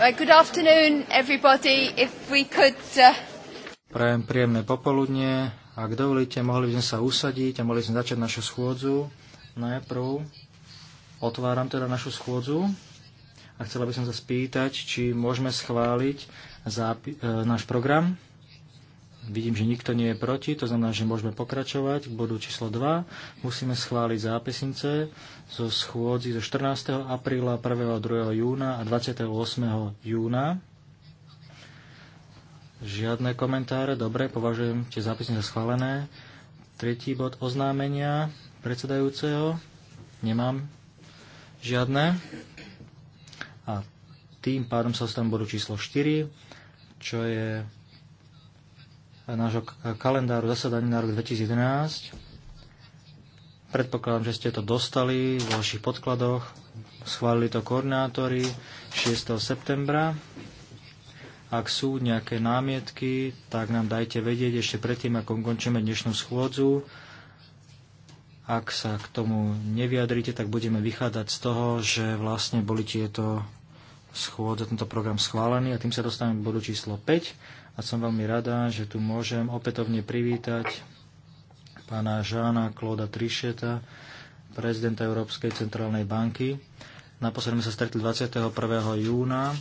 Uh, good afternoon, everybody. If we could... Uh, Prajem príjemné popoludne. Ak dovolíte, mohli by sme sa usadiť a mohli by sme začať našu schôdzu. Najprv otváram teda našu schôdzu a chcela by som sa spýtať, či môžeme schváliť uh, náš program. Vidím, že nikto nie je proti, to znamená, že môžeme pokračovať k bodu číslo 2. Musíme schváliť zápisnice zo schôdzi zo 14. apríla, 1. a 2. júna a 28. júna. Žiadne komentáre, dobre, považujem tie zápisnice za schválené. Tretí bod oznámenia predsedajúceho. Nemám žiadne. A tým pádom sa ostávam bodu číslo 4, čo je nášho kalendáru zasadaní na rok 2011. Predpokladám, že ste to dostali v vašich podkladoch. Schválili to koordinátori 6. septembra. Ak sú nejaké námietky, tak nám dajte vedieť ešte predtým, ako končíme dnešnú schôdzu. Ak sa k tomu nevyjadrite, tak budeme vychádzať z toho, že vlastne boli tieto schôdze, tento program schválený a tým sa dostaneme k bodu číslo 5 a som veľmi rada, že tu môžem opätovne privítať pána Žána Klóda Trišeta, prezidenta Európskej centrálnej banky. Naposledy sme sa stretli 21. júna.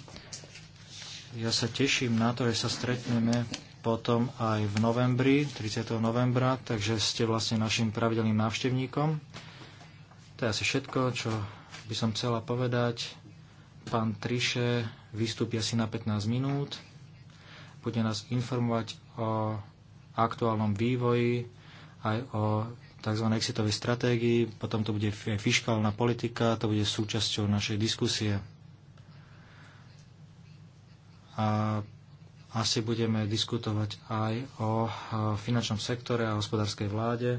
Ja sa teším na to, že sa stretneme potom aj v novembri, 30. novembra, takže ste vlastne našim pravidelným návštevníkom. To je asi všetko, čo by som chcela povedať. Pán Triše vystúpi asi na 15 minút bude nás informovať o aktuálnom vývoji, aj o tzv. exitovej stratégii, potom to bude aj fiskálna politika, to bude súčasťou našej diskusie. A asi budeme diskutovať aj o finančnom sektore a hospodárskej vláde.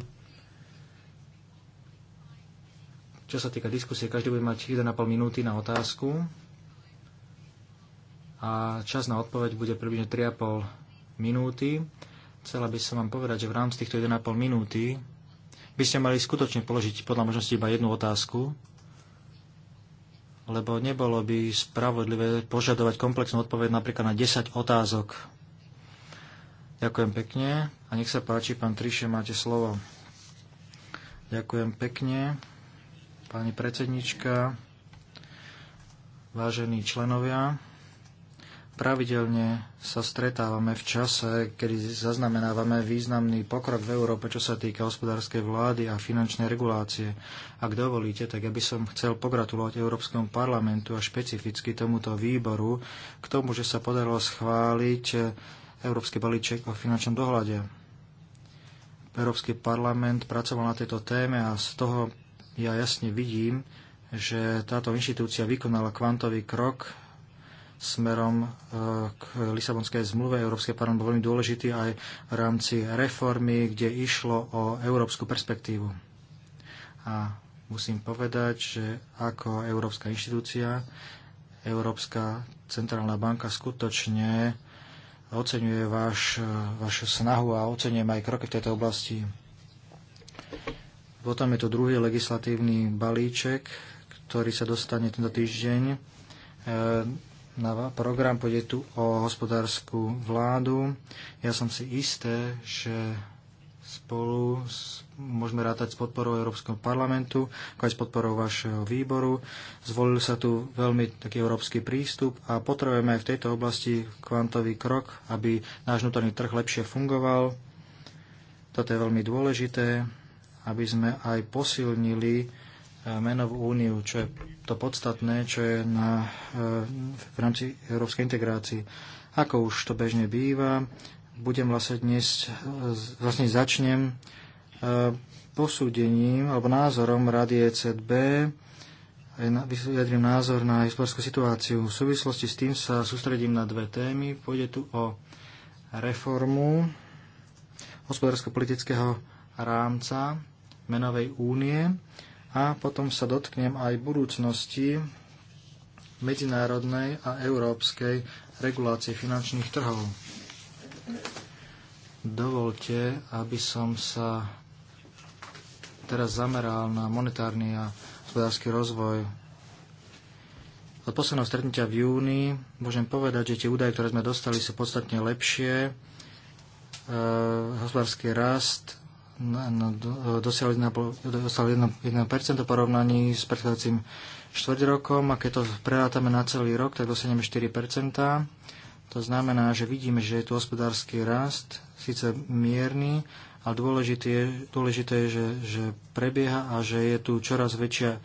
Čo sa týka diskusie, každý bude mať 1,5 minúty na otázku a čas na odpoveď bude približne 3,5 minúty. Chcela by som vám povedať, že v rámci týchto 1,5 minúty by ste mali skutočne položiť podľa možnosti iba jednu otázku, lebo nebolo by spravodlivé požadovať komplexnú odpoveď napríklad na 10 otázok. Ďakujem pekne a nech sa páči, pán Triše, máte slovo. Ďakujem pekne, pani predsednička, vážení členovia pravidelne sa stretávame v čase, kedy zaznamenávame významný pokrok v Európe, čo sa týka hospodárskej vlády a finančnej regulácie. Ak dovolíte, tak ja by som chcel pogratulovať Európskom parlamentu a špecificky tomuto výboru k tomu, že sa podarilo schváliť Európsky balíček o finančnom dohľade. Európsky parlament pracoval na tejto téme a z toho ja jasne vidím, že táto inštitúcia vykonala kvantový krok smerom e, k Lisabonskej zmluve. Európskej parlament bol veľmi dôležitý aj v rámci reformy, kde išlo o európsku perspektívu. A musím povedať, že ako európska inštitúcia, Európska centrálna banka skutočne oceňuje váš, e, vašu snahu a oceňujem aj kroky v tejto oblasti. Potom je to druhý legislatívny balíček, ktorý sa dostane tento týždeň e, na program, pôjde tu o hospodárskú vládu. Ja som si isté, že spolu s, môžeme rátať s podporou Európskeho parlamentu, ako aj s podporou vašeho výboru. Zvolil sa tu veľmi taký európsky prístup a potrebujeme aj v tejto oblasti kvantový krok, aby náš vnútorný trh lepšie fungoval. Toto je veľmi dôležité, aby sme aj posilnili Eh, menovú úniu, čo je to podstatné, čo je na, eh, v rámci európskej integrácie. Ako už to bežne býva, budem vlastne dnes, eh, vlastne začnem posúdením alebo názorom Rady ECB, vyjadrím názor na hospodárskú situáciu. V súvislosti s tým sa sústredím na dve témy. Pôjde tu o reformu hospodársko-politického rámca menovej únie a potom sa dotknem aj budúcnosti medzinárodnej a európskej regulácie finančných trhov. Dovolte, aby som sa teraz zameral na monetárny a hospodársky rozvoj. Od posledného stretnutia v júni môžem povedať, že tie údaje, ktoré sme dostali, sú podstatne lepšie. E, hospodársky rast E, dosiahli 1% porovnaní s predchádzajúcim štvrťrokom a keď to prerátame na celý rok, tak dosiahneme 4%. To znamená, že vidíme, že je tu hospodársky rast, síce mierny, ale dôležité je, dôležité je že, že prebieha a že je tu čoraz väčšia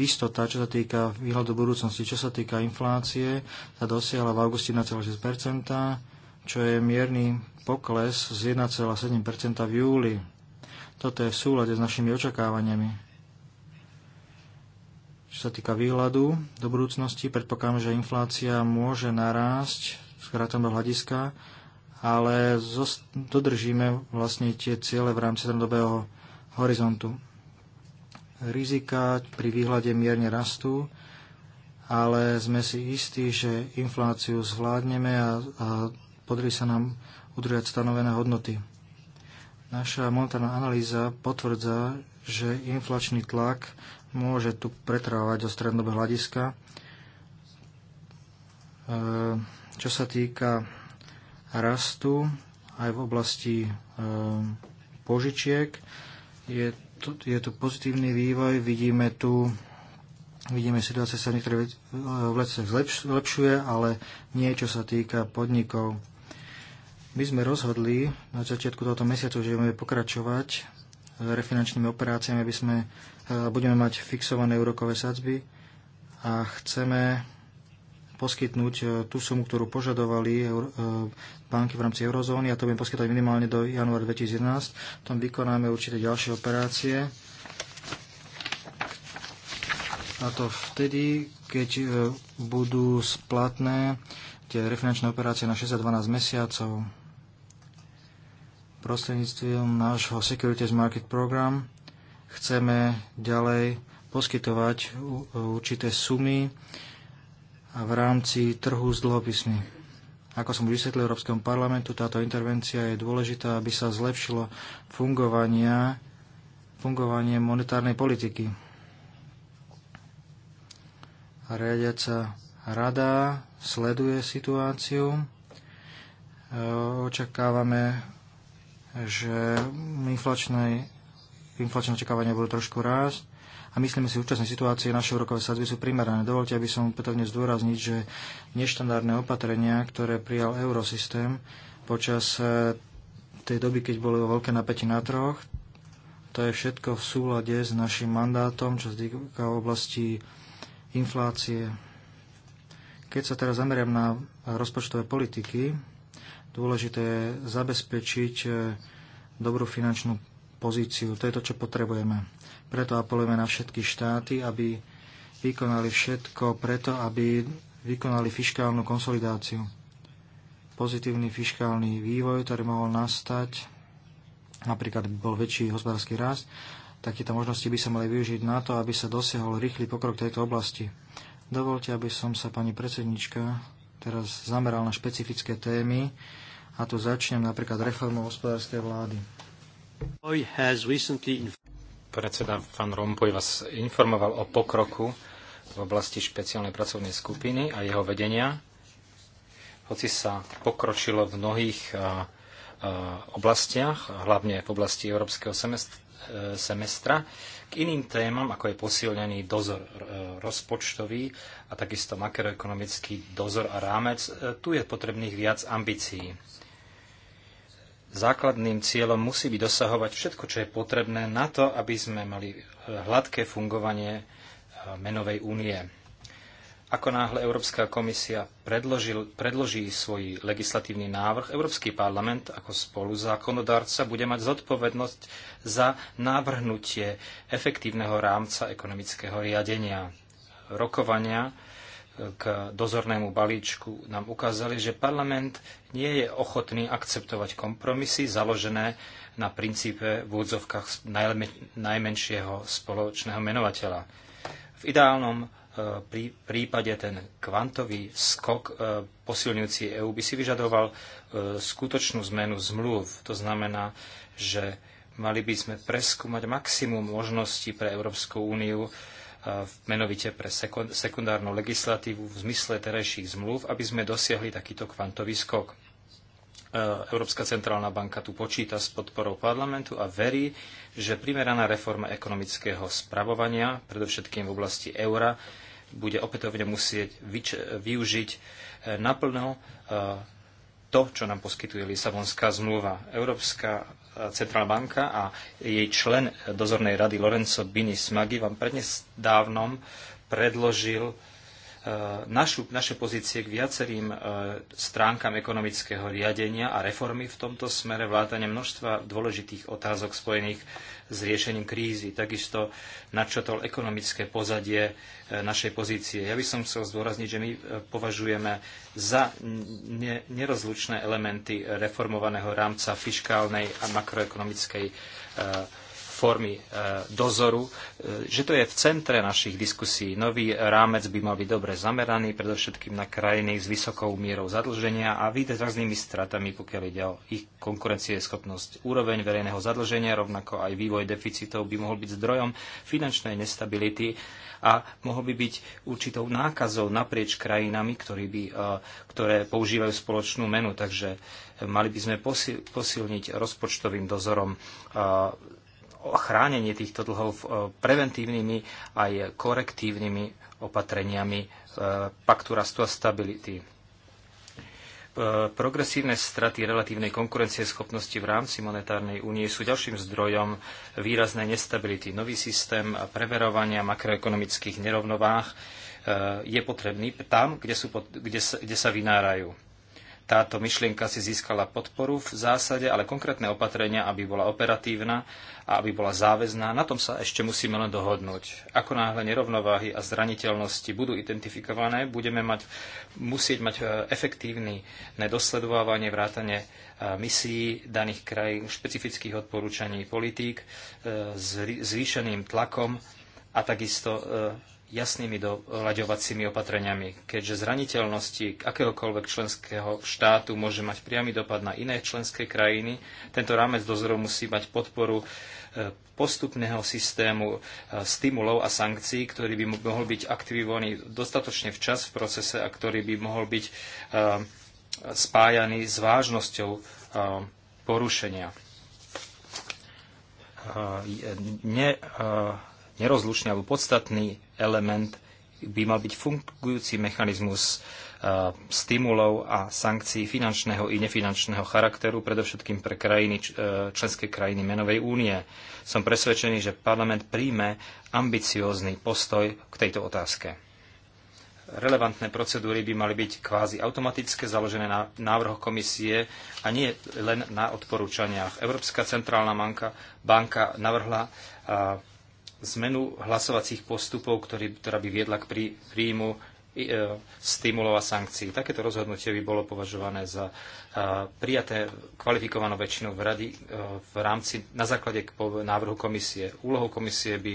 istota, čo sa týka výhľadu budúcnosti, čo sa týka inflácie, sa dosiahla v auguste 1,6%, čo je mierny pokles z 1,7% v júli. Toto je v súlade s našimi očakávaniami. Čo sa týka výhľadu do budúcnosti, predpokladám, že inflácia môže narásť z do hľadiska, ale dodržíme vlastne tie ciele v rámci strednodobého horizontu. Rizika pri výhľade mierne rastú, ale sme si istí, že infláciu zvládneme a, a podarí sa nám udržať stanovené hodnoty. Naša monetárna analýza potvrdza, že inflačný tlak môže tu pretrávať do strednobe hľadiska. E, čo sa týka rastu aj v oblasti e, požičiek, je tu, je tu pozitívny vývoj, vidíme tu Vidíme, situácia sa e, v niektorých veciach zlepšuje, ale nie čo sa týka podnikov. My sme rozhodli na začiatku tohoto mesiacu, že budeme pokračovať s e, refinančnými operáciami, aby sme e, budeme mať fixované úrokové sadzby a chceme poskytnúť e, tú sumu, ktorú požadovali banky v rámci eurozóny a to budeme poskytovať minimálne do januára 2011. Tam vykonáme určité ďalšie operácie a to vtedy, keď budú splatné tie refinančné operácie na 6 a 12 mesiacov. Prostredníctvom nášho Securities Market Program chceme ďalej poskytovať určité sumy v rámci trhu s dlhopismi. Ako som vysvetlil vysvetlil Európskom parlamentu, táto intervencia je dôležitá, aby sa zlepšilo fungovania, fungovanie monetárnej politiky. riadiaca rada sleduje situáciu. E, očakávame že inflačné, inflačné očakávania budú trošku rásť a myslíme si, že súčasnej situácie naše úrokové sadzby sú primerané. Dovolte, aby som opätovne zdôrazniť, že neštandardné opatrenia, ktoré prijal eurosystém počas eh, tej doby, keď o veľké napätie na troch, to je všetko v súlade s našim mandátom, čo sa týka oblasti inflácie. Keď sa teraz zameriam na rozpočtové politiky, Dôležité je zabezpečiť e, dobrú finančnú pozíciu. To je to, čo potrebujeme. Preto apelujeme na všetky štáty, aby vykonali všetko preto, aby vykonali fiskálnu konsolidáciu. Pozitívny fiskálny vývoj, ktorý mohol nastať, napríklad by bol väčší hospodársky rast, takéto možnosti by sa mali využiť na to, aby sa dosiahol rýchly pokrok tejto oblasti. Dovolte, aby som sa, pani predsednička, teraz zameral na špecifické témy, a tu začnem napríklad reformou hospodárskej vlády. Predseda Van Rompuy vás informoval o pokroku v oblasti špeciálnej pracovnej skupiny a jeho vedenia. Hoci sa pokročilo v mnohých eh, eh, oblastiach, hlavne v oblasti európskeho eh, semestra, k iným témam, ako je posilnený dozor rozpočtový a takisto makroekonomický dozor a rámec, tu je potrebných viac ambícií základným cieľom musí byť dosahovať všetko, čo je potrebné na to, aby sme mali eh, hladké fungovanie eh, menovej únie. Ako náhle Európska komisia predložil, predloží svoj legislatívny návrh, Európsky parlament ako spoluzákonodárca bude mať zodpovednosť za návrhnutie efektívneho rámca ekonomického riadenia, rokovania, k dozornému balíčku nám ukázali, že parlament nie je ochotný akceptovať kompromisy založené na princípe v údzovkách najmenšieho spoločného menovateľa. V ideálnom e, prípade ten kvantový skok e, posilňujúci EÚ by si vyžadoval e, skutočnú zmenu zmluv. To znamená, že mali by sme preskúmať maximum možností pre Európsku úniu, menovite pre sekundárnu legislatívu v zmysle terajších zmluv, aby sme dosiahli takýto kvantový skok. E, Európska centrálna banka tu počíta s podporou parlamentu a verí, že primeraná reforma ekonomického spravovania, predovšetkým v oblasti eura, bude opätovne musieť využiť e, naplno e, to, čo nám poskytuje Lisabonská zmluva. Európska centrálna banka a jej člen dozornej rady Lorenzo Bini Smagi vám prednedávnom predložil e, našu, naše pozície k viacerým e, stránkam ekonomického riadenia a reformy v tomto smere vládanie množstva dôležitých otázok spojených s riešením krízy. Takisto načotol ekonomické pozadie e, našej pozície. Ja by som chcel zdôrazniť, že my e, považujeme za nerozlučné elementy reformovaného rámca fiškálnej a makroekonomickej e, formy e, dozoru, e, že to je v centre našich diskusí. Nový rámec by mal byť dobre zameraný, predovšetkým na krajiny s vysokou mierou zadlženia a výraznými stratami, pokiaľ ide o ich konkurencieschopnosť. Úroveň verejného zadlženia, rovnako aj vývoj deficitov, by mohol byť zdrojom finančnej nestability a mohol by byť určitou nákazou naprieč krajinami, ktorý by, e, ktoré používajú spoločnú menu. Takže mali by sme posilniť rozpočtovým dozorom chránenie týchto dlhov eh, preventívnymi aj korektívnymi opatreniami eh, paktu rastu a stability. Eh, progresívne straty relatívnej konkurencieschopnosti v rámci monetárnej únie sú ďalším zdrojom výraznej nestability. Nový systém preverovania makroekonomických nerovnováh je potrebný tam, kde, sú, kde, kde sa vynárajú táto myšlienka si získala podporu v zásade, ale konkrétne opatrenia, aby bola operatívna a aby bola záväzná, na tom sa ešte musíme len dohodnúť. Ako náhle nerovnováhy a zraniteľnosti budú identifikované, budeme mať, musieť mať e, efektívne dosledovávanie, vrátane e, misií daných krajín, špecifických odporúčaní politík, e, s zvýšeným tlakom a takisto jasnými doľaďovacími opatreniami, keďže zraniteľnosti akéhokoľvek členského štátu môže mať priamy dopad na iné členské krajiny. Tento rámec dozoru musí mať podporu e, postupného systému e, stimulov a sankcií, ktorý by mohol byť aktivovaný dostatočne včas v procese a ktorý by mohol byť e, spájaný s vážnosťou porušenia. Ne, nerozlučný alebo podstatný element by mal byť fungujúci mechanizmus e, stimulov a sankcií finančného i nefinančného charakteru, predovšetkým pre krajiny, e, členské krajiny menovej únie. Som presvedčený, že parlament príjme ambiciózny postoj k tejto otázke. Relevantné procedúry by mali byť kvázi automatické, založené na návrhoch komisie a nie len na odporúčaniach. Európska centrálna banka, banka navrhla zmenu hlasovacích postupov, ktorý, ktorá by viedla k prí, príjmu e, stimulov a sankcií. Takéto rozhodnutie by bolo považované za e, prijaté kvalifikovanou väčšinou v rady e, v rámci, na základe návrhu komisie. Úlohou komisie by,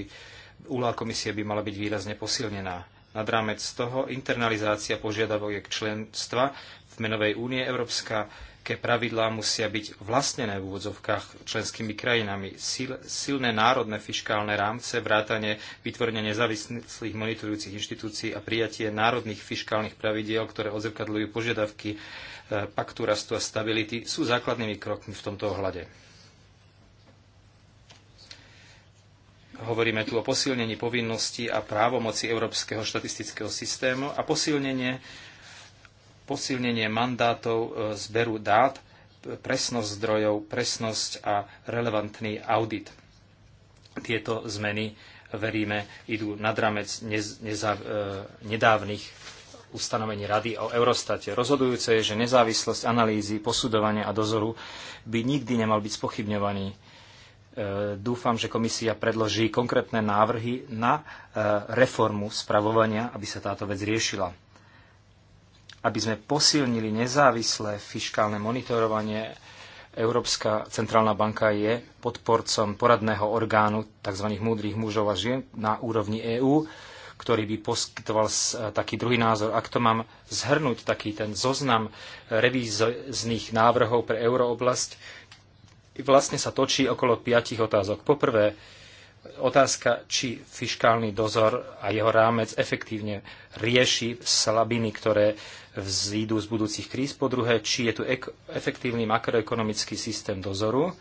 úloha komisie by mala byť výrazne posilnená. Nad rámec toho internalizácia požiadavok členstva v menovej únie Európska aké pravidlá musia byť vlastnené v úvodzovkách členskými krajinami. Sil, silné národné fiškálne rámce, vrátanie vytvorenia nezávislých monitorujúcich inštitúcií a prijatie národných fiškálnych pravidiel, ktoré odzrkadľujú požiadavky e, paktu rastu a stability, sú základnými krokmi v tomto ohľade. Hovoríme tu o posilnení povinností a právomoci Európskeho štatistického systému a posilnenie posilnenie mandátov e, zberu dát, presnosť zdrojov, presnosť a relevantný audit. Tieto zmeny, veríme, idú nad ramec e, nedávnych ustanovení Rady o Eurostate. Rozhodujúce je, že nezávislosť analýzy, posudovania a dozoru by nikdy nemal byť spochybňovaný. E, dúfam, že komisia predloží konkrétne návrhy na reformu spravovania, aby sa táto vec riešila aby sme posilnili nezávislé fiškálne monitorovanie, Európska centrálna banka je podporcom poradného orgánu tzv. múdrych mužov a žien na úrovni EÚ, ktorý by poskytoval e, taký druhý názor. Ak to mám zhrnúť, taký ten zoznam revíznych návrhov pre eurooblasť, vlastne sa točí okolo piatich otázok. Poprvé, otázka, či fiškálny dozor a jeho rámec efektívne rieši slabiny, ktoré vzídu z budúcich kríz, po druhé, či je tu efektívny makroekonomický systém dozoru, e,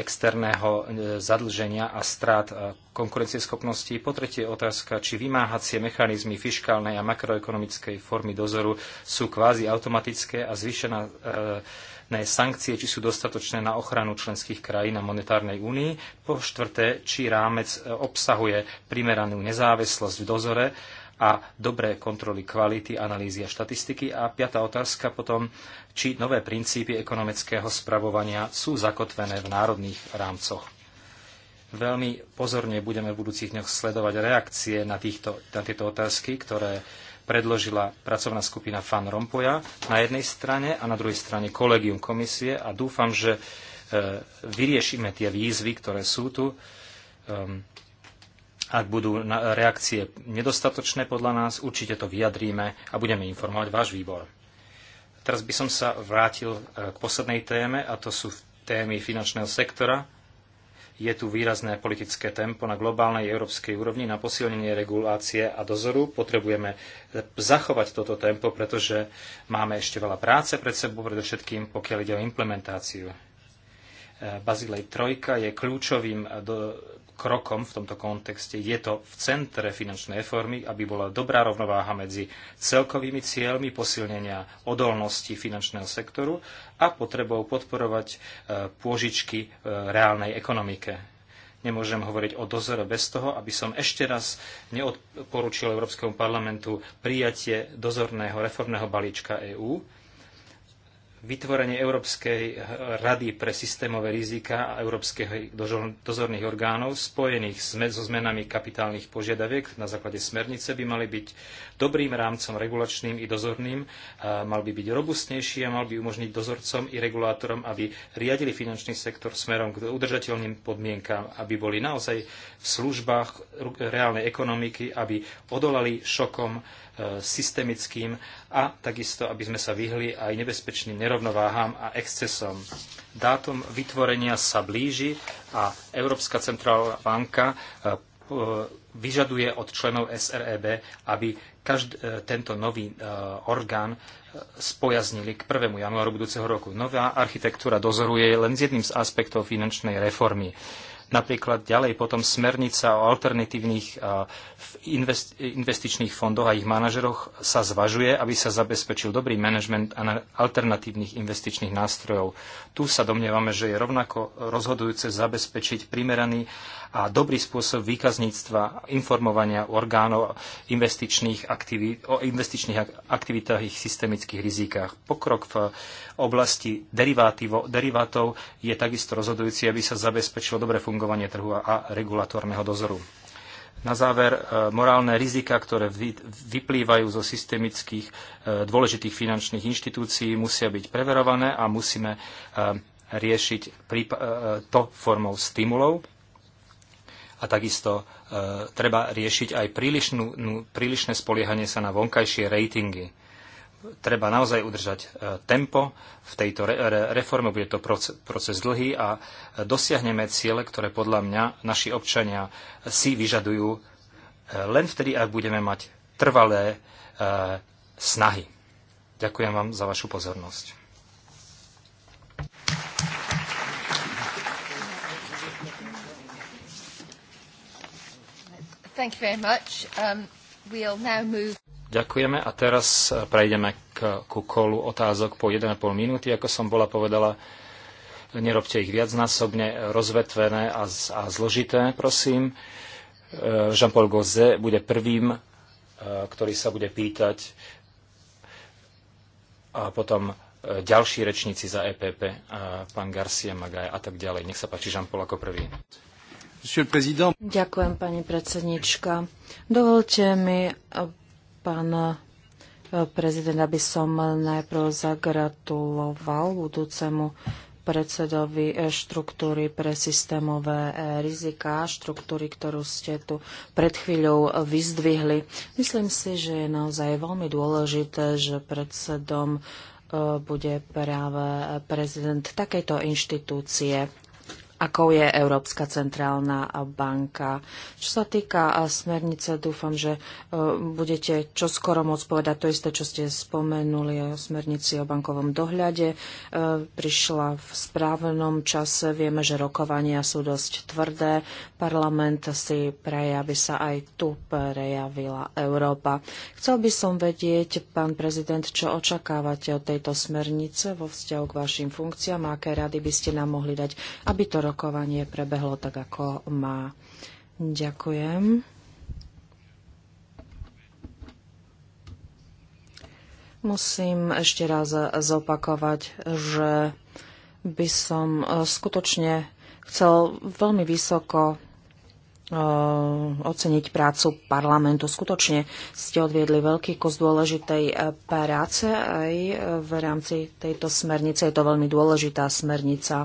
externého e, zadlženia a strát e, konkurencieschopnosti. Po tretie otázka, či vymáhacie mechanizmy fiškálnej a makroekonomickej formy dozoru sú kvázi automatické a zvýšené sankcie, či sú dostatočné na ochranu členských krajín a monetárnej únii. Po štvrté, či rámec obsahuje primeranú nezávislosť v dozore a dobré kontroly kvality, analýzy a štatistiky. A piatá otázka potom, či nové princípy ekonomického spravovania sú zakotvené v národných rámcoch. Veľmi pozorne budeme v budúcich dňoch sledovať reakcie na, týchto, na tieto otázky, ktoré predložila pracovná skupina Fan Rompoja na jednej strane a na druhej strane kolegium komisie a dúfam, že e, vyriešime tie výzvy, ktoré sú tu. Ehm, ak budú reakcie nedostatočné podľa nás, určite to vyjadríme a budeme informovať váš výbor. Teraz by som sa vrátil e, k poslednej téme, a to sú témy finančného sektora. Je tu výrazné politické tempo na globálnej európskej úrovni na posilnenie regulácie a dozoru. Potrebujeme e, zachovať toto tempo, pretože máme ešte veľa práce pred sebou, predovšetkým pokiaľ ide o implementáciu Bazilej Trojka je kľúčovým eh, do, krokom v tomto kontexte. Je to v centre finančnej reformy, aby bola dobrá rovnováha medzi celkovými cieľmi posilnenia odolnosti finančného sektoru a potrebou podporovať eh, pôžičky eh, reálnej ekonomike nemôžem hovoriť o dozore bez toho, aby som ešte raz neodporúčil Európskemu parlamentu prijatie dozorného reformného balíčka EÚ vytvorenie Európskej rady pre systémové rizika a európskych dozorných orgánov spojených so zmenami kapitálnych požiadaviek na základe smernice by mali byť dobrým rámcom regulačným i dozorným, mal by byť robustnejší a mal by umožniť dozorcom i regulátorom, aby riadili finančný sektor smerom k udržateľným podmienkam, aby boli naozaj v službách reálnej ekonomiky, aby odolali šokom E, systemickým a takisto, aby sme sa vyhli aj nebezpečným nerovnováhám a excesom. Dátum vytvorenia sa blíži a Európska centrálna banka e, e, vyžaduje od členov SREB, aby každý, tento nový orgán spojaznili k 1. januáru budúceho roku. Nová architektúra dozoruje len s jedným z aspektov finančnej reformy Napríklad ďalej potom smernica o alternatívnych investičných fondoch a ich manažeroch sa zvažuje, aby sa zabezpečil dobrý manažment alternatívnych investičných nástrojov. Tu sa domnievame, že je rovnako rozhodujúce zabezpečiť primeraný a dobrý spôsob výkazníctva, informovania orgánov investičných aktivít, o investičných aktivitách ich systemických rizikách. Pokrok v oblasti derivátov je takisto rozhodujúci, aby sa zabezpečilo dobré fungovanie trhu a regulatórneho dozoru. Na záver, e, morálne rizika, ktoré vyplývajú zo systemických e, dôležitých finančných inštitúcií, musia byť preverované a musíme e, riešiť to formou stimulov a takisto e, treba riešiť aj prílišnú, prílišné spoliehanie sa na vonkajšie ratingy. Treba naozaj udržať e, tempo v tejto re, re, reforme, bude to proces, proces dlhý a dosiahneme ciele, ktoré podľa mňa naši občania si vyžadujú e, len vtedy, ak budeme mať trvalé e, snahy. Ďakujem vám za vašu pozornosť. Thank you very much. Um, we'll now move... Ďakujeme a teraz eh, prejdeme k, ku kolu otázok po 1,5 minúty. Ako som bola povedala, nerobte ich viacnásobne rozvetvené a, a zložité, prosím. Eh, Jean-Paul Gauze bude prvým, eh, ktorý sa bude pýtať a potom ďalší rečníci za EPP, pán Garcia Magaj a tak ďalej. Nech sa páči, Jean-Paul ako prvý. Ďakujem, pani predsednička. Dovolte mi, pán eh, prezident, aby som najprv zagratuloval budúcemu predsedovi eh, štruktúry pre systémové eh, riziká, štruktúry, ktorú ste tu pred chvíľou vyzdvihli. Myslím si, že je naozaj veľmi dôležité, že predsedom bude práve prezident takejto inštitúcie akou je Európska centrálna banka. Čo sa týka smernice, dúfam, že e, budete čoskoro môcť povedať to isté, čo ste spomenuli o smernici o bankovom dohľade. E, prišla v správnom čase. Vieme, že rokovania sú dosť tvrdé. Parlament si preje, aby sa aj tu prejavila Európa. Chcel by som vedieť, pán prezident, čo očakávate od tejto smernice vo vzťahu k vašim funkciám a aké rady by ste nám mohli dať, aby to rokovanie prebehlo tak, ako má. Ďakujem. Musím ešte raz zopakovať, že by som e, skutočne chcel veľmi vysoko e, oceniť prácu parlamentu. Skutočne ste odviedli veľký kus dôležitej e, práce aj v rámci tejto smernice. Je to veľmi dôležitá smernica.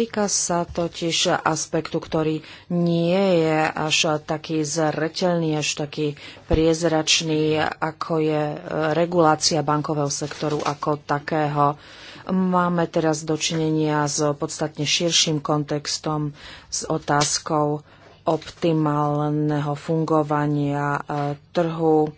Týka sa totiž aspektu, ktorý nie je až taký zretelný, až taký priezračný, ako je e, regulácia bankového sektoru ako takého. Máme teraz dočinenia s podstatne širším kontextom, s otázkou optimálneho fungovania e, trhu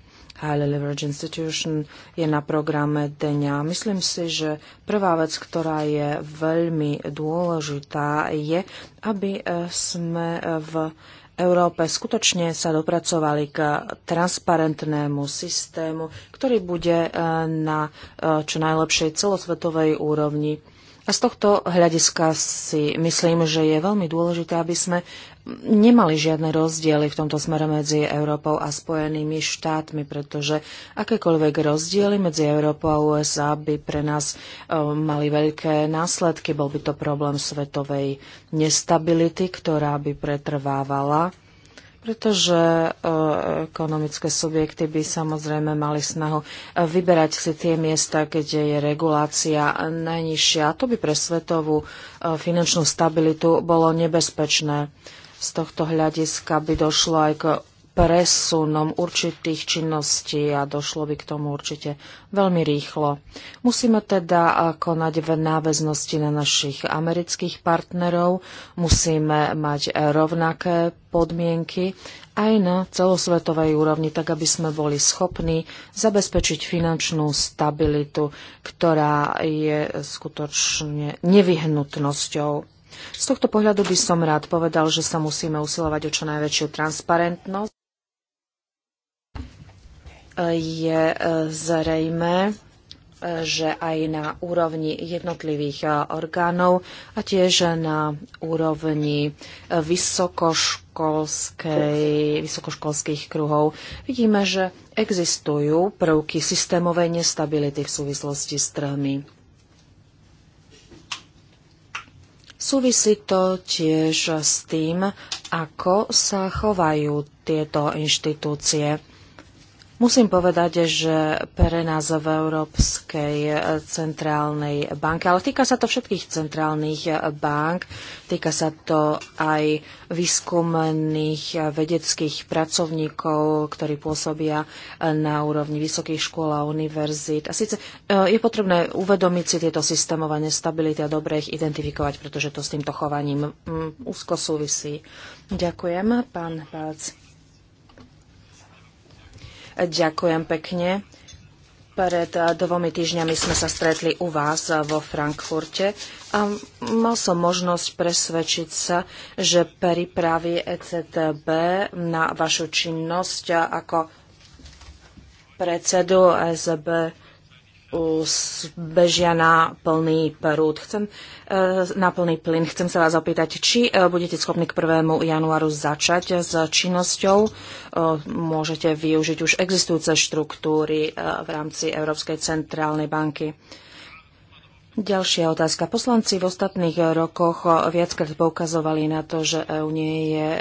Highly Leverage Institution je na programe dňa. Myslím si, že prvá vec, ktorá je veľmi dôležitá, je, aby eh, sme eh, v Európe skutočne sa dopracovali k transparentnému systému, ktorý bude eh, na čo najlepšej celosvetovej úrovni a z tohto hľadiska si myslím, že je veľmi dôležité, aby sme nemali žiadne rozdiely v tomto smere medzi Európou a Spojenými štátmi, pretože akékoľvek rozdiely medzi Európou a USA by pre nás e, mali veľké následky. Bol by to problém svetovej nestability, ktorá by pretrvávala pretože e, ekonomické subjekty by samozrejme mali snahu e, vyberať si tie miesta, kde je regulácia najnižšia. A To by pre svetovú e, finančnú stabilitu bolo nebezpečné. Z tohto hľadiska by došlo aj k presunom určitých činností a došlo by k tomu určite veľmi rýchlo. Musíme teda eh, konať v náväznosti na našich amerických partnerov, musíme mať eh, rovnaké podmienky aj na celosvetovej úrovni, tak aby sme boli schopní zabezpečiť finančnú stabilitu, ktorá je skutočne nevyhnutnosťou. Z tohto pohľadu by som rád povedal, že sa musíme usilovať o čo najväčšiu transparentnosť je e, zrejme, že aj na úrovni jednotlivých e, orgánov a tiež na úrovni e, vysokoškolských kruhov vidíme, že existujú prvky systémovej nestability v súvislosti s trhmi. Súvisí to tiež s tým, ako sa chovajú tieto inštitúcie. Musím povedať, že pre nás v Európskej e, centrálnej banke, ale týka sa to všetkých centrálnych e, bank, týka sa to aj výskumných e, vedeckých pracovníkov, ktorí pôsobia na úrovni vysokých škôl a univerzít. A síce je potrebné uvedomiť si tieto systémové nestability a dobre ich identifikovať, pretože to s týmto chovaním úzko súvisí. Ďakujem, pán Pác. Ďakujem pekne. Pred eh, dvomi týždňami sme sa stretli u vás eh, vo Frankfurte a mal som možnosť presvedčiť sa, že prípravy ECTB na vašu činnosť eh, ako predsedu SB bežia na plný prúd. Chcem, eh, na plný plyn. Chcem sa vás opýtať, či eh, budete schopní k 1. januáru začať s činnosťou. Eh, môžete využiť už existujúce štruktúry v rámci Európskej centrálnej banky. Ďalšia otázka. Poslanci v ostatných rokoch viackrát poukazovali na to, že EU nie je e,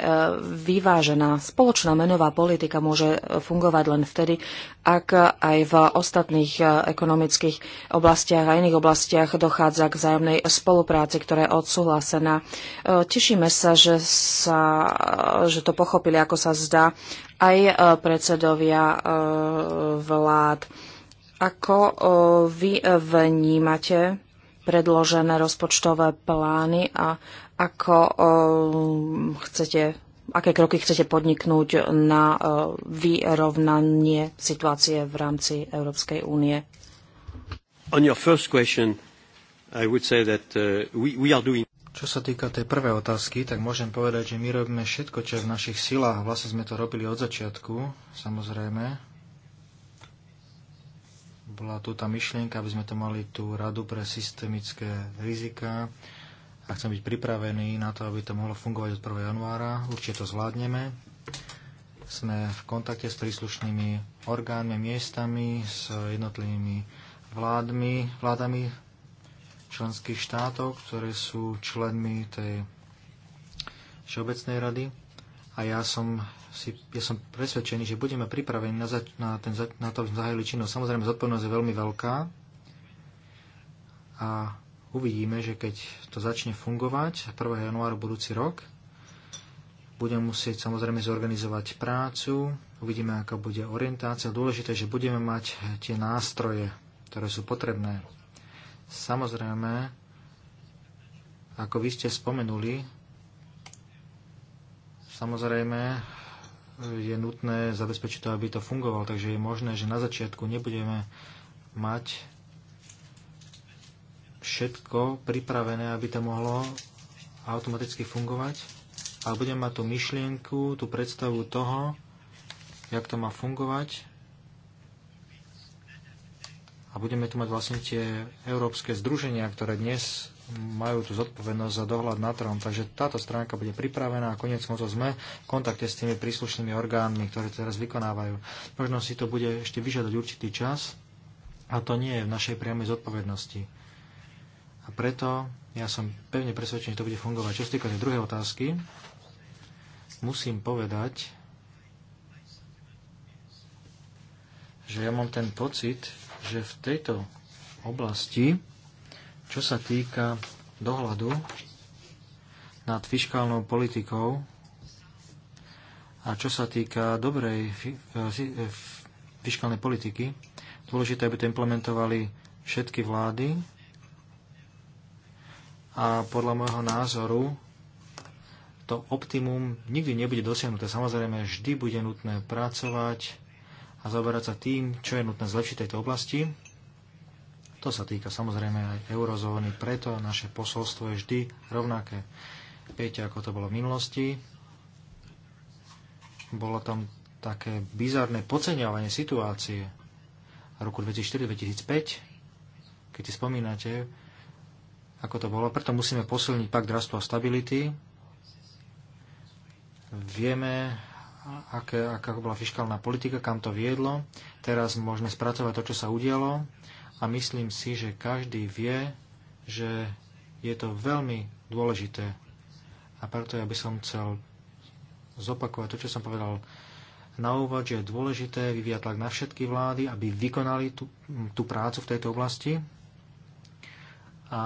vyvážená. Spoločná menová politika môže fungovať len vtedy, ak aj v ostatných e, ekonomických oblastiach a iných oblastiach dochádza k vzájomnej spolupráci, ktorá je odsúhlasená. E, tešíme sa, že, sa, že to pochopili, ako sa zdá, aj predsedovia vlád. Ako vy vnímate predložené rozpočtové plány a ako chcete, aké kroky chcete podniknúť na vyrovnanie situácie v rámci Európskej únie? On your first question, I would say that uh, we, are doing čo sa týka tej prvej otázky, tak môžem povedať, že my robíme všetko, čo je v našich silách. Vlastne sme to robili od začiatku, samozrejme bola tu tá myšlienka, aby sme to mali tú radu pre systemické rizika a chcem byť pripravený na to, aby to mohlo fungovať od 1. januára. Určite to zvládneme. Sme v kontakte s príslušnými orgánmi, miestami, s jednotlivými vládmi, vládami členských štátov, ktoré sú členmi tej Všeobecnej rady. A ja som si, ja som presvedčený, že budeme pripravení na, za, na, ten, na to, aby sme zahájili činnosť. Samozrejme, zodpovednosť je veľmi veľká a uvidíme, že keď to začne fungovať 1. januára budúci rok, budem musieť samozrejme zorganizovať prácu, uvidíme, aká bude orientácia. Dôležité, že budeme mať tie nástroje, ktoré sú potrebné. Samozrejme, ako vy ste spomenuli, samozrejme, je nutné zabezpečiť to, aby to fungovalo. Takže je možné, že na začiatku nebudeme mať všetko pripravené, aby to mohlo automaticky fungovať, ale budeme mať tú myšlienku, tú predstavu toho, jak to má fungovať a budeme tu mať vlastne tie európske združenia, ktoré dnes majú tú zodpovednosť za dohľad na trhom. Takže táto stránka bude pripravená a konec koncov sme v kontakte s tými príslušnými orgánmi, ktoré teraz vykonávajú. Možno si to bude ešte vyžadať určitý čas a to nie je v našej priamej zodpovednosti. A preto ja som pevne presvedčený, že to bude fungovať. Čo sa týka tej druhej otázky, musím povedať, že ja mám ten pocit, že v tejto oblasti čo sa týka dohľadu nad fiskálnou politikou a čo sa týka dobrej eh, eh, fiskálnej politiky, dôležité, aby to implementovali všetky vlády a podľa môjho názoru to optimum nikdy nebude dosiahnuté. Samozrejme, vždy bude nutné pracovať a zaoberať sa tým, čo je nutné zlepšiť tejto oblasti. To sa týka samozrejme aj eurozóny, preto naše posolstvo je vždy rovnaké. Viete, ako to bolo v minulosti? Bolo tam také bizarné podceňovanie situácie v roku 2004-2005, keď si spomínate, ako to bolo. Preto musíme posilniť pakt rastu a stability. Vieme, aká bola fiskálna politika, kam to viedlo. Teraz môžeme spracovať to, čo sa udialo a myslím si, že každý vie, že je to veľmi dôležité. A preto ja by som chcel zopakovať to, čo som povedal na úvod, že je dôležité vyvíjať tlak na všetky vlády, aby vykonali tú, tú prácu v tejto oblasti. A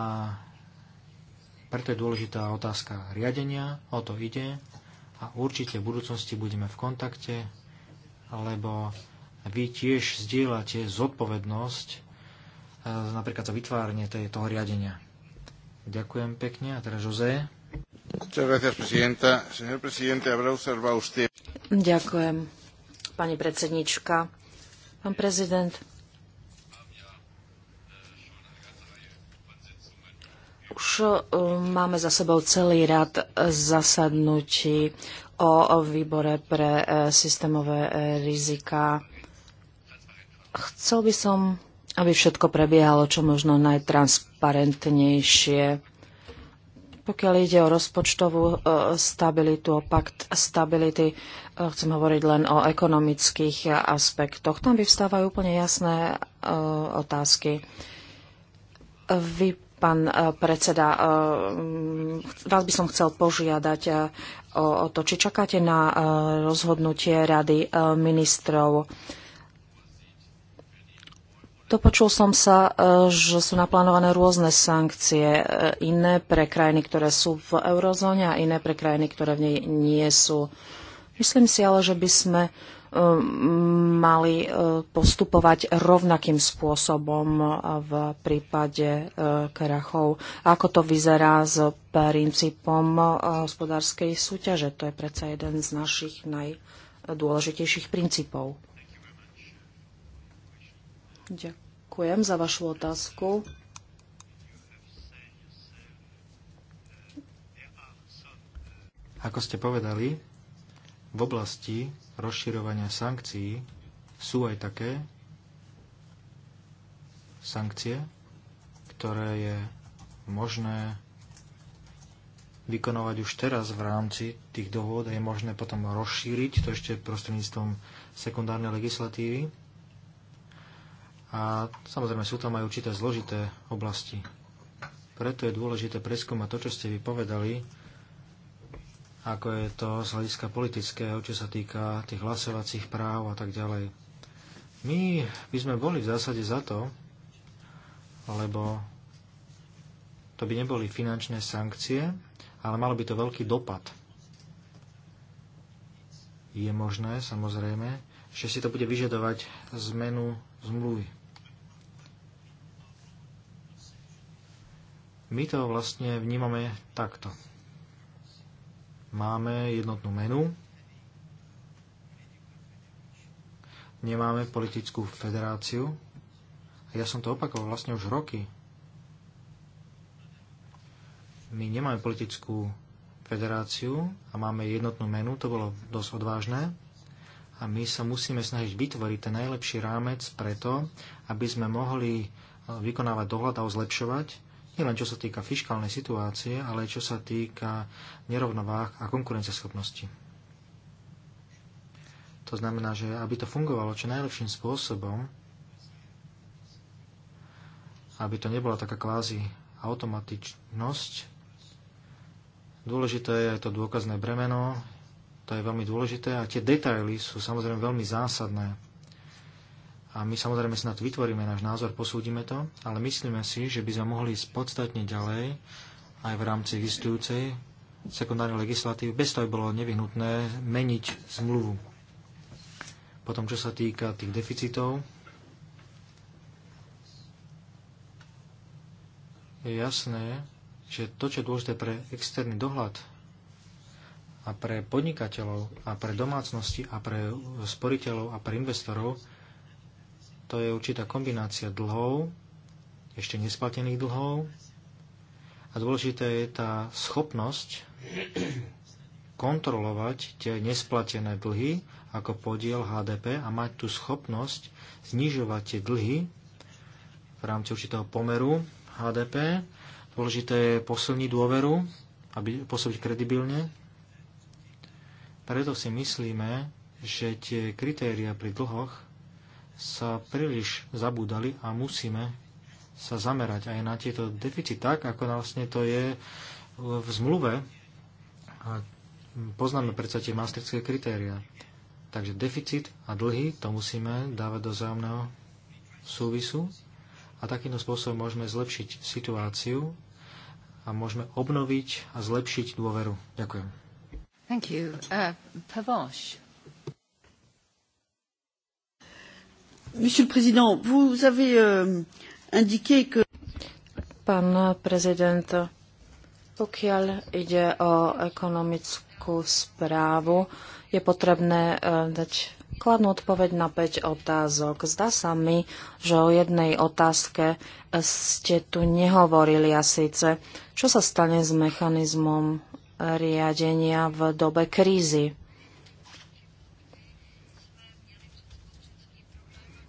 preto je dôležitá otázka riadenia, o to ide a určite v budúcnosti budeme v kontakte, lebo vy tiež zdieľate zodpovednosť napríklad to vytváranie toho riadenia. Ďakujem pekne. A teraz Jose. Ďakujem, pani predsednička. Pán prezident, už e, máme za sebou celý rad zasadnutí o výbore pre e, systémové e, rizika. Chcel by som aby všetko prebiehalo čo možno najtransparentnejšie. Pokiaľ ide o rozpočtovú e, stabilitu, o pakt stability, e, chcem hovoriť len o ekonomických aspektoch. Tam vyvstávajú úplne jasné e, otázky. Vy, pán predseda, vás by som chcel požiadať o to, či čakáte na rozhodnutie Rady ministrov Dopočul som sa, e, že sú naplánované rôzne sankcie, e, iné pre krajiny, ktoré sú v eurozóne a iné pre krajiny, ktoré v nej nie sú. Myslím si ale, že by sme e, mali postupovať rovnakým spôsobom v prípade krachov. Ako to vyzerá s princípom hospodárskej súťaže? To je predsa jeden z našich najdôležitejších princípov. Ďakujem za vašu otázku. Ako ste povedali, v oblasti rozširovania sankcií sú aj také sankcie, ktoré je možné vykonovať už teraz v rámci tých dohôd a je možné potom rozšíriť to ešte prostredníctvom sekundárnej legislatívy a samozrejme sú tam aj určité zložité oblasti. Preto je dôležité preskúmať to, čo ste vy povedali, ako je to z hľadiska politického, čo sa týka tých hlasovacích práv a tak ďalej. My by sme boli v zásade za to, lebo to by neboli finančné sankcie, ale malo by to veľký dopad. Je možné, samozrejme, že si to bude vyžadovať zmenu zmluvy. My to vlastne vnímame takto. Máme jednotnú menu, nemáme politickú federáciu. A ja som to opakoval vlastne už roky. My nemáme politickú federáciu a máme jednotnú menu, to bolo dosť odvážne a my sa musíme snažiť vytvoriť ten najlepší rámec preto, aby sme mohli e, vykonávať dohľad a ho zlepšovať, nielen čo sa týka fiskálnej situácie, ale aj čo sa týka nerovnováh a konkurenceschopnosti. To znamená, že aby to fungovalo čo najlepším spôsobom, aby to nebola taká kvázi automatičnosť, dôležité je aj to dôkazné bremeno, to je veľmi dôležité a tie detaily sú samozrejme veľmi zásadné. A my samozrejme si na to vytvoríme náš názor, posúdime to, ale myslíme si, že by sme mohli ísť podstatne ďalej aj v rámci existujúcej sekundárnej legislatívy, bez toho by bolo nevyhnutné meniť zmluvu. Potom, čo sa týka tých deficitov, je jasné, že to, čo je dôležité pre externý dohľad a pre podnikateľov a pre domácnosti a pre sporiteľov a pre investorov to je určitá kombinácia dlhov, ešte nesplatených dlhov a dôležité je tá schopnosť kontrolovať tie nesplatené dlhy ako podiel HDP a mať tú schopnosť znižovať tie dlhy v rámci určitého pomeru HDP. Dôležité je posilniť dôveru, aby pôsobiť kredibilne preto si myslíme, že tie kritéria pri dlhoch sa príliš zabúdali a musíme sa zamerať aj na tieto deficity tak, ako vlastne to je v zmluve. A poznáme predsa tie maastrichtské kritéria. Takže deficit a dlhy to musíme dávať do zájomného súvisu a takýmto spôsobom môžeme zlepšiť situáciu a môžeme obnoviť a zlepšiť dôveru. Ďakujem. Thank you. Uh, Monsieur le Président, vous avez euh, indiqué que... Pán prezident, pokiaľ ide o ekonomickú správu, je potrebné e, dať kladnú odpoveď na 5 otázok. Zdá sa mi, že o jednej otázke e, ste tu nehovorili a síce, čo sa stane s mechanizmom riadenia v dobe krízy.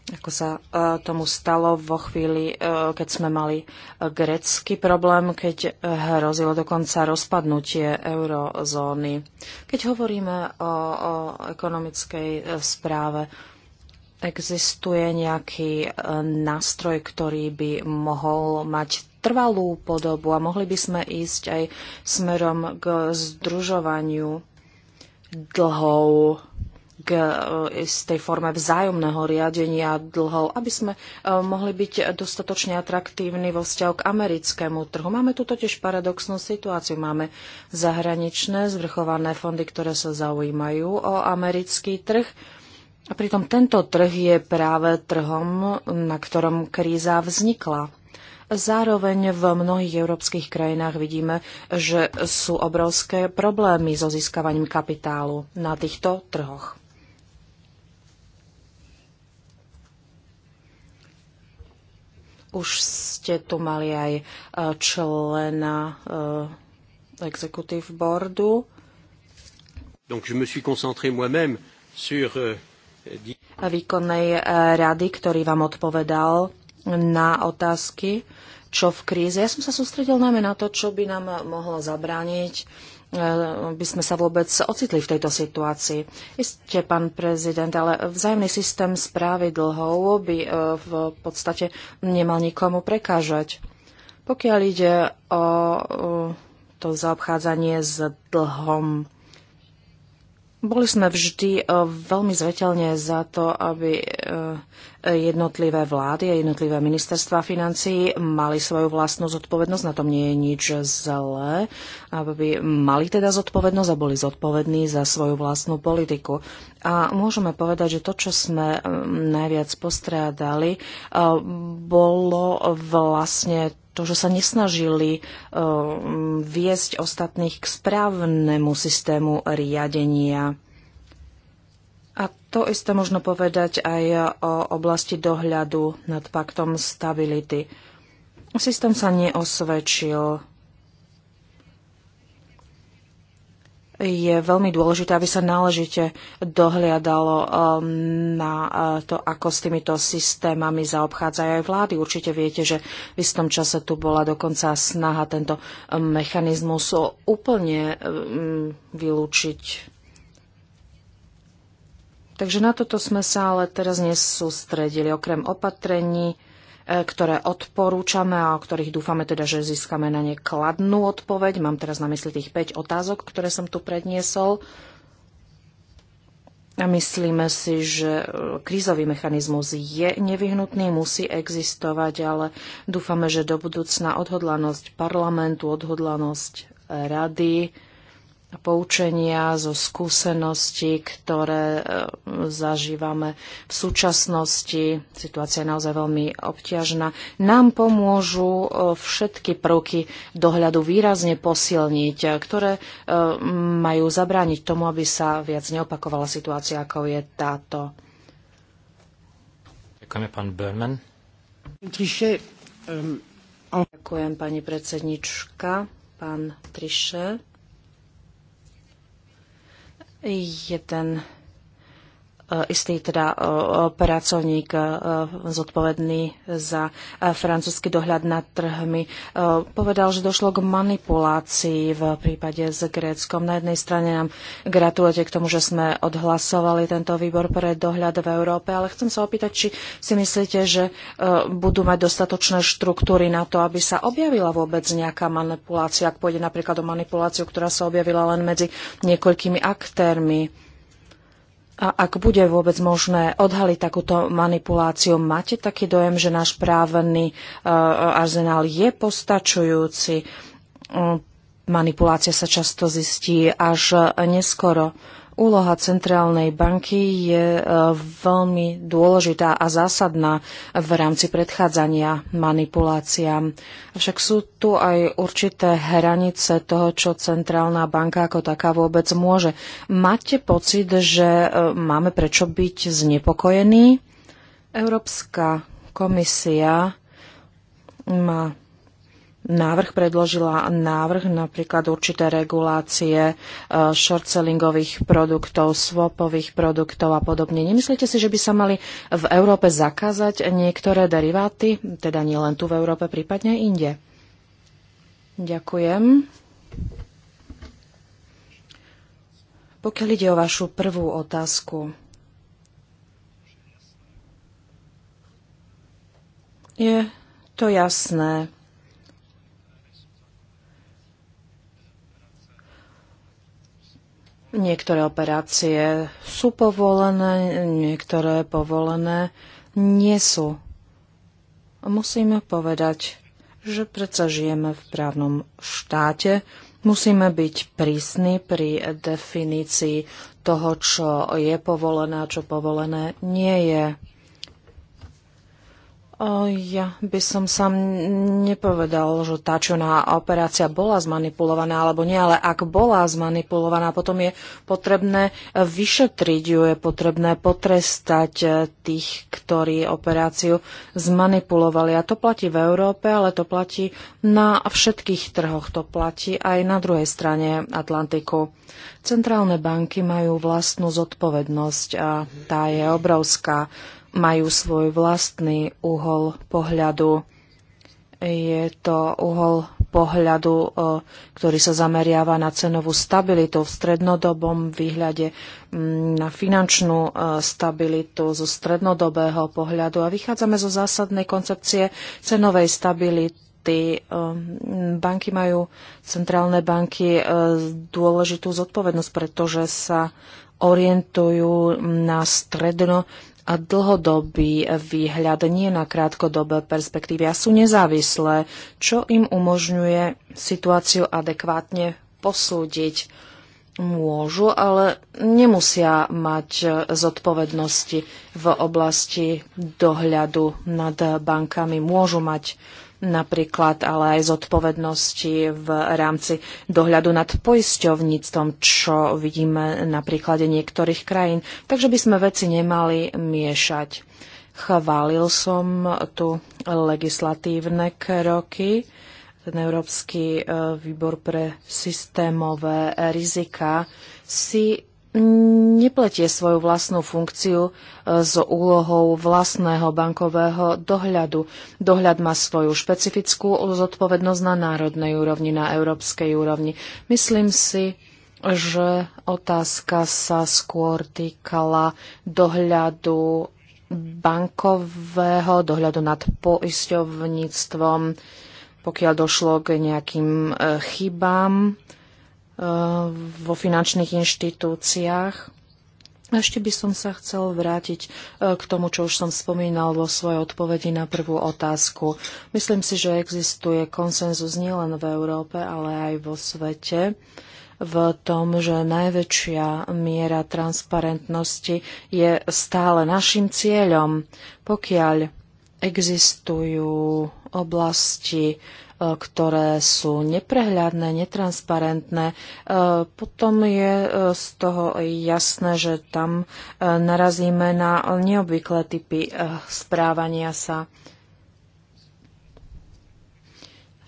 ako sa e, tomu stalo vo chvíli, e, keď sme mali e, grecký problém, keď hrozilo dokonca rozpadnutie eurozóny. Keď hovoríme o, o ekonomickej správe, existuje nejaký nástroj, ktorý by mohol mať trvalú podobu a mohli by sme ísť aj smerom k združovaniu dlhov k istej e, forme vzájomného riadenia dlhov, aby sme e, mohli byť dostatočne atraktívni vo vzťahu k americkému trhu. Máme tu totiž paradoxnú situáciu. Máme zahraničné zvrchované fondy, ktoré sa zaujímajú o americký trh. A pritom tento trh je práve trhom, na ktorom kríza vznikla. Zároveň v mnohých európskych krajinách vidíme, že sú obrovské problémy so získavaním kapitálu na týchto trhoch. Už ste tu mali aj e, člena e, executive boardu. Donc je me suis concentré moi-même sur euh, výkonnej e, rady, ktorý vám odpovedal na otázky čo v kríze. Ja som sa sústredil najmä na to, čo by nám mohlo zabrániť e, by sme sa vôbec ocitli v tejto situácii. Isté, pán prezident, ale vzájomný systém správy dlhov by e, v podstate nemal nikomu prekážať. Pokiaľ ide o to zaobchádzanie s dlhom, boli sme vždy e, veľmi zvetelne za to, aby e, jednotlivé vlády a jednotlivé ministerstva financií mali svoju vlastnú zodpovednosť. Na tom nie je nič zlé, aby mali teda zodpovednosť a boli zodpovední za svoju vlastnú politiku. A môžeme povedať, že to, čo sme e, najviac postrádali, bolo vlastne to, že sa nesnažili eh, viesť ostatných k správnemu systému riadenia. A to isté možno povedať aj o oblasti dohľadu nad paktom stability. Systém sa neosvedčil je veľmi dôležité, aby sa náležite dohliadalo um, na uh, to, ako s týmito systémami zaobchádzajú aj vlády. Určite viete, že v istom čase tu bola dokonca snaha tento um, mechanizmus úplne um, vylúčiť. Takže na toto sme sa ale teraz nesústredili. Okrem opatrení, E, ktoré odporúčame a o ktorých dúfame teda, že získame na ne kladnú odpoveď. Mám teraz na mysli tých 5 otázok, ktoré som tu predniesol. A myslíme si, že e, krízový mechanizmus je nevyhnutný, musí existovať, ale dúfame, že do budúcna odhodlanosť parlamentu, odhodlanosť rady, poučenia, zo skúseností, ktoré e, zažívame v súčasnosti. Situácia je naozaj veľmi obťažná. Nám pomôžu e, všetky prvky dohľadu výrazne posilniť, e, ktoré majú zabrániť tomu, aby sa viac neopakovala situácia, ako je táto. Ďakujeme, pán Berman. Ďakujem, pani predsednička, pán Triše jeden E, istý teda e, pracovník e, zodpovedný za francúzsky dohľad nad trhmi. Povedal, že došlo k manipulácii v prípade s Gréckom. Na jednej strane nám gratulujete k tomu, že sme odhlasovali tento výbor pre dohľad v Európe, ale chcem sa opýtať, či si myslíte, že budú mať dostatočné štruktúry na to, aby sa objavila vôbec nejaká manipulácia, ak pôjde napríklad o manipuláciu, ktorá sa objavila len medzi niekoľkými aktérmi. A ak bude vôbec možné odhaliť takúto manipuláciu, máte taký dojem, že náš právny e, arzenál je postačujúci? Hm, manipulácia sa často zistí až neskoro. Úloha centrálnej banky je e, veľmi dôležitá a zásadná v rámci predchádzania manipuláciám. Však sú tu aj určité hranice toho, čo centrálna banka ako taká vôbec môže. Máte pocit, že e, máme prečo byť znepokojení? Európska komisia má návrh, predložila návrh napríklad určité regulácie e, sellingových produktov, swapových produktov a podobne. Nemyslíte si, že by sa mali v Európe zakázať niektoré deriváty, teda nielen tu v Európe, prípadne inde? Ďakujem. Pokiaľ ide o vašu prvú otázku, je to jasné. Niektoré operácie sú povolené, niektoré povolené nie sú. Musíme povedať, že predsa žijeme v právnom štáte, musíme byť prísni pri definícii toho, čo je povolené a čo povolené nie je. Ja by som sám nepovedal, že tá čoná operácia bola zmanipulovaná alebo nie, ale ak bola zmanipulovaná, potom je potrebné vyšetriť ju, je potrebné potrestať e, tých, ktorí operáciu zmanipulovali. A to platí v Európe, ale to platí na všetkých trhoch, to platí aj na druhej strane Atlantiku. Centrálne banky majú vlastnú zodpovednosť a tá je obrovská majú svoj vlastný uhol pohľadu. Je to uhol pohľadu, e, ktorý sa zameriava na cenovú stabilitu v strednodobom výhľade, na finančnú e, stabilitu zo strednodobého pohľadu a vychádzame zo zásadnej koncepcie cenovej stability e, banky majú, centrálne banky, dôležitú zodpovednosť, pretože sa orientujú na stredno dlhodobý výhľad, nie na krátkodobé perspektívy a sú nezávislé, čo im umožňuje situáciu adekvátne posúdiť. Môžu, ale nemusia mať zodpovednosti v oblasti dohľadu nad bankami. Môžu mať napríklad ale aj zodpovednosti v rámci dohľadu nad poisťovníctvom, čo vidíme na príklade niektorých krajín. Takže by sme veci nemali miešať. Chválil som tu legislatívne kroky. Ten Európsky e, výbor pre systémové rizika si nepletie svoju vlastnú funkciu e, s úlohou vlastného bankového dohľadu. Dohľad má svoju špecifickú zodpovednosť na národnej úrovni, na európskej úrovni. Myslím si, že otázka sa skôr týkala dohľadu bankového, dohľadu nad poisťovníctvom, pokiaľ došlo k nejakým e, chybám Eh, vo finančných inštitúciách. Ešte by som sa chcel vrátiť eh, k tomu, čo už som spomínal vo svojej odpovedi na prvú otázku. Myslím si, že existuje konsenzus nielen v Európe, ale aj vo svete v tom, že najväčšia miera transparentnosti je stále našim cieľom. Pokiaľ existujú oblasti, E, ktoré sú neprehľadné, netransparentné, e, potom je e, z toho jasné, že tam narazíme na neobvyklé typy správania sa.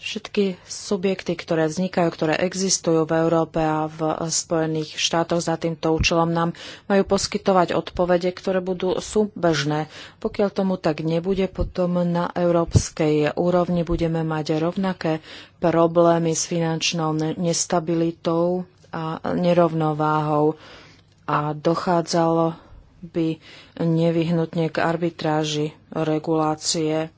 Všetky subjekty, ktoré vznikajú, ktoré existujú v Európe a v Spojených štátoch za týmto účelom nám majú poskytovať odpovede, ktoré budú súbežné. Pokiaľ tomu tak nebude, potom na európskej úrovni budeme mať rovnaké problémy s finančnou nestabilitou a nerovnováhou a dochádzalo by nevyhnutne k arbitráži regulácie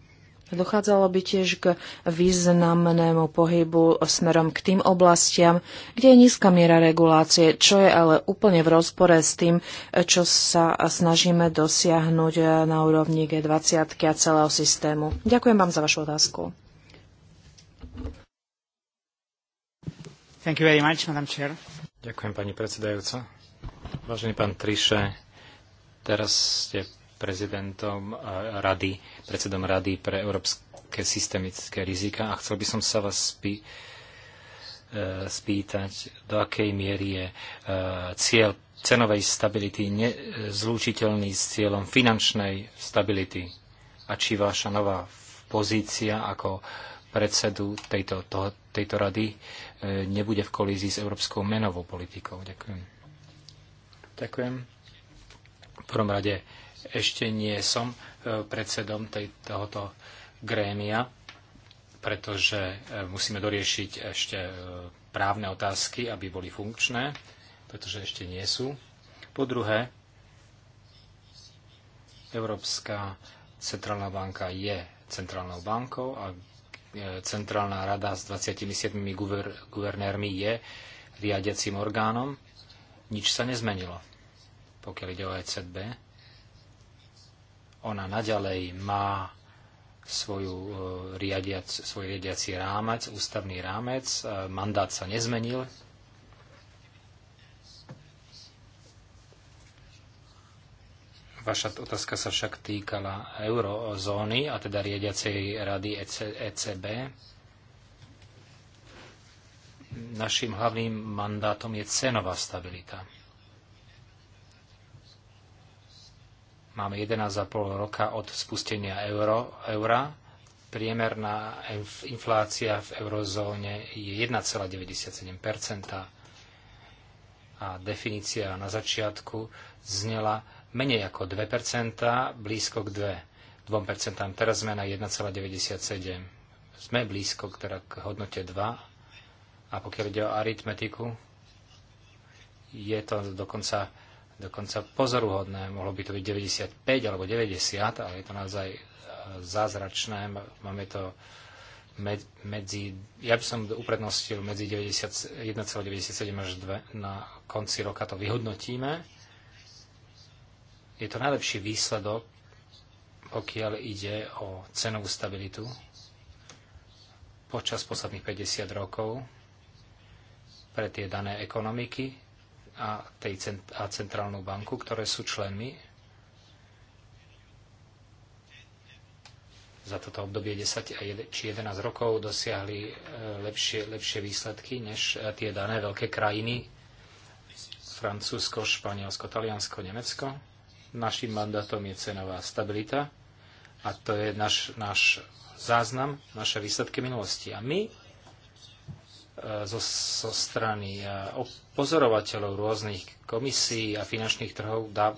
Dochádzalo by tiež k významnému pohybu smerom k tým oblastiam, kde je nízka miera regulácie, čo je ale úplne v rozpore s tým, čo sa snažíme dosiahnuť na úrovni G20 a celého systému. Ďakujem vám za vašu otázku. Thank you very much, Madam Chair. Ďakujem, pani predsedajúca. Vážený pán Triše, teraz ste prezidentom eh, rady, predsedom rady pre európske systemické rizika a chcel by som sa vás spý, eh, spýtať, do akej miery je eh, cieľ cenovej stability nezlúčiteľný s cieľom finančnej stability a či vaša nová pozícia ako predsedu tejto, to, tejto rady nebude v kolízii s európskou menovou politikou. Ďakujem. Ďakujem. V prvom rade ešte nie som e, predsedom tej, tohoto grémia, pretože e, musíme doriešiť ešte e, právne otázky, aby boli funkčné, pretože ešte nie sú. Po druhé, Európska centrálna banka je centrálnou bankou a centrálna rada s 27 guver- guvernérmi je riadiacím orgánom. Nič sa nezmenilo, pokiaľ ide o ECB ona naďalej má svoju, e, riadiac, svoj riadiaci rámec, ústavný rámec. E, mandát sa nezmenil. Vaša otázka sa však týkala eurozóny a teda riadiacej rady ECB. E Naším hlavným mandátom je cenová stabilita. Máme 11,5 roka od spustenia euro, eura. Priemerná inflácia v eurozóne je 1,97 a definícia na začiatku znela menej ako 2 blízko k 2, 2 Teraz sme na 1,97. Sme blízko k, teda k hodnote 2 a pokiaľ ide o aritmetiku, je to dokonca dokonca pozoruhodné. Mohlo by to byť 95 alebo 90, ale je to naozaj e, zázračné. Máme to medzi, ja by som uprednostil medzi 1,97 až 2. Na konci roka to vyhodnotíme. Je to najlepší výsledok, pokiaľ ide o cenovú stabilitu počas posledných 50 rokov pre tie dané ekonomiky a, tej, a centrálnu banku, ktoré sú členmi za toto obdobie 10 či 11 rokov dosiahli e, lepšie, lepšie výsledky než e, tie dané veľké krajiny Francúzsko, Španielsko, Taliansko, Nemecko. Našim mandátom je cenová stabilita a to je náš, náš záznam, naše výsledky minulosti. A my zo, zo strany pozorovateľov rôznych komisí a finančných trhov dá, e,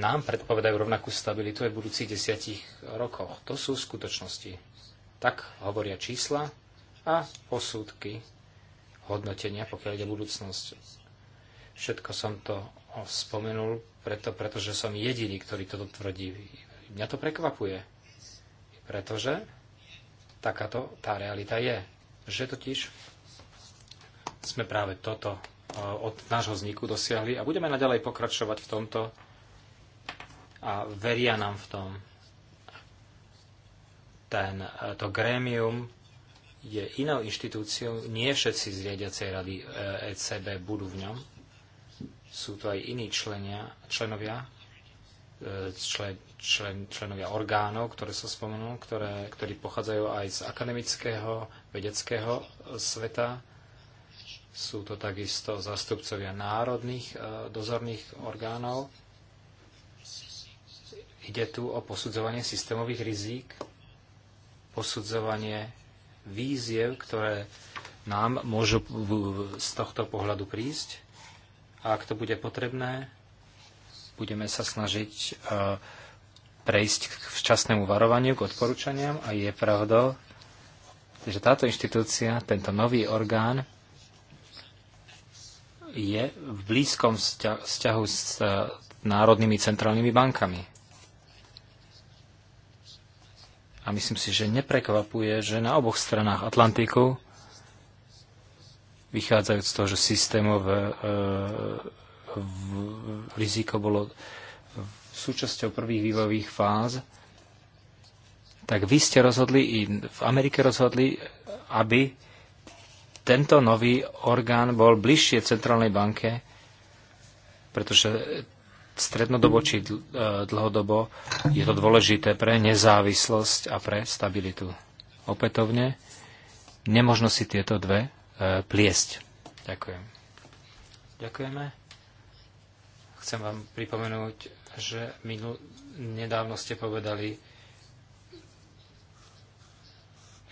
nám predpovedajú rovnakú stabilitu aj v budúcich desiatich rokoch. To sú skutočnosti. Tak hovoria čísla a posúdky hodnotenia, pokiaľ ide budúcnosť. Všetko som to spomenul, preto, pretože som jediný, ktorý toto tvrdí. Mňa to prekvapuje, pretože takáto tá realita je že totiž sme práve toto e, od nášho vzniku dosiahli a budeme naďalej pokračovať v tomto a veria nám v tom. Ten, e, to grémium je inou inštitúciou, nie všetci z riadiacej rady ECB e budú v ňom. Sú to aj iní členia, členovia, člen, člen, členovia orgánov, ktoré som spomenul, ktoré, ktorí pochádzajú aj z akademického, vedeckého sveta. Sú to takisto zastupcovia národných e, dozorných orgánov. Ide tu o posudzovanie systémových rizík, posudzovanie víziev, ktoré nám môžu z tohto pohľadu prísť. A ak to bude potrebné, budeme sa snažiť eh, prejsť k včasnému varovaniu, k odporúčaniam a je pravdou, že táto inštitúcia, tento nový orgán je v blízkom vzťahu s eh, národnými centrálnymi bankami. A myslím si, že neprekvapuje, že na oboch stranách Atlantiku, vychádzajúc z toho, že systémové e, v, riziko bolo súčasťou prvých vývojových fáz, tak vy ste rozhodli i v Amerike rozhodli, aby tento nový orgán bol bližšie centrálnej banke, pretože strednodobo či e, dlhodobo je to dôležité pre nezávislosť a pre stabilitu. Opätovne, nemožno si tieto dve e, pliesť. Ďakujem. Ďakujeme. Chcem vám pripomenúť, že minul, nedávno ste povedali,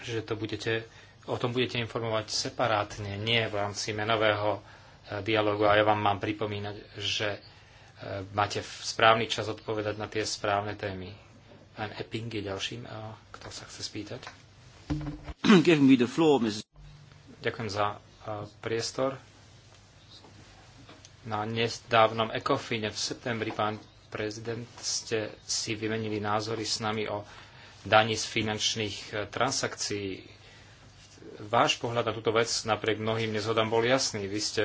že to budete, o tom budete informovať separátne, nie v rámci menového e, dialogu. A ja vám mám pripomínať, že e, máte správny čas odpovedať na tie správne témy. Pán Epping je ďalším, kto sa chce spýtať. Floor, Ďakujem za e, priestor. Na nedávnom ECOFINE v septembri, pán prezident, ste si vymenili názory s nami o daní z finančných e, transakcií. Váš pohľad na túto vec napriek mnohým nezhodám bol jasný. Vy ste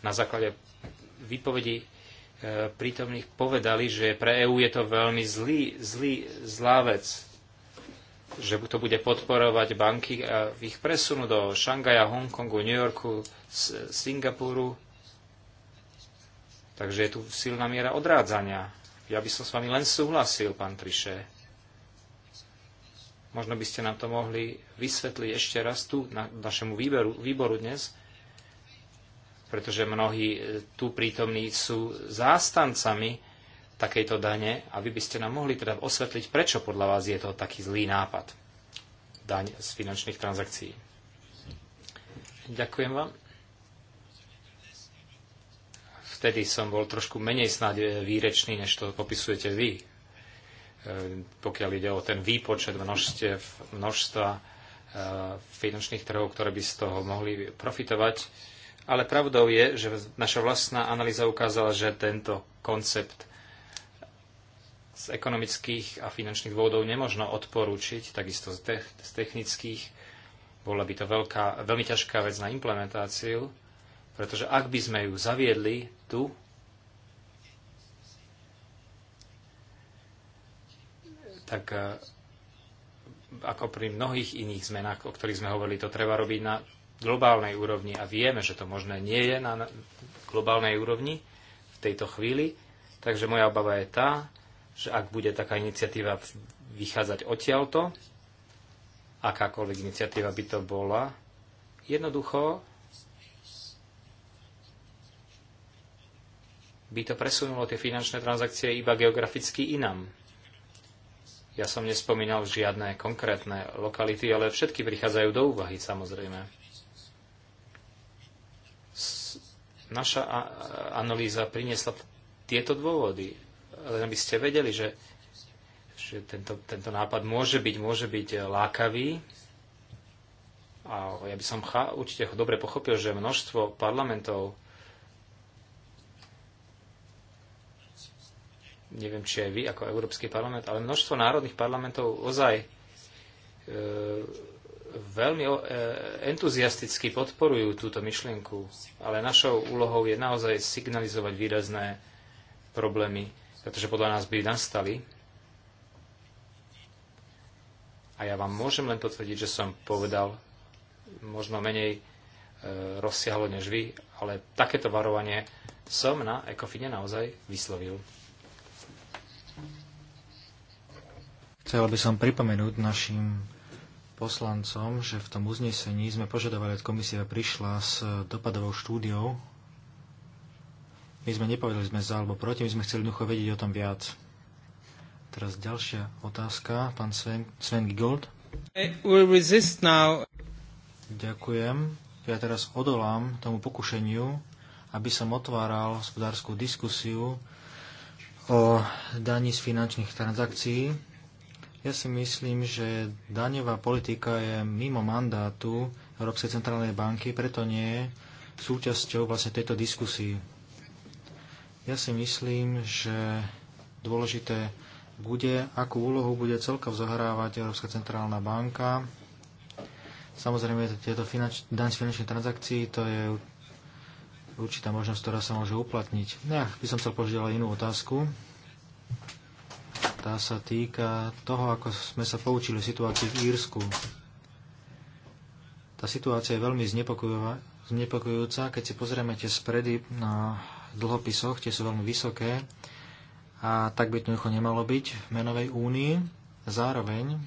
na základe výpovedí e, prítomných povedali, že pre EÚ je to veľmi zlý, zlý, zlá vec, že to bude podporovať banky a ich presunu do Šangaja, Hongkongu, New Yorku, Singapuru, Takže je tu silná miera odrádzania. Ja by som s vami len súhlasil, pán Triše. Možno by ste nám to mohli vysvetliť ešte raz tu, na našemu výberu, výboru dnes, pretože mnohí e, tu prítomní sú zástancami takejto dane a vy by ste nám mohli teda osvetliť, prečo podľa vás je to taký zlý nápad daň z finančných transakcií. Ďakujem vám vtedy som bol trošku menej snáď e, výrečný, než to popisujete vy, e, pokiaľ ide o ten výpočet množstiev, množstva e, finančných trhov, ktoré by z toho mohli profitovať. Ale pravdou je, že naša vlastná analýza ukázala, že tento koncept z ekonomických a finančných dôvodov nemožno odporúčiť, takisto z, technických. Bola by to veľká, veľmi ťažká vec na implementáciu, pretože ak by sme ju zaviedli, tu tak e, ako pri mnohých iných zmenách, o ktorých sme hovorili, to treba robiť na globálnej úrovni a vieme, že to možné nie je na globálnej úrovni v tejto chvíli. Takže moja obava je tá, že ak bude taká iniciatíva vychádzať odtiaľto, akákoľvek iniciatíva by to bola, jednoducho by to presunulo tie finančné transakcie iba geograficky inam. Ja som nespomínal žiadne konkrétne lokality, ale všetky prichádzajú do úvahy, samozrejme. Naša analýza priniesla tieto dôvody. Len aby ste vedeli, že, že tento, tento nápad môže byť, môže byť lákavý. A ja by som určite dobre pochopil, že množstvo parlamentov neviem, či aj vy ako Európsky parlament, ale množstvo národných parlamentov ozaj e, veľmi e, entuziasticky podporujú túto myšlienku, ale našou úlohou je naozaj signalizovať výrazné problémy, pretože podľa nás by nastali. A ja vám môžem len potvrdiť, že som povedal možno menej e, rozsiahlo než vy, ale takéto varovanie som na Ekofine naozaj vyslovil. Chcela by som pripomenúť našim poslancom, že v tom uznesení sme požadovali, že komisia prišla s dopadovou štúdiou. My sme nepovedali, sme za alebo proti, my sme chceli jednoducho vedieť o tom viac. Teraz ďalšia otázka, pán Sven, Sven Gigold. Ďakujem. Ja teraz odolám tomu pokušeniu, aby som otváral hospodárskú diskusiu o daní z finančných transakcií. Ja si myslím, že daňová politika je mimo mandátu Európskej centrálnej banky, preto nie je súčasťou vlastne tejto diskusii. Ja si myslím, že dôležité bude, akú úlohu bude celkov zahrávať Európska centrálna banka. Samozrejme, tieto finanč, daň z finančných transakcií, to je určitá možnosť, ktorá sa môže uplatniť. Ja by som chcel požiadať inú otázku. Tá sa týka toho, ako sme sa poučili situácii v Írsku. Tá situácia je veľmi znepokojujúca, keď si pozrieme tie spredy na dlhopisoch, tie sú veľmi vysoké a tak by to jednoducho nemalo byť v menovej únii. Zároveň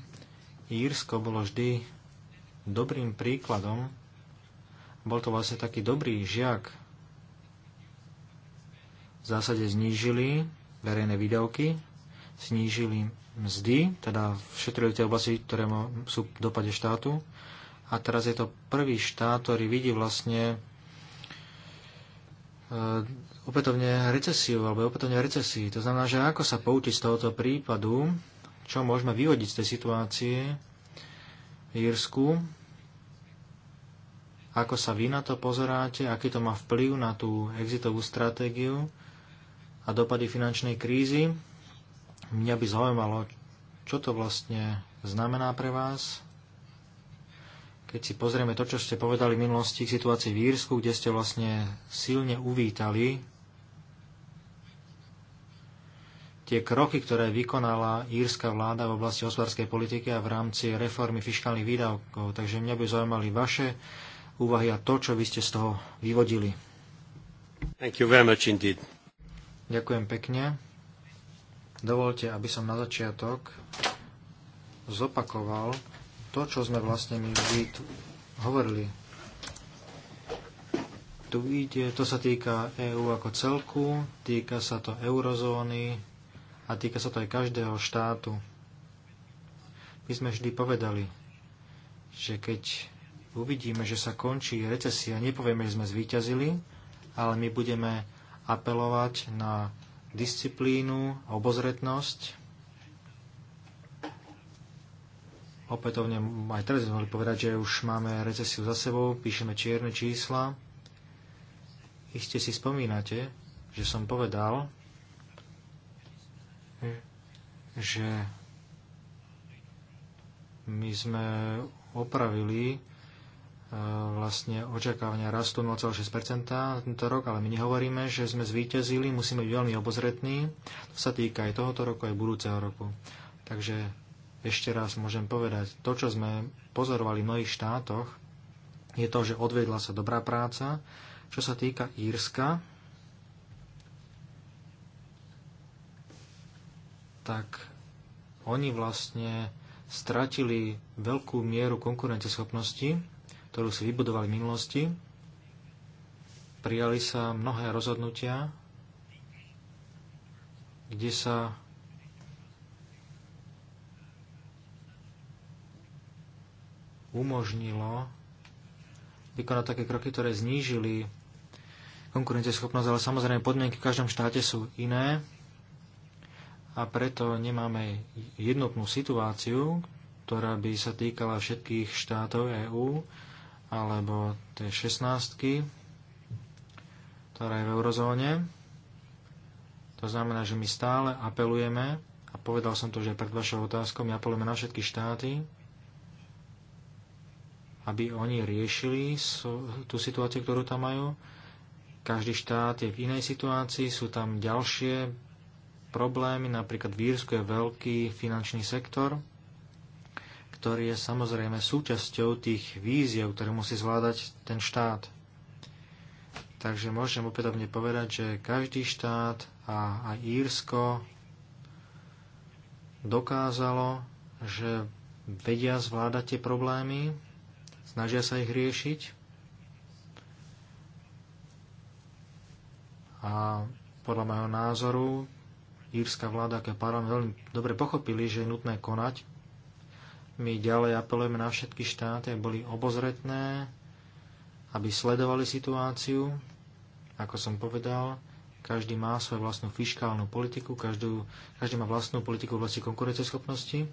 Írsko bolo vždy dobrým príkladom, bol to vlastne taký dobrý žiak. V zásade znížili verejné výdavky znížili mzdy, teda všetrili tie oblasti, ktoré sú v dopade štátu. A teraz je to prvý štát, ktorý vidí vlastne e, opätovne recesiu, alebo opätovne recesii. To znamená, že ako sa poučiť z tohoto prípadu, čo môžeme vyhodiť z tej situácie v Jírsku, ako sa vy na to pozeráte, aký to má vplyv na tú exitovú stratégiu a dopady finančnej krízy, Mňa by zaujímalo, čo to vlastne znamená pre vás. Keď si pozrieme to, čo ste povedali v minulosti k situácii v Írsku, kde ste vlastne silne uvítali tie kroky, ktoré vykonala írska vláda v oblasti hospodárskej politiky a v rámci reformy fiskálnych výdavkov. Takže mňa by zaujímali vaše úvahy a to, čo vy ste z toho vyvodili. Ďakujem pekne. Dovolte, aby som na začiatok zopakoval to, čo sme vlastne my hovorili. Tu ide, to sa týka EÚ ako celku, týka sa to eurozóny a týka sa to aj každého štátu. My sme vždy povedali, že keď uvidíme, že sa končí recesia, nepovieme, že sme zvíťazili, ale my budeme apelovať na disciplínu, obozretnosť. Opätovne aj teraz sme mohli povedať, že už máme recesiu za sebou, píšeme čierne čísla. Iste si spomínate, že som povedal, že my sme opravili E, vlastne očakávania rastú 0,6% tento rok, ale my nehovoríme, že sme zvíťazili, musíme byť veľmi obozretní. To sa týka aj tohoto roku, aj budúceho roku. Takže ešte raz môžem povedať, to, čo sme pozorovali v mnohých štátoch, je to, že odvedla sa dobrá práca. Čo sa týka Írska, tak oni vlastne stratili veľkú mieru konkurenceschopnosti ktorú si vybudovali v minulosti. Prijali sa mnohé rozhodnutia, kde sa umožnilo vykonať také kroky, ktoré znížili konkurencieschopnosť, ale samozrejme podmienky v každom štáte sú iné a preto nemáme jednotnú situáciu, ktorá by sa týkala všetkých štátov EÚ alebo tie 16, ktorá je v eurozóne. To znamená, že my stále apelujeme, a povedal som to, že pred vašou otázkou, my apelujeme na všetky štáty, aby oni riešili tú situáciu, ktorú tam majú. Každý štát je v inej situácii, sú tam ďalšie problémy, napríklad v Írsku je veľký finančný sektor, ktorý je samozrejme súčasťou tých víziev, ktoré musí zvládať ten štát. Takže môžem opätovne povedať, že každý štát a aj Írsko dokázalo, že vedia zvládať tie problémy, snažia sa ich riešiť. A podľa môjho názoru írska vláda a parlament veľmi dobre pochopili, že je nutné konať my ďalej apelujeme na všetky štáty, aby boli obozretné, aby sledovali situáciu. Ako som povedal, každý má svoju vlastnú fiskálnu politiku, každú, každý má vlastnú politiku v oblasti konkurenceschopnosti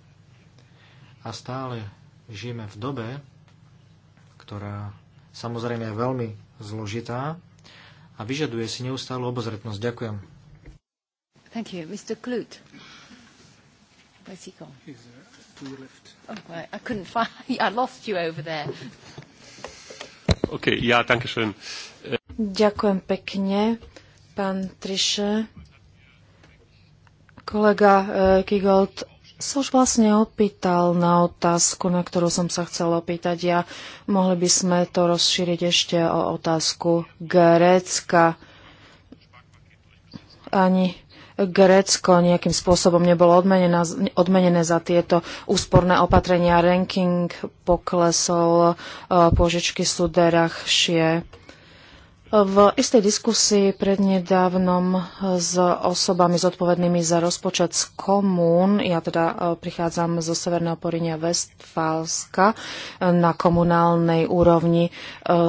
a stále žijeme v dobe, ktorá samozrejme je veľmi zložitá a vyžaduje si neustálu obozretnosť. Ďakujem. Thank you. Mr. Klut. Where's he gone? He's there to your left. Oh, right. I couldn't find. I lost you over there. Okay, ja, danke schön. Ďakujem pekne, pán Triše. Kolega eh, Kigold sa už vlastne opýtal na otázku, na ktorú som sa chcel opýtať. Ja mohli by sme to rozšíriť ešte o otázku Grécka. Ani Grécko nejakým spôsobom nebolo odmenené, odmenené za tieto úsporné opatrenia. Ranking poklesol, e, požičky sú derahšie. V istej diskusii prednedávnom s osobami zodpovednými za rozpočet z komún, ja teda e, prichádzam zo Severného Porinia Westfalska, e, na komunálnej úrovni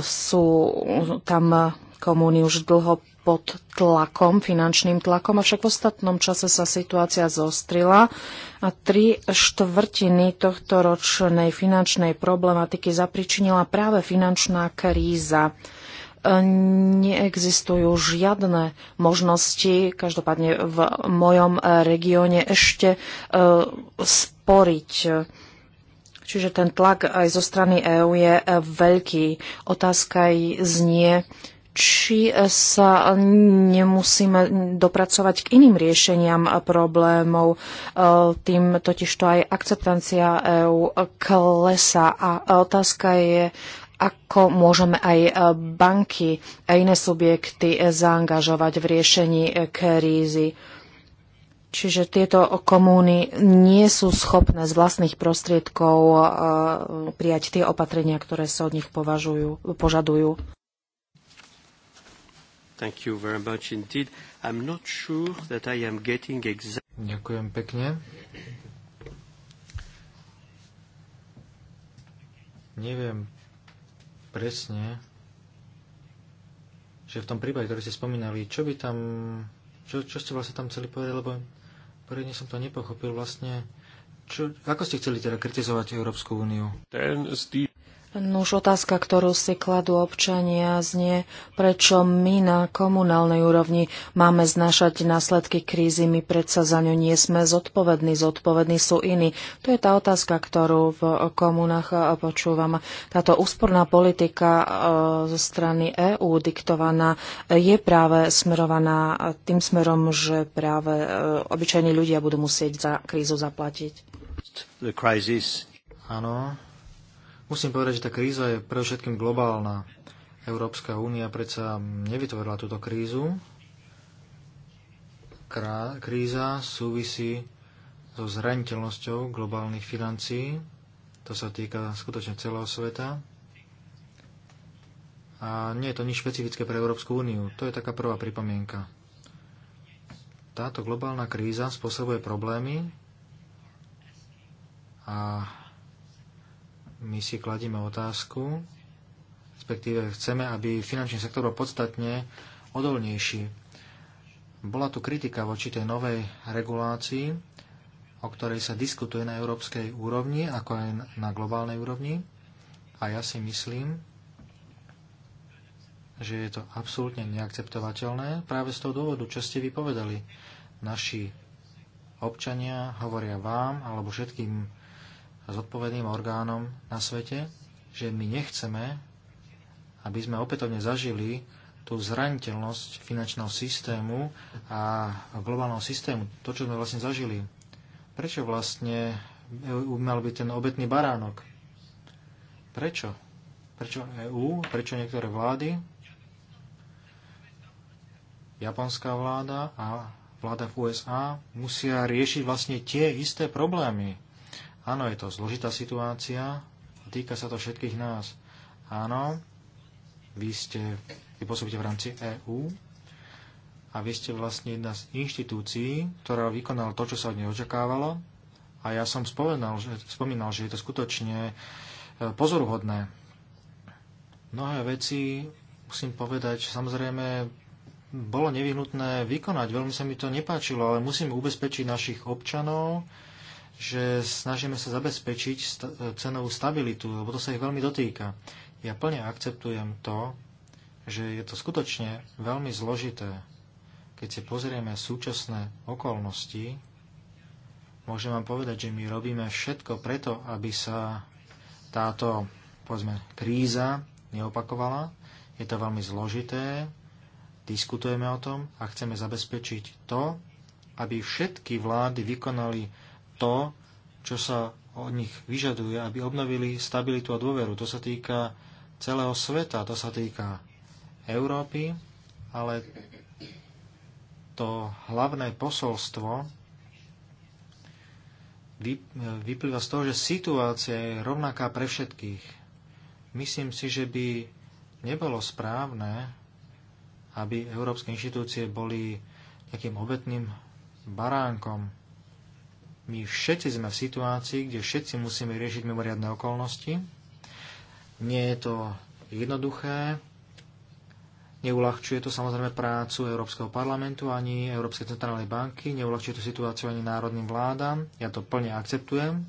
sú tam komúny už dlho pod tlakom, finančným tlakom, avšak v ostatnom čase sa situácia zostrila a tri štvrtiny tohto ročnej finančnej problematiky zapričinila práve finančná kríza neexistujú žiadne možnosti, každopádne v mojom regióne ešte e, sporiť. Čiže ten tlak aj zo strany EÚ je e, veľký. Otázka znie, či sa nemusíme dopracovať k iným riešeniam problémov. Tým totiž to aj akceptancia EÚ klesa a otázka je, ako môžeme aj banky a iné subjekty zaangažovať v riešení krízy. Čiže tieto komúny nie sú schopné z vlastných prostriedkov eh, prijať tie opatrenia, ktoré sa od nich považujú, požadujú. Thank you very much indeed. I'm not sure that I am getting exact... Ďakujem pekne. Neviem presne, že v tom prípade, ktorý ste spomínali, čo by tam, čo, čo ste vlastne tam chceli povedať, lebo poriadne som to nepochopil vlastne. Čo, ako ste chceli teda kritizovať Európsku úniu? No už otázka, ktorú si kladú občania, znie, prečo my na komunálnej úrovni máme znašať následky krízy, my predsa za ňu nie sme zodpovední, zodpovední sú iní. To je tá otázka, ktorú v komunách e, počúvam. Táto úsporná politika e, zo strany EÚ diktovaná e, je práve smerovaná tým smerom, že práve obyčajní ľudia budú musieť za krízu zaplatiť. Áno, Musím povedať, že tá kríza je pre všetkým globálna. Európska únia predsa nevytvorila túto krízu. kríza súvisí so zraniteľnosťou globálnych financií. To sa týka skutočne celého sveta. A nie je to nič špecifické pre Európsku úniu. To je taká prvá pripomienka. Táto globálna kríza spôsobuje problémy a my si kladíme otázku, respektíve chceme, aby finančný sektor bol podstatne odolnejší. Bola tu kritika voči tej novej regulácii, o ktorej sa diskutuje na európskej úrovni, ako aj na globálnej úrovni. A ja si myslím, že je to absolútne neakceptovateľné práve z toho dôvodu, čo ste vypovedali. Naši občania hovoria vám alebo všetkým a zodpovedným orgánom na svete, že my nechceme, aby sme opätovne zažili tú zraniteľnosť finančného systému a globálneho systému, to, čo sme vlastne zažili. Prečo vlastne EU mal byť ten obetný baránok? Prečo? Prečo EU? Prečo niektoré vlády? Japonská vláda a vláda v USA musia riešiť vlastne tie isté problémy. Áno, je to zložitá situácia, týka sa to všetkých nás. Áno, vy ste, vy pôsobíte v rámci EÚ a vy ste vlastne jedna z inštitúcií, ktorá vykonala to, čo sa od nej očakávalo. A ja som že, spomínal, že je to skutočne e, pozoruhodné. Mnohé veci, musím povedať, samozrejme bolo nevyhnutné vykonať. Veľmi sa mi to nepáčilo, ale musím ubezpečiť našich občanov, že snažíme sa zabezpečiť cenovú stabilitu, lebo to sa ich veľmi dotýka. Ja plne akceptujem to, že je to skutočne veľmi zložité. Keď si pozrieme súčasné okolnosti, môžem vám povedať, že my robíme všetko preto, aby sa táto povedzme, kríza neopakovala. Je to veľmi zložité, diskutujeme o tom a chceme zabezpečiť to, aby všetky vlády vykonali to, čo sa od nich vyžaduje, aby obnovili stabilitu a dôveru. To sa týka celého sveta, to sa týka Európy, ale to hlavné posolstvo vyplýva z toho, že situácia je rovnaká pre všetkých. Myslím si, že by nebolo správne, aby európske inštitúcie boli takým obetným baránkom. My všetci sme v situácii, kde všetci musíme riešiť mimoriadne okolnosti. Nie je to jednoduché, Neulahčuje to samozrejme prácu Európskeho parlamentu ani Európskej centrálnej banky, neulahčuje to situáciu ani národným vládam. Ja to plne akceptujem,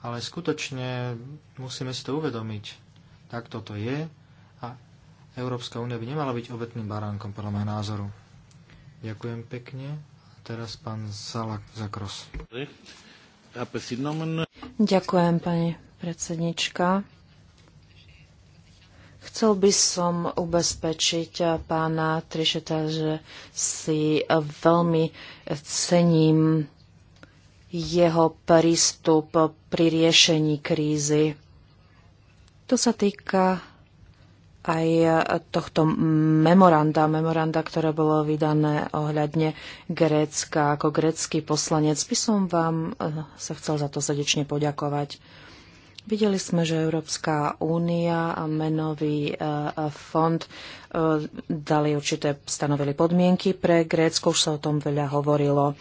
ale skutočne musíme si to uvedomiť. Tak toto je a Európska únia by nemala byť obetným baránkom, podľa môjho názoru. Ďakujem pekne. Teraz pán Salak kros. Ďakujem, pani predsednička. Chcel by som ubezpečiť pána Trišeta, že si veľmi cením jeho prístup pri riešení krízy. To sa týka aj e, tohto memoranda, memoranda, ktoré bolo vydané ohľadne Grécka. Ako grécky poslanec by som vám e, sa chcel za to srdečne poďakovať. Videli sme, že Európska únia a menový e, fond dali určité, stanovili podmienky pre Grécko, už sa o tom veľa hovorilo.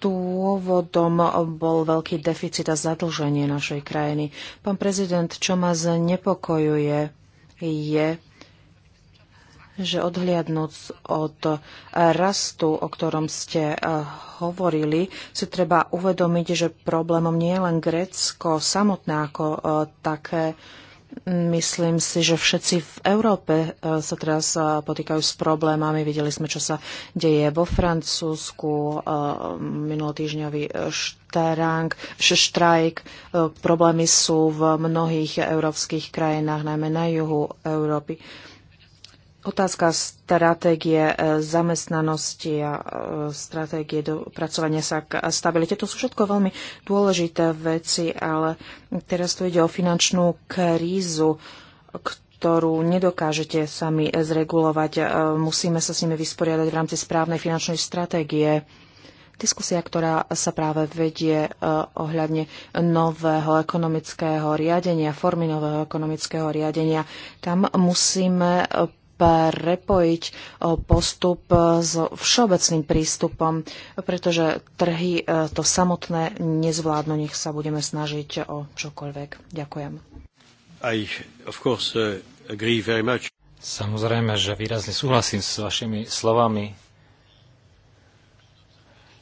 Dôvodom bol veľký deficit a zadlženie našej krajiny. Pán prezident, čo ma znepokojuje, je že odhliadnúc od rastu, o ktorom ste eh, hovorili, si treba uvedomiť, že problémom nie je len Grécko samotné ako eh, také Myslím si, že všetci v Európe e, sa teraz e, potýkajú s problémami. Videli sme, čo sa deje vo Francúzsku, e, minulotýžňový štránk, štrajk. Problémy sú v mnohých európskych krajinách, najmä na juhu Európy. Otázka stratégie e, zamestnanosti a e, stratégie dopracovania sa k stabilite. To sú všetko veľmi dôležité veci, ale teraz tu ide o finančnú krízu, ktorú nedokážete sami zregulovať. E, musíme sa s nimi vysporiadať v rámci správnej finančnej stratégie. Diskusia, ktorá sa práve vedie ohľadne nového ekonomického riadenia, formy nového ekonomického riadenia, tam musíme prepojiť postup e, s všeobecným prístupom, pretože trhy e, to samotné nezvládnu, nech sa budeme snažiť o čokoľvek. Ďakujem. I, of course, uh, agree very much. Samozrejme, že výrazne súhlasím s vašimi slovami,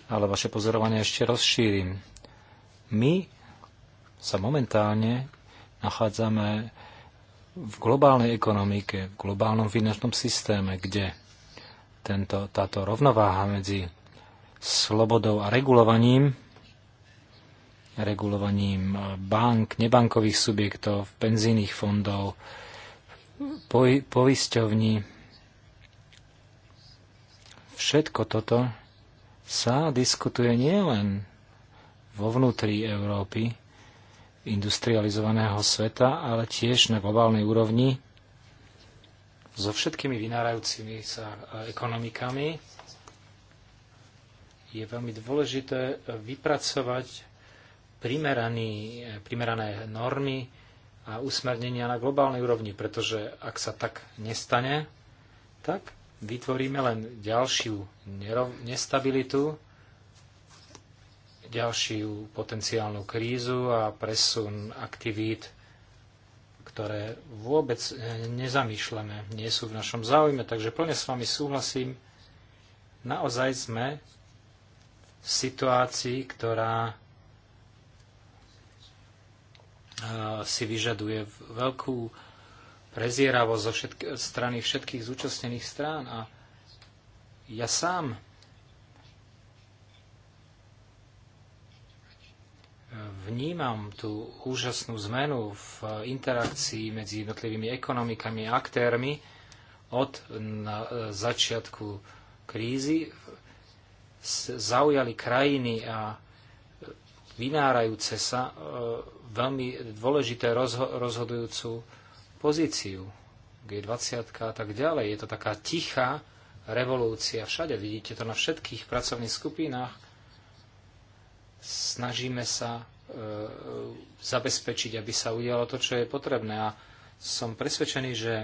ale vaše pozorovanie ešte rozšírim. My sa momentálne nachádzame v globálnej ekonomike, v globálnom finančnom systéme, kde tento, táto rovnováha medzi slobodou a regulovaním, regulovaním bank, nebankových subjektov, penzijných fondov, poj, poisťovní, všetko toto sa diskutuje nielen vo vnútri Európy, industrializovaného sveta, ale tiež na globálnej úrovni so všetkými vynárajúcimi sa e, ekonomikami je veľmi dôležité vypracovať primeraný, e, primerané normy a usmernenia na globálnej úrovni, pretože ak sa tak nestane, tak vytvoríme len ďalšiu nestabilitu ďalšiu potenciálnu krízu a presun aktivít, ktoré vôbec e, nezamýšľame, nie sú v našom záujme. Takže plne s vami súhlasím. Naozaj sme v situácii, ktorá e, si vyžaduje veľkú prezieravosť zo všetk- strany všetkých zúčastnených strán. A ja sám vnímam tú úžasnú zmenu v interakcii medzi jednotlivými ekonomikami a aktérmi od začiatku krízy. Zaujali krajiny a vynárajúce sa e, veľmi dôležité rozho- rozhodujúcu pozíciu. G20 a tak ďalej. Je to taká tichá revolúcia všade. Vidíte to na všetkých pracovných skupinách Snažíme sa e, zabezpečiť, aby sa udialo to, čo je potrebné. A som presvedčený, že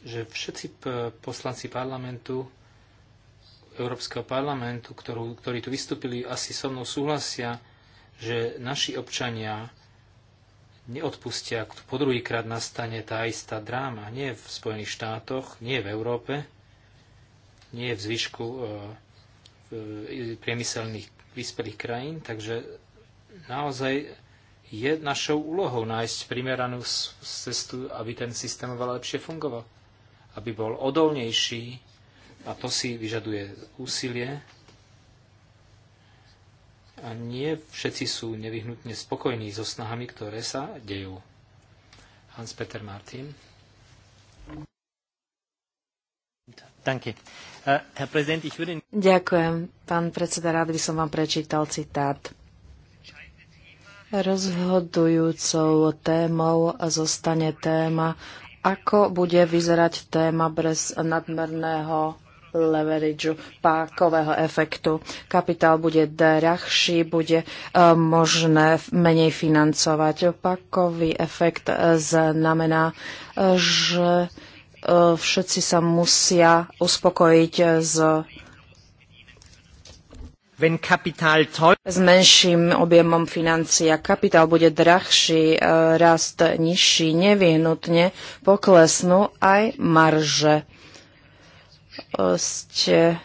že všetci poslanci parlamentu, Európskeho parlamentu, ktorú, ktorí tu vystúpili, asi so mnou súhlasia, že naši občania neodpustia, po druhýkrát nastane tá istá dráma. Nie v Spojených štátoch, nie v Európe, nie v zvyšku e, E, priemyselných vyspelých krajín, takže naozaj je našou úlohou nájsť primeranú cestu, aby ten systém veľa lepšie fungoval, aby bol odolnejší a to si vyžaduje úsilie. A nie všetci sú nevyhnutne spokojní so snahami, ktoré sa dejú. Hans-Peter Martin. Äh, Ďakujem. Pán predseda, rád by som vám prečítal citát. Rozhodujúcou témou zostane téma, ako bude vyzerať téma bez nadmerného leverageu, pákového efektu. Kapitál bude drahší, bude e, možné menej financovať. Pákový efekt e, znamená, e, že E, všetci sa musia uspokojiť s s menším objemom financií a kapitál bude drahší, e, rast nižší, nevyhnutne poklesnú aj marže. E, ste,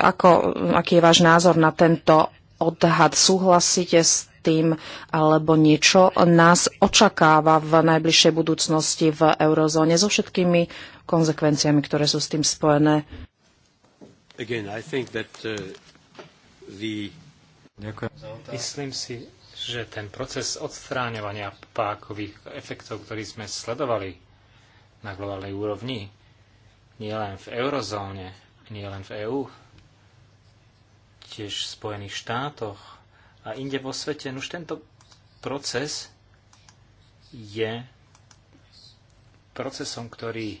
ako, aký je váš názor na tento odhad? Súhlasíte s predtým, alebo niečo nás očakáva v najbližšej budúcnosti v eurozóne so všetkými konzekvenciami, ktoré sú s tým spojené. Again, I think that, uh, the... Ďakujem Myslím si, že ten proces odstráňovania pákových efektov, ktorý sme sledovali na globálnej úrovni, nie len v eurozóne, nie len v EÚ, tiež v Spojených štátoch, a inde vo svete. Už tento proces je procesom, ktorý e,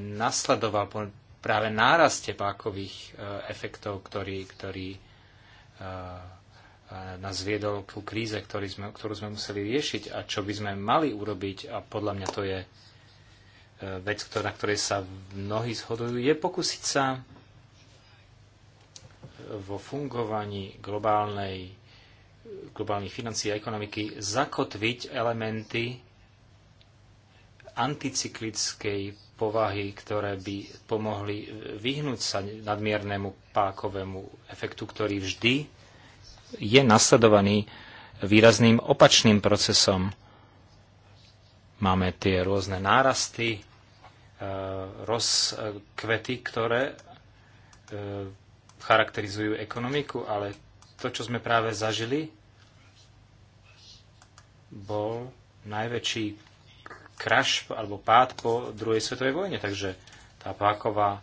nasledoval práve náraste pákových e, efektov, ktorý, ktorý e, nás viedol ku kríze, ktorý sme, ktorú sme museli riešiť a čo by sme mali urobiť, a podľa mňa to je vec, na ktorej sa mnohí zhodujú, je pokúsiť sa vo fungovaní globálnej, globálnych financií a ekonomiky zakotviť elementy anticyklickej povahy, ktoré by pomohli vyhnúť sa nadmiernému pákovému efektu, ktorý vždy je nasledovaný výrazným opačným procesom. Máme tie rôzne nárasty, eh, rozkvety, ktoré eh, charakterizujú ekonomiku, ale to, čo sme práve zažili, bol najväčší crash alebo pád po druhej svetovej vojne. Takže tá páková e,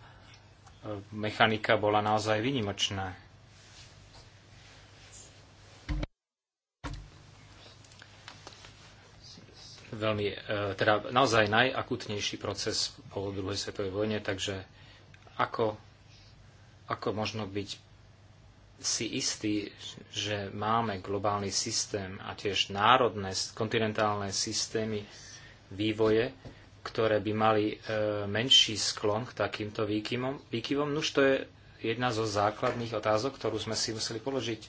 mechanika bola naozaj vynimočná. Veľmi, e, teda naozaj najakutnejší proces po druhej svetovej vojne, takže ako ako možno byť si istý, že máme globálny systém a tiež národné, kontinentálne systémy vývoje, ktoré by mali e, menší sklon k takýmto výkyvom. výkyvom. Nuž to je jedna zo základných otázok, ktorú sme si museli položiť.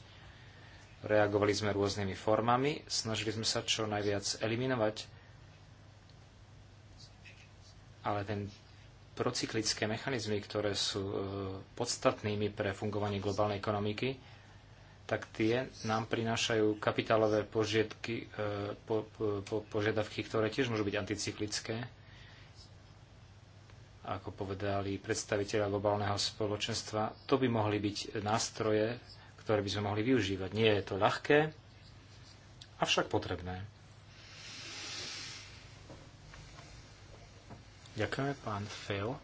Reagovali sme rôznymi formami, snažili sme sa čo najviac eliminovať, ale ten procyklické mechanizmy, ktoré sú e, podstatnými pre fungovanie globálnej ekonomiky, tak tie nám prinášajú kapitálové požiadky, e, po, po, požiadavky, ktoré tiež môžu byť anticyklické. Ako povedali predstaviteľa globálneho spoločenstva, to by mohli byť nástroje, ktoré by sme mohli využívať. Nie je to ľahké, avšak potrebné. Ďakujeme, pán Fejo.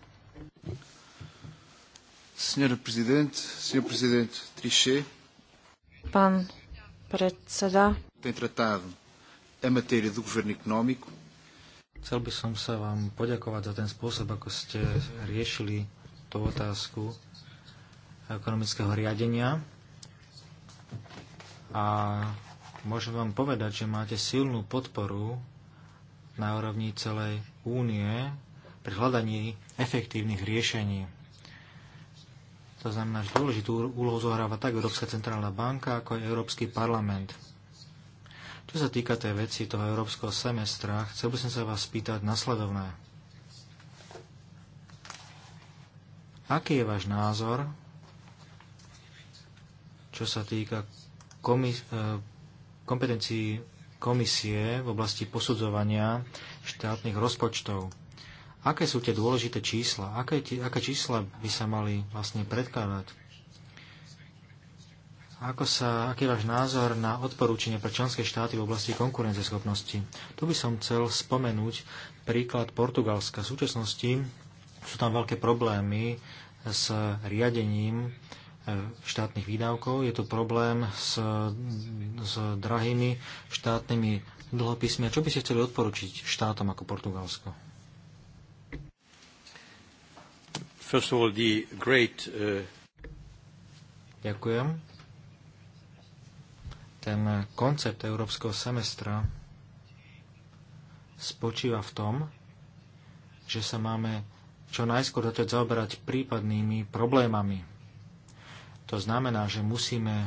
Senhor prezident, Senhor prezident Trichet. Pán predseda. Ten tratado je materie do governo económico. Chcel by som sa vám poďakovať za ten spôsob, ako ste riešili tú otázku ekonomického riadenia. A môžem vám povedať, že máte silnú podporu na úrovni celej únie pri hľadaní efektívnych riešení. To znamená, že dôležitú úlohu zohráva tak Európska centrálna banka, ako aj Európsky parlament. Čo sa týka tej veci toho európskeho semestra, chcel by som sa vás spýtať nasledovné. Aký je váš názor, čo sa týka komis- e, kompetencií komisie v oblasti posudzovania štátnych rozpočtov? Aké sú tie dôležité čísla? Aké, tie, aké čísla by sa mali vlastne predkladať? Ako sa, aký je váš názor na odporúčanie pre členské štáty v oblasti konkurenceschopnosti? Tu by som chcel spomenúť príklad Portugalska. V súčasnosti sú tam veľké problémy s riadením e, štátnych výdavkov. Je to problém s, s drahými štátnymi dlhopismi. A čo by ste chceli odporučiť štátom ako Portugalsko? First of all, the great, uh... Ďakujem. Ten koncept európskeho semestra spočíva v tom, že sa máme čo najskôr začať zaoberať prípadnými problémami. To znamená, že musíme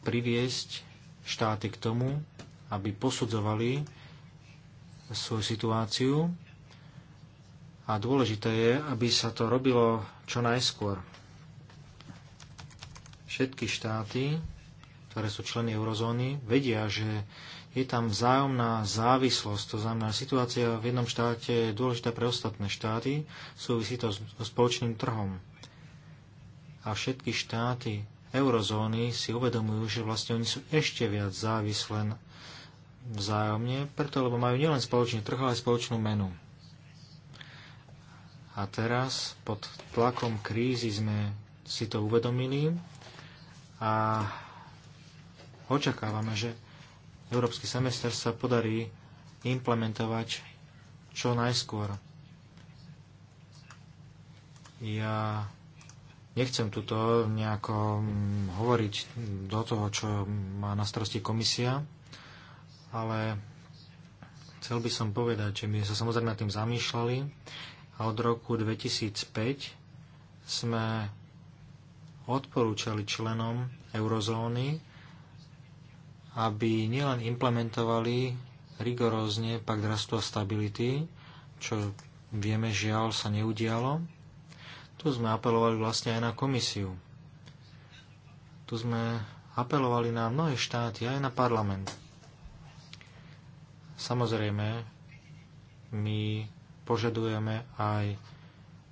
priviesť štáty k tomu, aby posudzovali svoju situáciu a dôležité je, aby sa to robilo čo najskôr. Všetky štáty, ktoré sú členy eurozóny, vedia, že je tam vzájomná závislosť. To znamená, situácia v jednom štáte je dôležitá pre ostatné štáty, súvisí to so spoločným trhom. A všetky štáty eurozóny si uvedomujú, že vlastne oni sú ešte viac závislen vzájomne, preto lebo majú nielen spoločný trh, ale aj spoločnú menu. A teraz pod tlakom krízy sme si to uvedomili a očakávame, že európsky semester sa podarí implementovať čo najskôr. Ja nechcem tuto nejako mm, hovoriť do toho, čo má na starosti komisia, ale chcel by som povedať, že my sa samozrejme nad tým zamýšľali a od roku 2005 sme odporúčali členom eurozóny, aby nielen implementovali rigorózne pakt rastu a stability, čo vieme žiaľ sa neudialo. Tu sme apelovali vlastne aj na komisiu. Tu sme apelovali na mnohé štáty, aj na parlament. Samozrejme, my požadujeme aj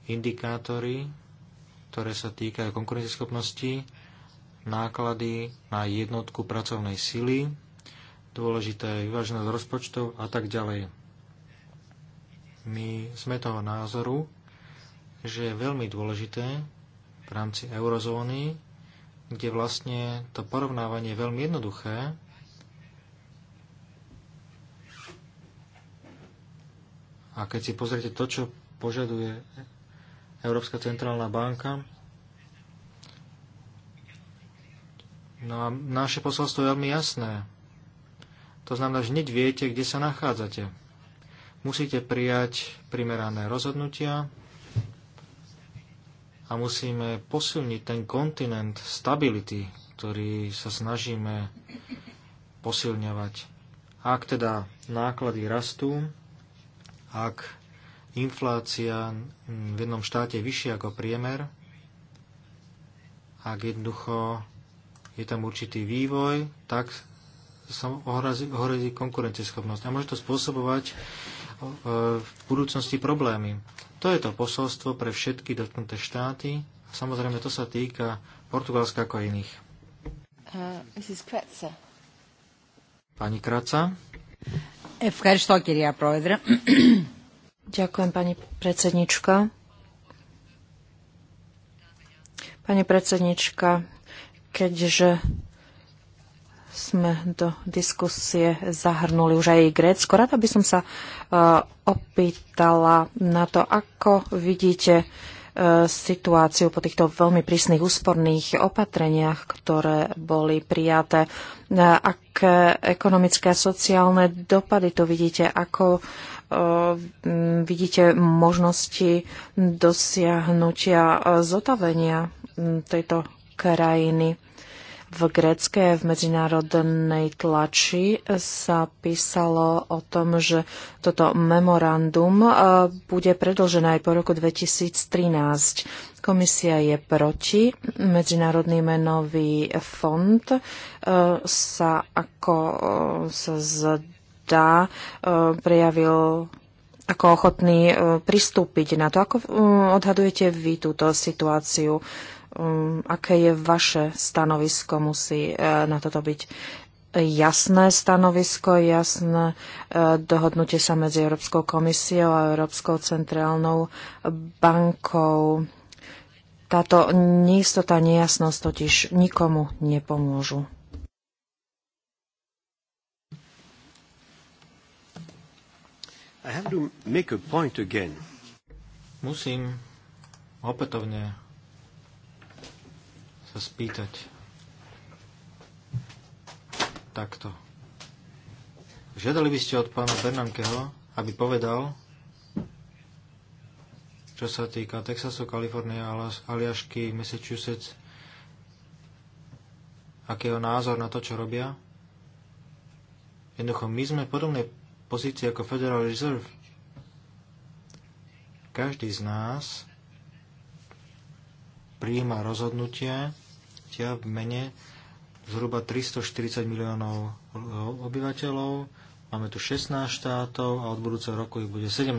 indikátory, ktoré sa týkajú konkurencieschopnosti, náklady na jednotku pracovnej sily, dôležité je vyváženosť rozpočtov a tak ďalej. My sme toho názoru, že je veľmi dôležité v rámci eurozóny, kde vlastne to porovnávanie je veľmi jednoduché, A keď si pozrite to, čo požaduje Európska centrálna banka, no a naše posolstvo je veľmi jasné. To znamená, že hneď viete, kde sa nachádzate. Musíte prijať primerané rozhodnutia a musíme posilniť ten kontinent stability, ktorý sa snažíme posilňovať. Ak teda náklady rastú, ak inflácia v jednom štáte je vyššia ako priemer, ak jednoducho je tam určitý vývoj, tak sa ohrozí, konkurencieschopnosť. A môže to spôsobovať e, v budúcnosti problémy. To je to posolstvo pre všetky dotknuté štáty. A samozrejme, to sa týka Portugalska ako iných. Uh, Pani Kraca. Ďakujem, pani predsedníčka Pani keďže sme do diskusie zahrnuli už aj Grécko. Rada by som sa e, opýtala na to, ako vidíte uh, situáciu po týchto veľmi prísnych úsporných opatreniach, ktoré boli prijaté. Aké ekonomické a sociálne dopady to vidíte? Ako vidíte možnosti dosiahnutia zotavenia tejto krajiny? V grécké v medzinárodnej tlači sa písalo o tom, že toto memorandum e, bude predlžené aj po roku 2013. Komisia je proti. Medzinárodný menový fond e, sa, ako e, sa zdá, prejavil ako ochotný pristúpiť na to. Ako odhadujete vy túto situáciu? Um, aké je vaše stanovisko, musí eh, na toto byť jasné stanovisko, jasné eh, dohodnutie sa medzi Európskou komisiou a Európskou centrálnou bankou. Táto neistota, nejasnosť totiž nikomu nepomôžu. Musím opätovne sa spýtať takto. Žiadali by ste od pána Bernankeho, aby povedal, čo sa týka Texasu, Kalifornie, Aliašky, Massachusetts, aký je názor na to, čo robia? Jednoducho, my sme v podobnej pozícii ako Federal Reserve. Každý z nás prijíma rozhodnutie, platia v mene zhruba 340 miliónov obyvateľov. Máme tu 16 štátov a od budúceho roku ich bude 17.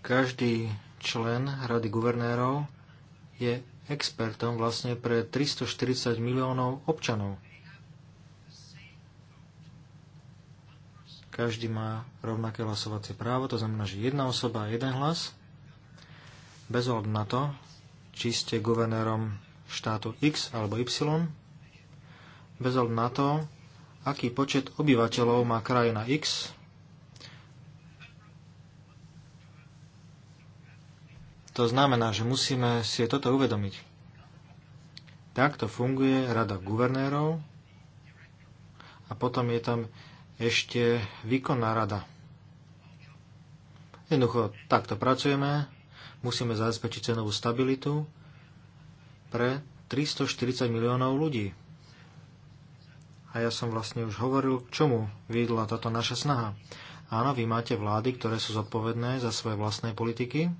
Každý člen Rady guvernérov je expertom vlastne pre 340 miliónov občanov. Každý má rovnaké hlasovacie právo, to znamená, že jedna osoba a jeden hlas, bez ohľadu na to, či ste guvernérom štátu X alebo Y, bez ohľadu na to, aký počet obyvateľov má krajina X, To znamená, že musíme si toto uvedomiť. Takto funguje rada guvernérov a potom je tam ešte výkonná rada. Jednoducho takto pracujeme Musíme zabezpečiť cenovú stabilitu pre 340 miliónov ľudí. A ja som vlastne už hovoril, k čomu viedla táto naša snaha. Áno, vy máte vlády, ktoré sú zodpovedné za svoje vlastné politiky.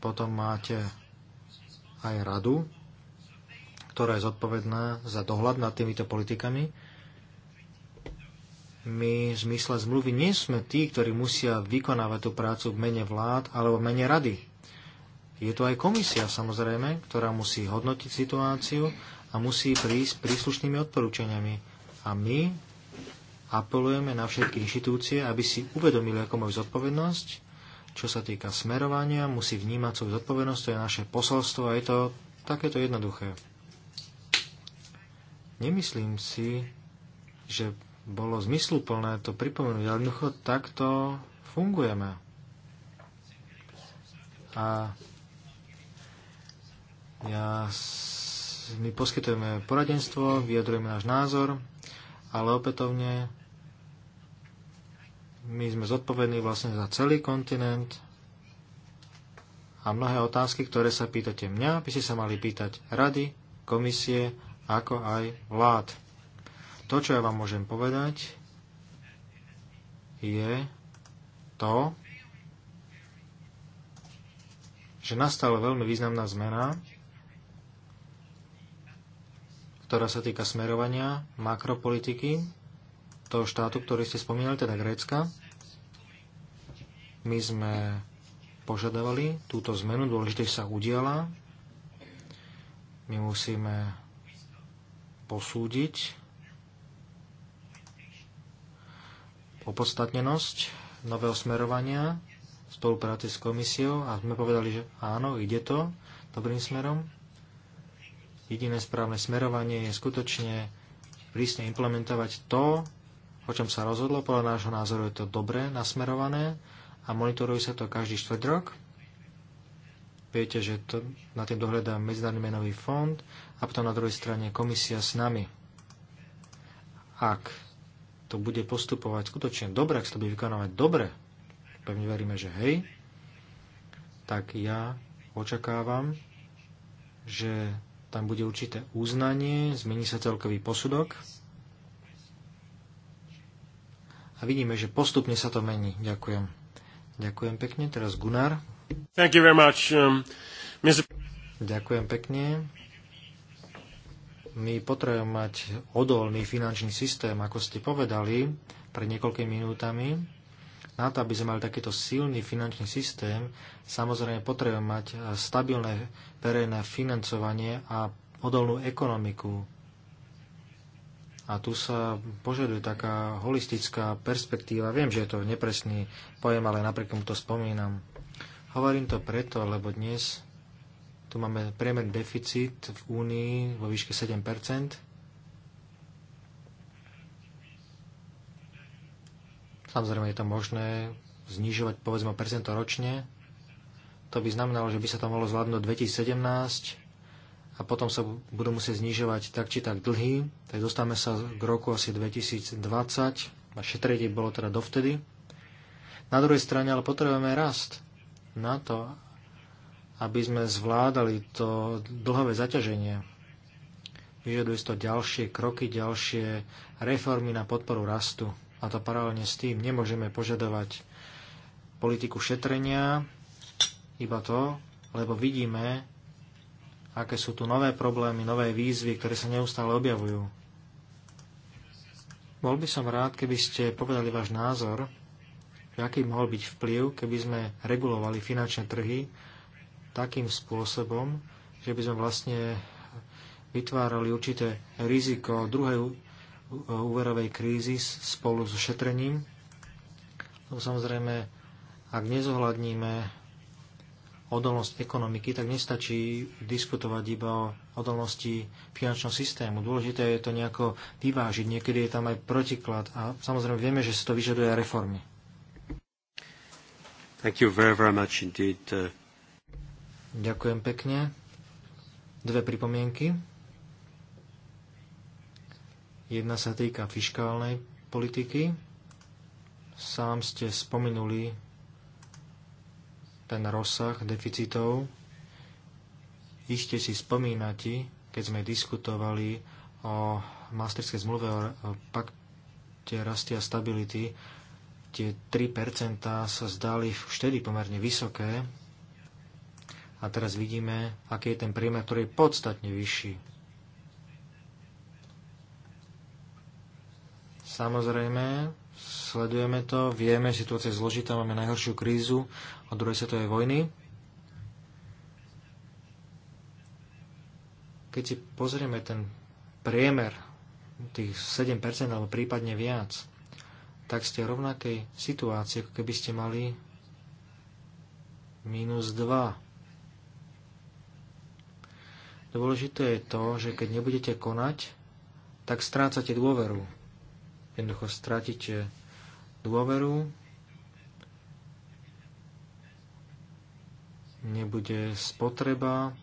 Potom máte aj radu, ktorá je zodpovedná za dohľad nad týmito politikami my v zmysle zmluvy nie sme tí, ktorí musia vykonávať tú prácu v mene vlád alebo v mene rady. Je tu aj komisia samozrejme, ktorá musí hodnotiť situáciu a musí prísť príslušnými odporúčaniami. A my apelujeme na všetky inštitúcie, aby si uvedomili, ako majú zodpovednosť, čo sa týka smerovania, musí vnímať svoju zodpovednosť, to je naše posolstvo a je to takéto jednoduché. Nemyslím si, že bolo zmysluplné to pripomenúť. Ale jednoducho takto fungujeme. A ja, my poskytujeme poradenstvo, vyjadrujeme náš názor, ale opätovne my sme zodpovední vlastne za celý kontinent a mnohé otázky, ktoré sa pýtate mňa, by ste sa mali pýtať rady, komisie, ako aj vlád. To, čo ja vám môžem povedať, je to, že nastala veľmi významná zmena, ktorá sa týka smerovania makropolitiky toho štátu, ktorý ste spomínali, teda Grécka. My sme požadovali túto zmenu, dôležite sa udiala. My musíme posúdiť opodstatnenosť nového smerovania v spolupráci s komisiou a sme povedali, že áno, ide to dobrým smerom. Jediné správne smerovanie je skutočne prísne implementovať to, o čom sa rozhodlo. Podľa nášho názoru je to dobre nasmerované a monitoruje sa to každý štvrt rok. Viete, že to, na tým dohľadá Medzinárodný menový fond a potom na druhej strane komisia s nami. Ak to bude postupovať skutočne dobre, ak sa to bude vykonávať dobre, pevne veríme, že hej, tak ja očakávam, že tam bude určité uznanie, zmení sa celkový posudok a vidíme, že postupne sa to mení. Ďakujem. Ďakujem pekne. Teraz Gunnar. Thank you very much, um, Mr. Ďakujem pekne my potrebujeme mať odolný finančný systém, ako ste povedali pred niekoľkými minútami. Na to, aby sme mali takýto silný finančný systém, samozrejme potrebujeme mať e, stabilné verejné financovanie a odolnú ekonomiku. A tu sa požaduje taká holistická perspektíva. Viem, že je to nepresný pojem, ale napriek tomu to spomínam. Hovorím to preto, lebo dnes tu máme priemer deficit v Únii vo výške 7 Samozrejme je to možné znižovať povedzme percento ročne. To by znamenalo, že by sa to mohlo zvládnuť 2017 a potom sa budú musieť znižovať tak či tak dlhy. Tak dostávame sa k roku asi 2020 a šetriť bolo teda dovtedy. Na druhej strane ale potrebujeme rast na to, aby sme zvládali to dlhové zaťaženie. Vyžaduje to ďalšie kroky, ďalšie reformy na podporu rastu. A to paralelne s tým nemôžeme požadovať politiku šetrenia, iba to, lebo vidíme, aké sú tu nové problémy, nové výzvy, ktoré sa neustále objavujú. Bol by som rád, keby ste povedali váš názor, aký mohol byť vplyv, keby sme regulovali finančné trhy takým spôsobom, že by sme vlastne vytvárali určité riziko druhej úverovej krízy spolu so šetrením. No samozrejme, ak nezohľadníme odolnosť ekonomiky, tak nestačí diskutovať iba o odolnosti finančného systému. Dôležité je to nejako vyvážiť. Niekedy je tam aj protiklad a samozrejme vieme, že si to vyžaduje reformy. Thank you very, very much indeed. Uh, Ďakujem pekne. Dve pripomienky. Jedna sa týka fiškálnej politiky. Sám ste spomenuli ten rozsah deficitov. Ište si spomínate, keď sme diskutovali o Masterskej zmluve o pakte rastia stability, tie 3% sa zdali vtedy pomerne vysoké, a teraz vidíme, aký je ten priemer, ktorý je podstatne vyšší. Samozrejme, sledujeme to, vieme, situácia je zložitá, máme najhoršiu krízu od druhej svetovej vojny. Keď si pozrieme ten priemer, tých 7% alebo prípadne viac, tak ste v rovnakej situácii, ako keby ste mali minus 2 Dôležité je to, že keď nebudete konať, tak strácate dôveru. Jednoducho strátite dôveru, nebude spotreba,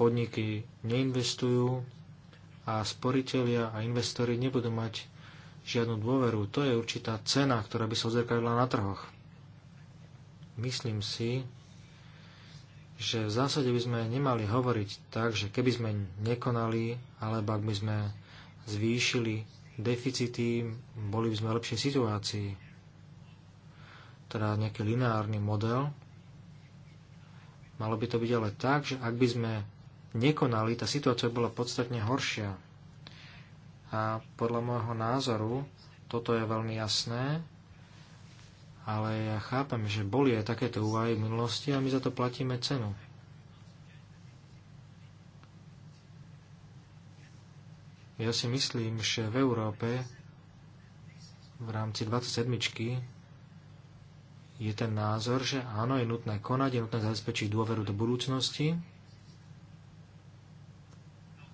podniky neinvestujú a sporiteľia a investori nebudú mať žiadnu dôveru. To je určitá cena, ktorá by sa odzrkadla na trhoch. Myslím si, že v zásade by sme nemali hovoriť tak, že keby sme nekonali, alebo ak by sme zvýšili deficity, boli by sme v lepšej situácii. Teda nejaký lineárny model. Malo by to byť ale tak, že ak by sme nekonali, tá situácia bola podstatne horšia. A podľa môjho názoru toto je veľmi jasné ale ja chápem, že boli aj takéto úvahy v minulosti a my za to platíme cenu. Ja si myslím, že v Európe v rámci 27 je ten názor, že áno, je nutné konať, je nutné zabezpečiť dôveru do budúcnosti,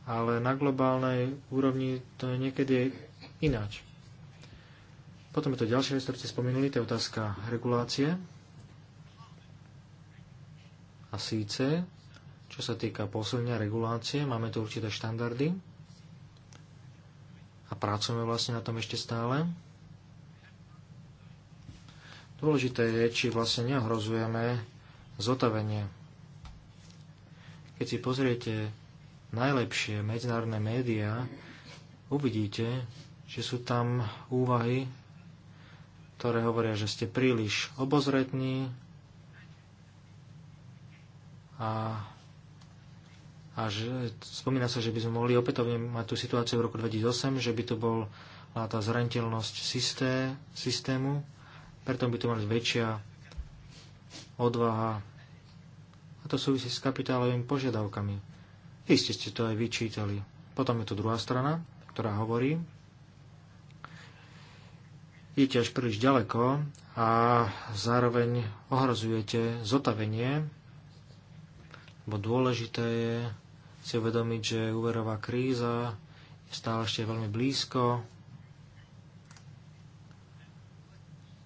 ale na globálnej úrovni to je niekedy ináč. Potom je to ďalšia vec, ktorú ste spomenuli, to je otázka regulácie. A síce, čo sa týka posilnenia regulácie, máme tu určité štandardy a pracujeme vlastne na tom ešte stále. Dôležité je, či vlastne neohrozujeme zotavenie. Keď si pozriete najlepšie medzinárodné médiá, uvidíte, že sú tam úvahy ktoré hovoria, že ste príliš obozretní a, a že, spomína sa, že by sme mohli opätovne mať tú situáciu v roku 2008, že by to bola tá zraniteľnosť systé, systému, preto by to mali väčšia odvaha a to súvisí s kapitálovými požiadavkami. Iste ste to aj vyčítali. Potom je tu druhá strana, ktorá hovorí, idete až príliš ďaleko a zároveň ohrozujete zotavenie, bo dôležité je si uvedomiť, že úverová kríza je stále ešte veľmi blízko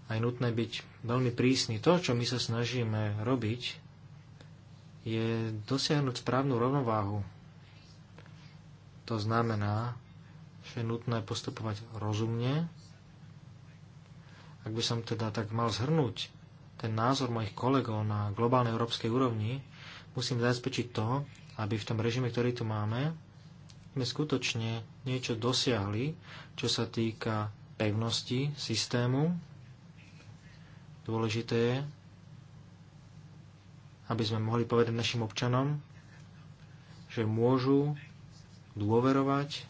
a je nutné byť veľmi prísny. To, čo my sa snažíme robiť, je dosiahnuť správnu rovnováhu. To znamená, že je nutné postupovať rozumne, ak by som teda tak mal zhrnúť ten názor mojich kolegov na globálnej európskej úrovni, musím zabezpečiť to, aby v tom režime, ktorý tu máme, sme skutočne niečo dosiahli, čo sa týka pevnosti systému. Dôležité je, aby sme mohli povedať našim občanom, že môžu dôverovať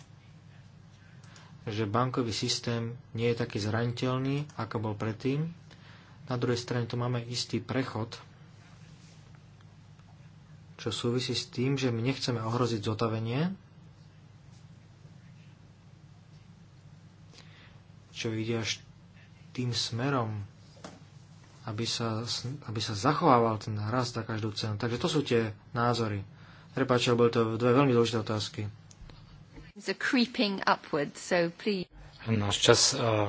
že bankový systém nie je taký zraniteľný, ako bol predtým. Na druhej strane tu máme istý prechod, čo súvisí s tým, že my nechceme ohroziť zotavenie, čo ide až tým smerom, aby sa, aby sa zachovával ten rast za každú cenu. Takže to sú tie názory. Prepáčte, boli to dve veľmi dôležité otázky. Upward, so Náš čas uh,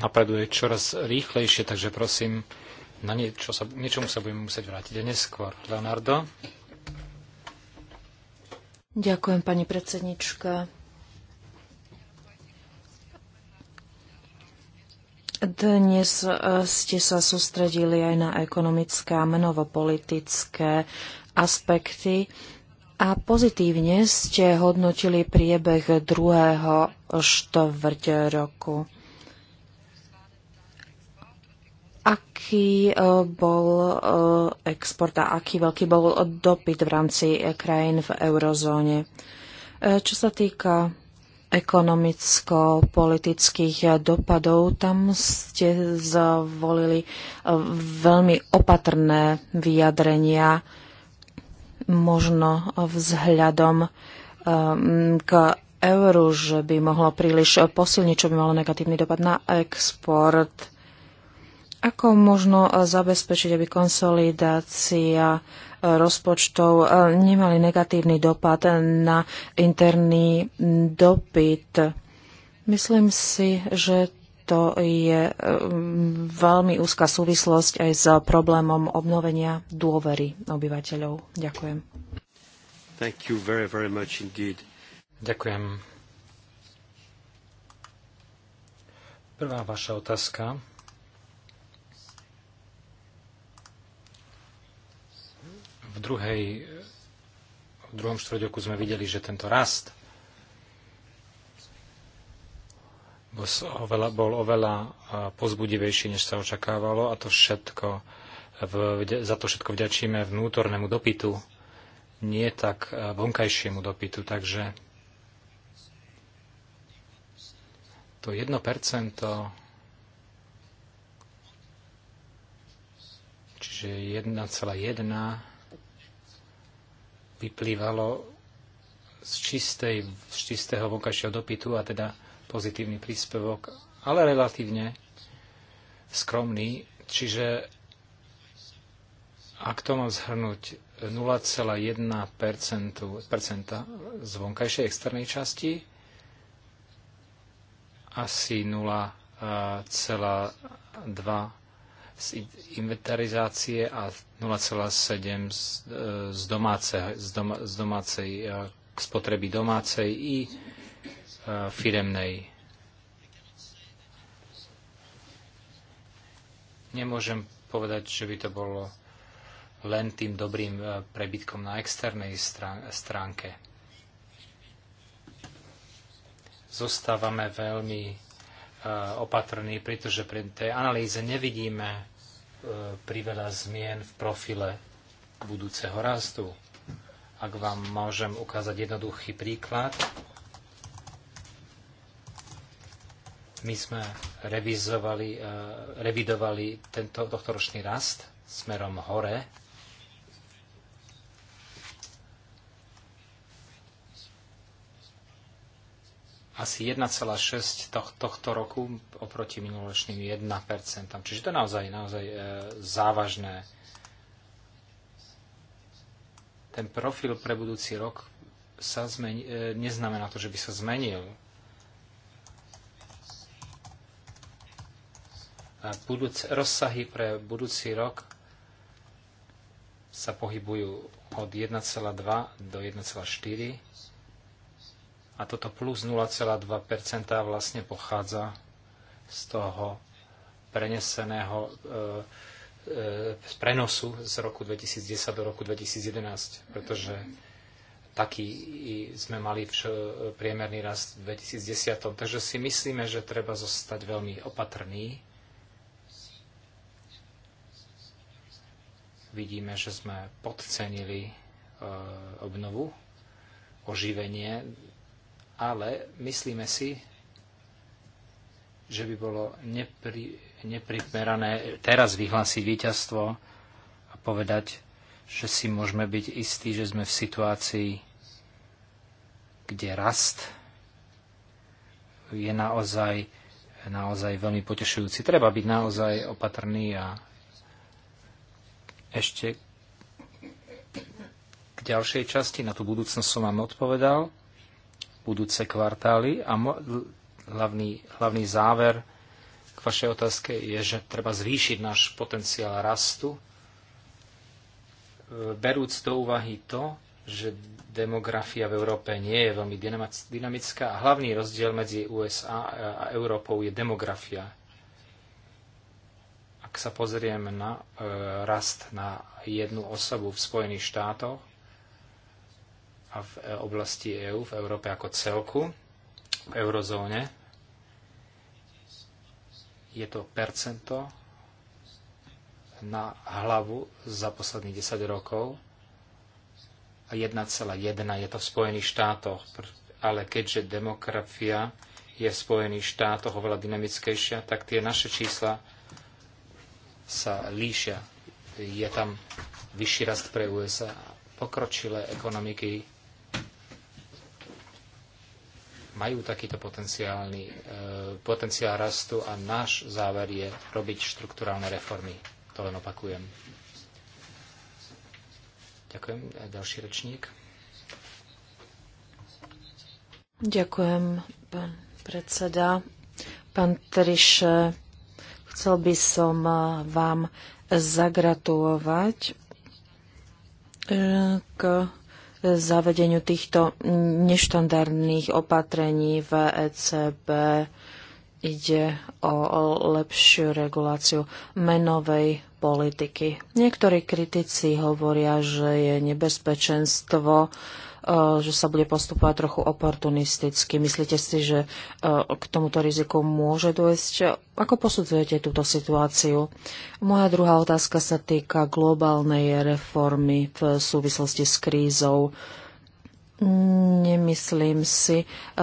napreduje čoraz rýchlejšie, takže prosím, na niečo sa, niečomu sa budeme musieť vrátiť neskôr. Leonardo? Ďakujem, pani predsednička. Dnes eh, ste sa sústredili aj na ekonomické a menovopolitické aspekty. A pozitívne ste hodnotili priebeh druhého štvrť roku. aký e, bol e, export a aký veľký bol dopyt v rámci e, krajín v eurozóne. Čo sa týka ekonomicko-politických dopadov, tam ste zvolili veľmi opatrné vyjadrenia možno vzhľadom eh, k euru, že by mohlo príliš posilniť, čo by malo negatívny dopad na export. Ako možno zabezpečiť, aby konsolidácia eh, rozpočtov eh, nemali negatívny dopad na interný dopyt? Myslím si, že to je um, veľmi úzka súvislosť aj s problémom obnovenia dôvery obyvateľov. Ďakujem. Thank you very, very much indeed. Ďakujem. Prvá vaša otázka. V, druhej, v druhom štvrťoku sme videli, že tento rast oveľa, bol oveľa pozbudivejší, než sa očakávalo a to všetko v, za to všetko vďačíme vnútornému dopytu, nie tak vonkajšiemu dopytu. Takže to 1% čiže 1,1 vyplývalo z, čistej, z čistého vonkajšieho dopytu a teda pozitívny príspevok, ale relatívne skromný, čiže ak to mám zhrnúť 0,1% z vonkajšej externej časti, asi 0,2 e, z inventarizácie a 0,7 e, z, domáce, z, doma, z domácej e, spotreby domácej i Eh, firemnej. Nemôžem povedať, že by to bolo len tým dobrým eh, prebytkom na externej stránke. Zostávame veľmi eh, opatrní, pretože pri tej analýze nevidíme priveľa zmien v profile budúceho rastu. Ak vám môžem ukázať jednoduchý príklad, My sme revizovali, e, revidovali tento tohtoročný rast smerom hore. Asi 1,6 tohto roku oproti minuloročným 1%. Čiže to je naozaj, naozaj e, závažné. Ten profil pre budúci rok sa zmeni, e, neznamená to, že by sa zmenil budúce, rozsahy pre budúci rok sa pohybujú od 1,2 do 1,4 a toto plus 0,2 vlastne pochádza z toho preneseného e, e, prenosu z roku 2010 do roku 2011, pretože taký sme mali vš- priemerný rast v 2010. Takže si myslíme, že treba zostať veľmi opatrný vidíme, že sme podcenili e, obnovu, oživenie, ale myslíme si, že by bolo nepri, nepriperané teraz vyhlásiť víťazstvo a povedať, že si môžeme byť istí, že sme v situácii, kde rast je naozaj, naozaj veľmi potešujúci. Treba byť naozaj opatrný a ešte k ďalšej časti, na tú budúcnosť som vám odpovedal, budúce kvartály a hlavný, hlavný záver k vašej otázke je, že treba zvýšiť náš potenciál rastu, e, berúc do úvahy to, že demografia v Európe nie je veľmi dynamická a hlavný rozdiel medzi USA a Európou je demografia. Ak sa pozrieme na e, rast na jednu osobu v Spojených štátoch a v e, oblasti EÚ, v Európe ako celku, v eurozóne, je to percento na hlavu za posledných 10 rokov a 1,1 je to v Spojených štátoch. Ale keďže demografia je v Spojených štátoch oveľa dynamickejšia, tak tie naše čísla sa líšia. Je tam vyšší rast pre USA, pokročilé ekonomiky majú takýto potenciálny, e, potenciál rastu a náš záver je robiť štrukturálne reformy. To len opakujem. Ďakujem. A ďalší rečník. Ďakujem, pán predseda. Pán Triše, Chcel by som eh, vám zagratulovať eh, k zavedeniu týchto neštandardných opatrení v ECB ide o lepšiu reguláciu menovej politiky. Niektorí kritici hovoria, že je nebezpečenstvo, e, že sa bude postupovať trochu oportunisticky. Myslíte si, že e, k tomuto riziku môže dôjsť? Ako posudzujete túto situáciu? Moja druhá otázka sa týka globálnej reformy v súvislosti s krízou. Nemyslím si, eh,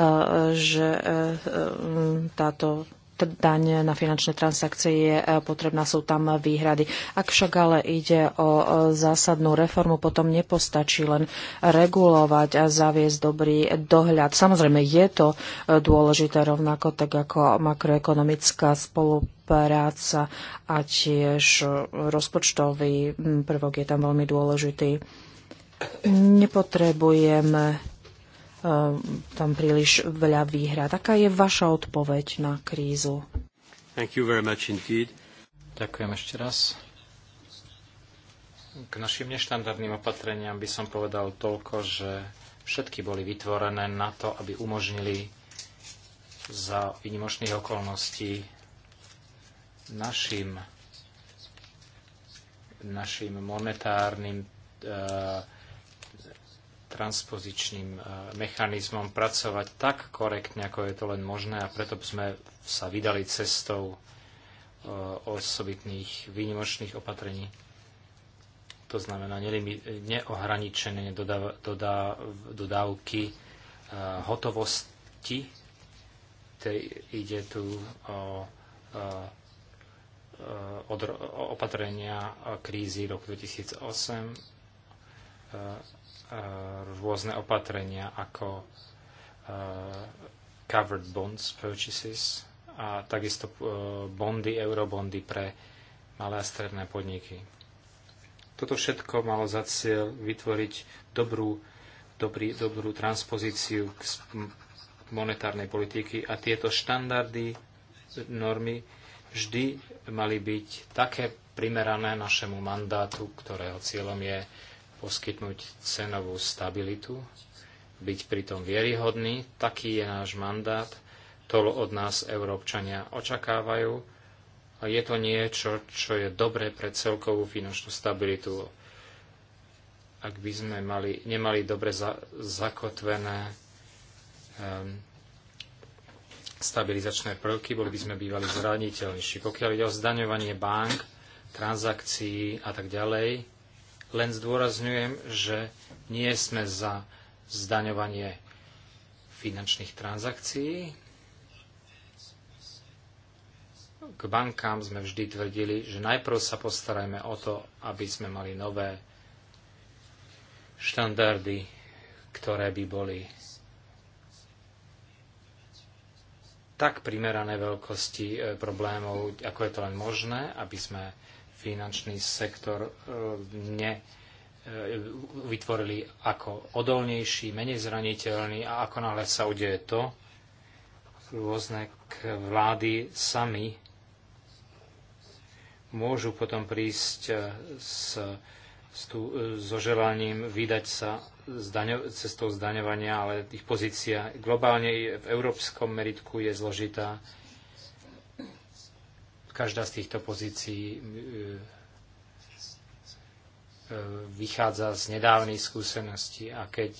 že eh, eh, táto daň na finančné transakcie je potrebná, sú tam výhrady. Ak však ale ide o zásadnú reformu, potom nepostačí len regulovať a zaviesť dobrý dohľad. Samozrejme, je to dôležité rovnako tak ako makroekonomická spolupráca a tiež rozpočtový hm, prvok je tam veľmi dôležitý nepotrebujeme tam príliš veľa výhrad. Aká je vaša odpoveď na krízu? Thank you very much indeed. Ďakujem ešte raz. K našim neštandardným opatreniam by som povedal toľko, že všetky boli vytvorené na to, aby umožnili za výnimočných okolností našim, našim monetárnym e, transpozičným e, mechanizmom pracovať tak korektne, ako je to len možné a preto sme sa vydali cestou e, osobitných výnimočných opatrení. To znamená neohraničené dodávky e, hotovosti. Tej, ide tu o, o opatrenia krízy roku 2008 E, rôzne opatrenia ako e, covered bonds purchases a takisto e, bondy, eurobondy pre malé a stredné podniky. Toto všetko malo za cieľ vytvoriť dobrú, dobrý, dobrú transpozíciu k monetárnej politiky a tieto štandardy, normy vždy mali byť také primerané našemu mandátu, ktorého cieľom je poskytnúť cenovú stabilitu, byť pritom vieryhodný, taký je náš mandát, to od nás Európčania očakávajú a je to niečo, čo je dobré pre celkovú finančnú stabilitu. Ak by sme mali, nemali dobre za, zakotvené um, stabilizačné prvky, boli by sme bývali zraniteľnejší. Pokiaľ ide o zdaňovanie bank, transakcií a tak ďalej, len zdôrazňujem, že nie sme za zdaňovanie finančných transakcií. K bankám sme vždy tvrdili, že najprv sa postarajme o to, aby sme mali nové štandardy, ktoré by boli tak primerané veľkosti e, problémov, ako je to len možné, aby sme finančný sektor e, ne, e, vytvorili ako odolnejší, menej zraniteľný a ako náhle sa udeje to, rôzne vlády sami môžu potom prísť e, s, s tú, so želaním vydať sa zdaňo, cestou zdaňovania, ale ich pozícia globálne v európskom meritku je zložitá Každá z týchto pozícií e, e, vychádza z nedávnych skúseností a keď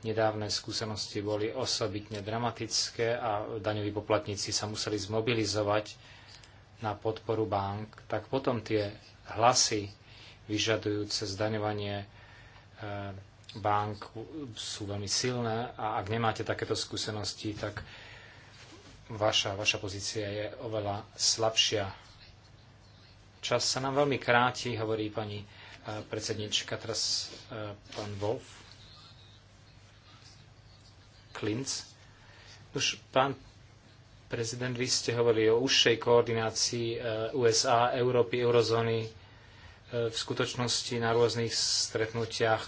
nedávne skúsenosti boli osobitne dramatické a daňoví poplatníci sa museli zmobilizovať na podporu bank, tak potom tie hlasy vyžadujúce zdaňovanie e, bank sú veľmi silné a ak nemáte takéto skúsenosti, tak vaša, vaša pozícia je oveľa slabšia. Čas sa nám veľmi kráti, hovorí pani e, predsednička, teraz e, pán Wolf. Klinc. Už pán prezident, vy ste hovorili o užšej koordinácii e, USA, Európy, eurozóny. V skutočnosti na rôznych stretnutiach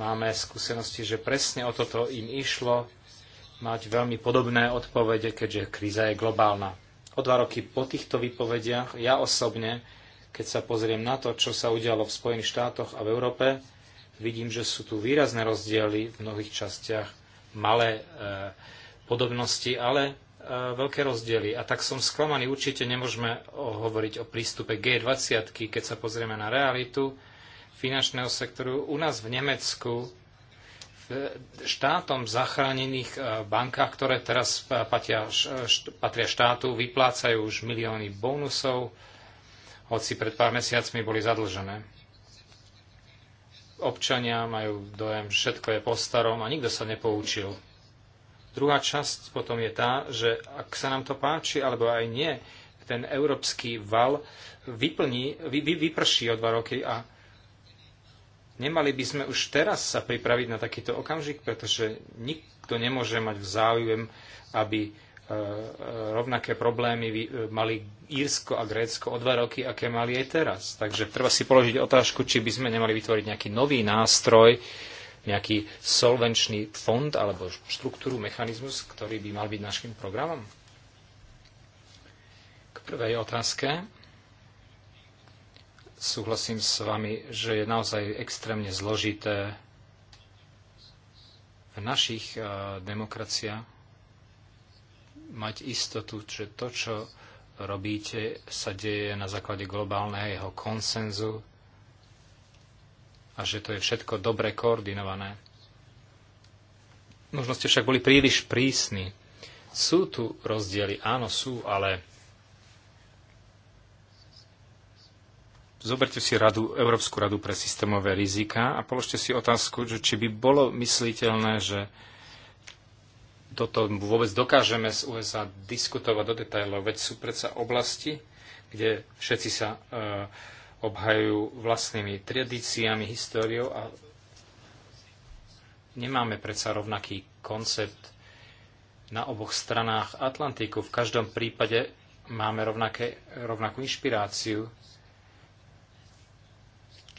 máme skúsenosti, že presne o toto im išlo mať veľmi podobné odpovede, keďže kríza je globálna. O dva roky po týchto vypovediach ja osobne, keď sa pozriem na to, čo sa udialo v Spojených štátoch a v Európe, vidím, že sú tu výrazné rozdiely v mnohých častiach, malé e, podobnosti, ale e, veľké rozdiely. A tak som sklamaný, určite nemôžeme hovoriť o prístupe G20, keď sa pozrieme na realitu finančného sektoru. U nás v Nemecku štátom zachránených e, bankách, ktoré teraz patia, patria štátu, vyplácajú už milióny bonusov, hoci pred pár mesiacmi boli zadlžené. Občania majú dojem, všetko je po starom a nikto sa nepoučil. Druhá časť potom je tá, že ak sa nám to páči, alebo aj nie, ten európsky val vyplní, vy, vy, vyprší o dva roky a Nemali by sme už teraz sa pripraviť na takýto okamžik, pretože nikto nemôže mať v záujem, aby e, e, rovnaké problémy e, mali Írsko a Grécko o dva roky, aké mali aj teraz. Takže treba si položiť otázku, či by sme nemali vytvoriť nejaký nový nástroj, nejaký solvenčný fond alebo štruktúru, mechanizmus, ktorý by mal byť našim programom. K prvej otázke súhlasím s vami, že je naozaj extrémne zložité v našich eh, demokraciách mať istotu, že to, čo robíte, sa deje na základe globálneho konsenzu a že to je všetko dobre koordinované. Možno ste však boli príliš prísni. Sú tu rozdiely, áno sú, ale Zoberte si radu, Európsku radu pre systémové rizika a položte si otázku, že či by bolo mysliteľné, že toto vôbec dokážeme z USA diskutovať do detajlov, veď sú predsa oblasti, kde všetci sa e, obhajujú vlastnými tradíciami, históriou a nemáme predsa rovnaký koncept na oboch stranách Atlantiku. V každom prípade máme rovnaké, rovnakú inšpiráciu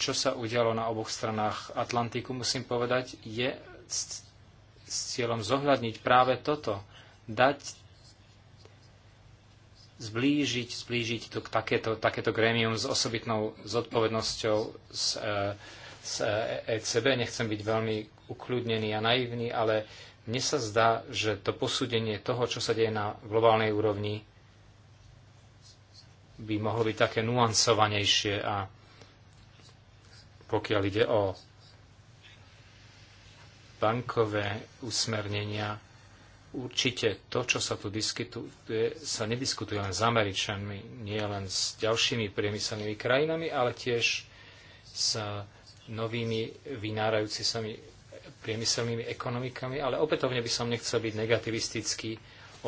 čo sa udialo na oboch stranách Atlantiku, musím povedať, je s, s cieľom zohľadniť práve toto. Dať, zblížiť, zblížiť to, takéto, takéto grémium s osobitnou zodpovednosťou z, z ECB. E, e Nechcem byť veľmi ukľudnený a naivný, ale mne sa zdá, že to posúdenie toho, čo sa deje na globálnej úrovni, by mohlo byť také nuancovanejšie a pokiaľ ide o bankové usmernenia, určite to, čo sa tu diskutuje, sa nediskutuje len s Američanmi, nie len s ďalšími priemyselnými krajinami, ale tiež s novými vynárajúci sa priemyselnými ekonomikami, ale opätovne by som nechcel byť negativistický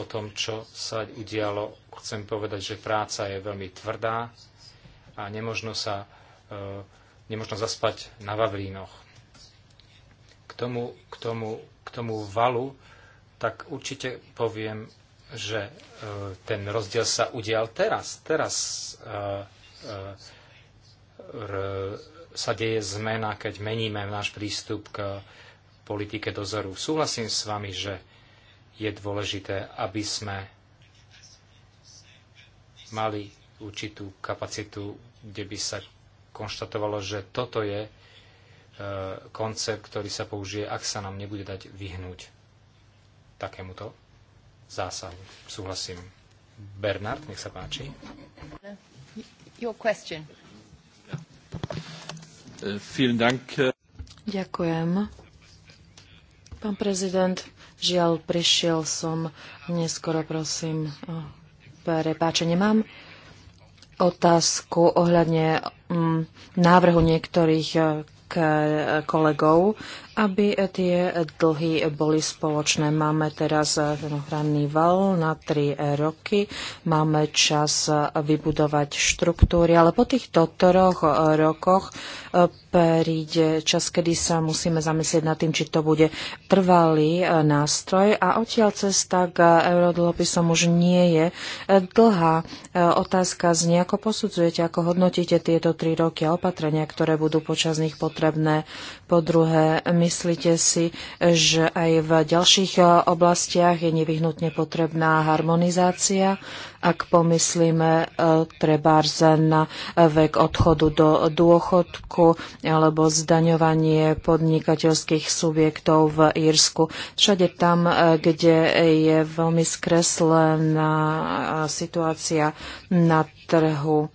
o tom, čo sa udialo. Chcem povedať, že práca je veľmi tvrdá a nemožno sa e, nemožno zaspať na Vavrínoch. K tomu, k tomu, k tomu valu, tak určite poviem, že e, ten rozdiel sa udial teraz. Teraz e, e, r, sa deje zmena, keď meníme náš prístup k politike dozoru. Súhlasím s vami, že je dôležité, aby sme mali určitú kapacitu, kde by sa konštatovalo, že toto je e, koncept, ktorý sa použije, ak sa nám nebude dať vyhnúť takémuto zásahu. Súhlasím. Bernard, nech sa páči. Your question. E, Ďakujem. Pán prezident, žiaľ, prišiel som neskoro, prosím, prepáčenie. Mám otázku ohľadne mm, návrhu niektorých eh, kolegov aby tie dlhy boli spoločné. Máme teraz hranný val na tri roky, máme čas vybudovať štruktúry, ale po týchto troch rokoch e, príde čas, kedy sa musíme zamyslieť nad tým, či to bude trvalý e, nástroj a odtiaľ cesta k eurodlhopisom už nie je e, dlhá. Otázka z ako posudzujete, ako hodnotíte tieto tri roky a opatrenia, ktoré budú počas nich potrebné. Po druhé, my Myslíte si, že aj v ďalších e, oblastiach je nevyhnutne potrebná harmonizácia? Ak pomyslíme e, trebárs na e, vek odchodu do dôchodku alebo zdaňovanie podnikateľských subjektov v Írsku. Všade tam, kde je veľmi skreslená situácia na trhu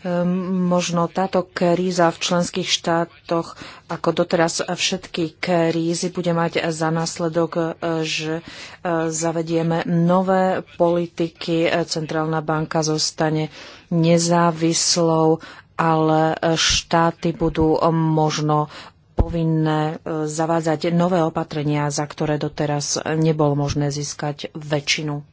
Ehm, možno táto kríza v členských štátoch, ako doteraz všetky krízy, bude mať za následok, e, že e, zavedieme nové politiky, e, centrálna banka zostane nezávislou, ale štáty budú možno povinné zavádzať nové opatrenia, za ktoré doteraz nebolo možné získať väčšinu.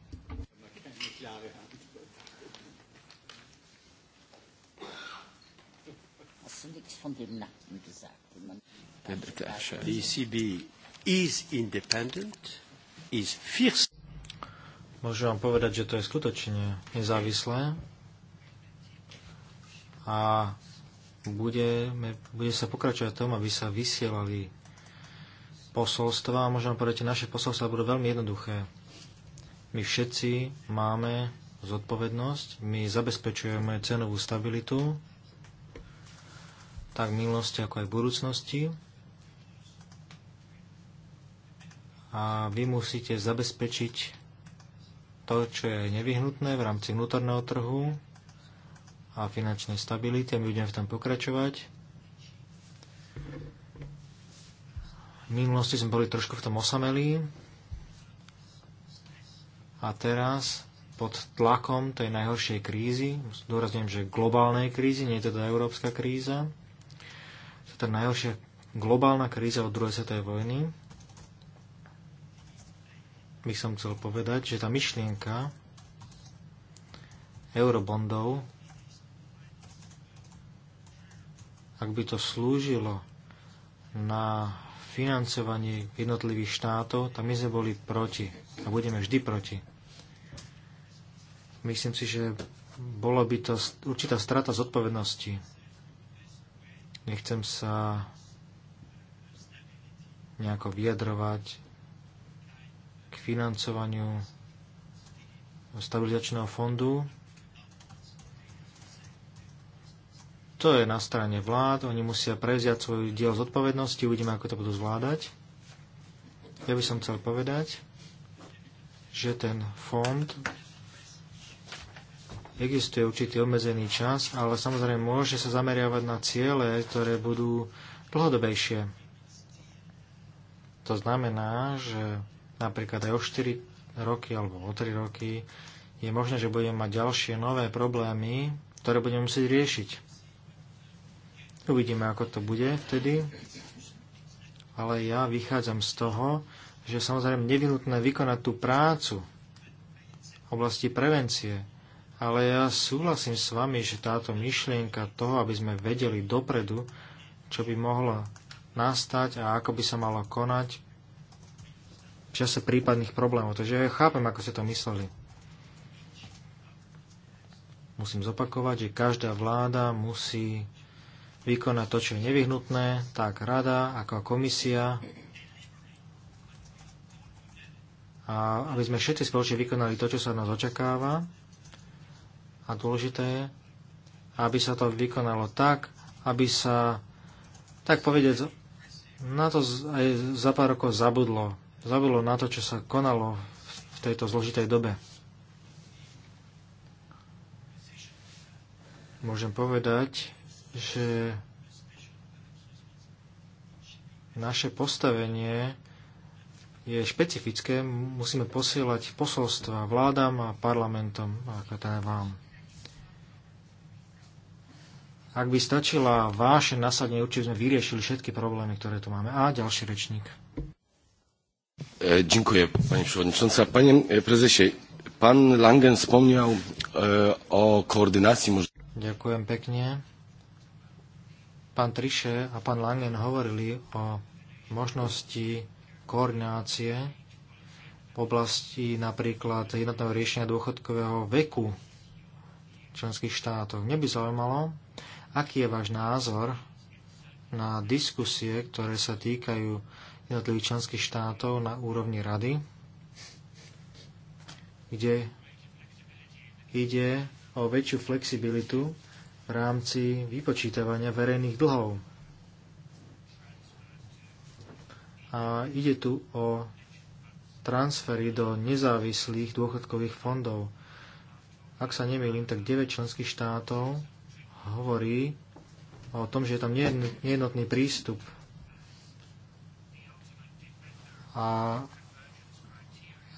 E Môžem vám povedať, že to je skutočne nezávislé a budeme, bude sa pokračovať tom, aby sa vysielali posolstva a vám povedať, naše posolstva budú veľmi jednoduché. My všetci máme zodpovednosť, my zabezpečujeme cenovú stabilitu, tak v minulosti ako aj v budúcnosti. a vy musíte zabezpečiť to, čo je nevyhnutné v rámci vnútorného trhu a finančnej stability a my budeme v tom pokračovať. V minulosti sme boli trošku v tom osamelí a teraz pod tlakom tej najhoršej krízy, dôrazňujem, že globálnej krízy, nie je teda európska kríza, to je tá najhoršia globálna kríza od druhej svetovej vojny, by som chcel povedať, že tá myšlienka eurobondov, ak by to slúžilo na financovanie jednotlivých štátov, tak my sme boli proti a budeme vždy proti. Myslím si, že bola by to určitá strata zodpovednosti. Nechcem sa nejako vyjadrovať financovaniu stabilizačného fondu. To je na strane vlád, oni musia prevziať svoj diel zodpovednosti, uvidíme, ako to budú zvládať. Ja by som chcel povedať, že ten fond existuje určitý obmedzený čas, ale samozrejme môže sa zameriavať na ciele, ktoré budú dlhodobejšie. To znamená, že napríklad aj o 4 roky alebo o 3 roky, je možné, že budeme mať ďalšie nové problémy, ktoré budeme musieť riešiť. Uvidíme, ako to bude vtedy, ale ja vychádzam z toho, že samozrejme nevyhnutné vykonať tú prácu v oblasti prevencie, ale ja súhlasím s vami, že táto myšlienka toho, aby sme vedeli dopredu, čo by mohlo nastať a ako by sa malo konať, čase prípadných problémov. Takže ja chápem, ako ste to mysleli. Musím zopakovať, že každá vláda musí vykonať to, čo je nevyhnutné, tak rada ako komisia, a aby sme všetci spoločne vykonali to, čo sa od nás očakáva. A dôležité je, aby sa to vykonalo tak, aby sa, tak povedať, na to aj za pár rokov zabudlo zabudlo na to, čo sa konalo v tejto zložitej dobe. Môžem povedať, že naše postavenie je špecifické, musíme posielať posolstva vládam a parlamentom, ako je vám. Ak by stačila váše nasadenie, určite sme vyriešili všetky problémy, ktoré tu máme. A ďalší rečník. E, dziękuję Pani Przewodnicząca. Panie e, Prezesie, Pán Langen spomínal e, o koordinácii. Ďakujem pekne. Pán Triše a pán Langen hovorili o možnosti koordinácie v oblasti napríklad jednotného riešenia dôchodkového veku členských štátov. Mne by zaujímalo, aký je váš názor na diskusie, ktoré sa týkajú jednotlivých členských štátov na úrovni rady, kde ide o väčšiu flexibilitu v rámci vypočítavania verejných dlhov. A ide tu o transfery do nezávislých dôchodkových fondov. Ak sa nemýlim, tak 9 členských štátov hovorí o tom, že je tam nejednotný prístup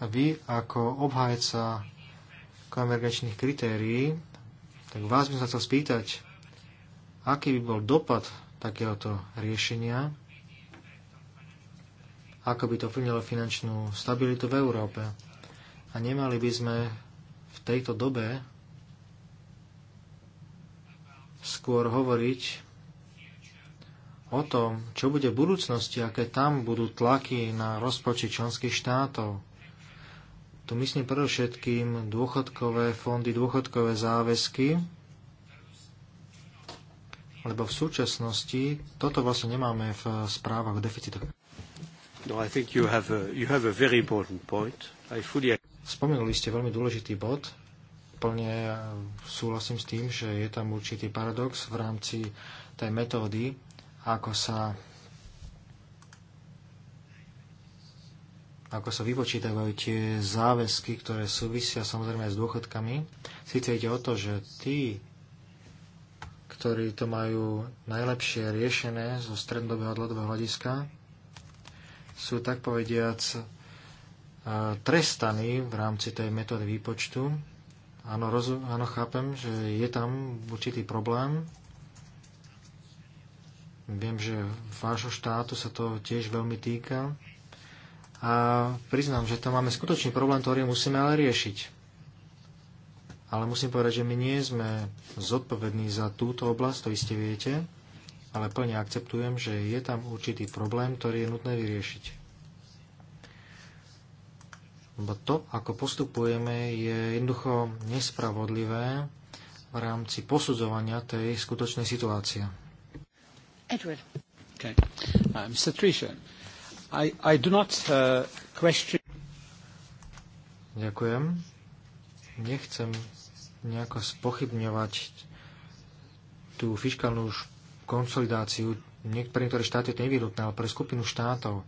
a vy ako obhajca konvergenčných kritérií, tak vás by som chcel spýtať, aký by bol dopad takéhoto riešenia, ako by to vplynilo finančnú stabilitu v Európe. A nemali by sme v tejto dobe skôr hovoriť o tom, čo bude v budúcnosti, aké tam budú tlaky na rozpočet členských štátov. Tu myslím predovšetkým dôchodkové fondy, dôchodkové záväzky, lebo v súčasnosti toto vlastne nemáme v správach o deficitoch. No, I think you have a, you have a very important point. I fully... Spomenuli ste veľmi dôležitý bod. Plne eh, súhlasím s tým, že je tam určitý paradox v rámci tej metódy ako sa ako sa vypočítavajú tie záväzky, ktoré súvisia samozrejme aj s dôchodkami. Sice ide o to, že tí, ktorí to majú najlepšie riešené zo strednodobého dlhodobého hľadiska, sú tak povediac e, trestaní v rámci tej metódy výpočtu. Áno, áno, chápem, že je tam určitý problém, Viem, že vášho štátu sa to tiež veľmi týka. A priznám, že tam máme skutočný problém, ktorý musíme ale riešiť. Ale musím povedať, že my nie sme zodpovední za túto oblasť, to iste viete, ale plne akceptujem, že je tam určitý problém, ktorý je nutné vyriešiť. Lebo to, ako postupujeme, je jednoducho nespravodlivé v rámci posudzovania tej skutočnej situácie. Edward. Okay. Uh, I, I do not uh, question... Ďakujem. Nechcem nejako spochybňovať tú fiskálnu konsolidáciu. Pre niektoré štáty je to nevyhnutné, ale pre skupinu štátov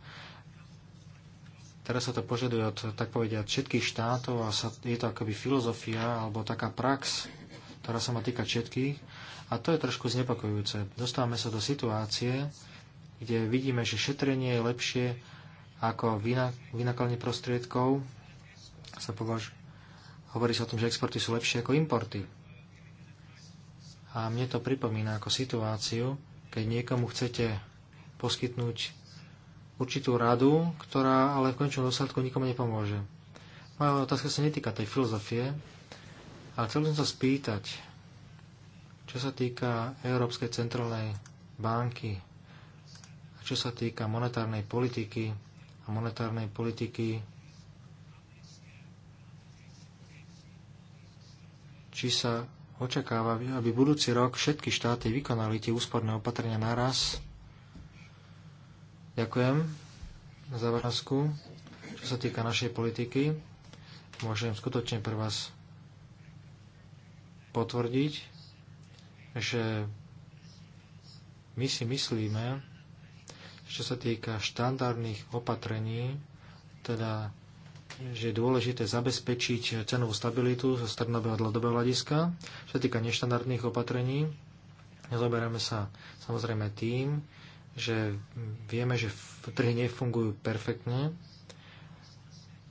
Teraz sa to požaduje od, tak povediať, všetkých štátov a sa, je to akoby filozofia alebo taká prax, ktorá sa ma týka všetkých. A to je trošku znepokojujúce. Dostávame sa do situácie, kde vidíme, že šetrenie je lepšie ako vynakladanie prostriedkov. Sa považ... Hovorí sa o tom, že exporty sú lepšie ako importy. A mne to pripomína ako situáciu, keď niekomu chcete poskytnúť určitú radu, ktorá ale v končnom dôsledku nikomu nepomôže. Moja otázka sa netýka tej filozofie, ale chcel som sa spýtať, čo sa týka Európskej centrálnej banky, čo sa týka monetárnej politiky a monetárnej politiky či sa očakáva, aby budúci rok všetky štáty vykonali tie úsporné opatrenia naraz. Ďakujem za otázku. Čo sa týka našej politiky, môžem skutočne pre vás potvrdiť, že my si myslíme, čo sa týka štandardných opatrení, teda že je dôležité zabezpečiť cenovú stabilitu zo strednodobého a dlhodobého hľadiska. Čo sa týka neštandardných opatrení, zoberáme sa samozrejme tým, že vieme, že trhy nefungujú perfektne.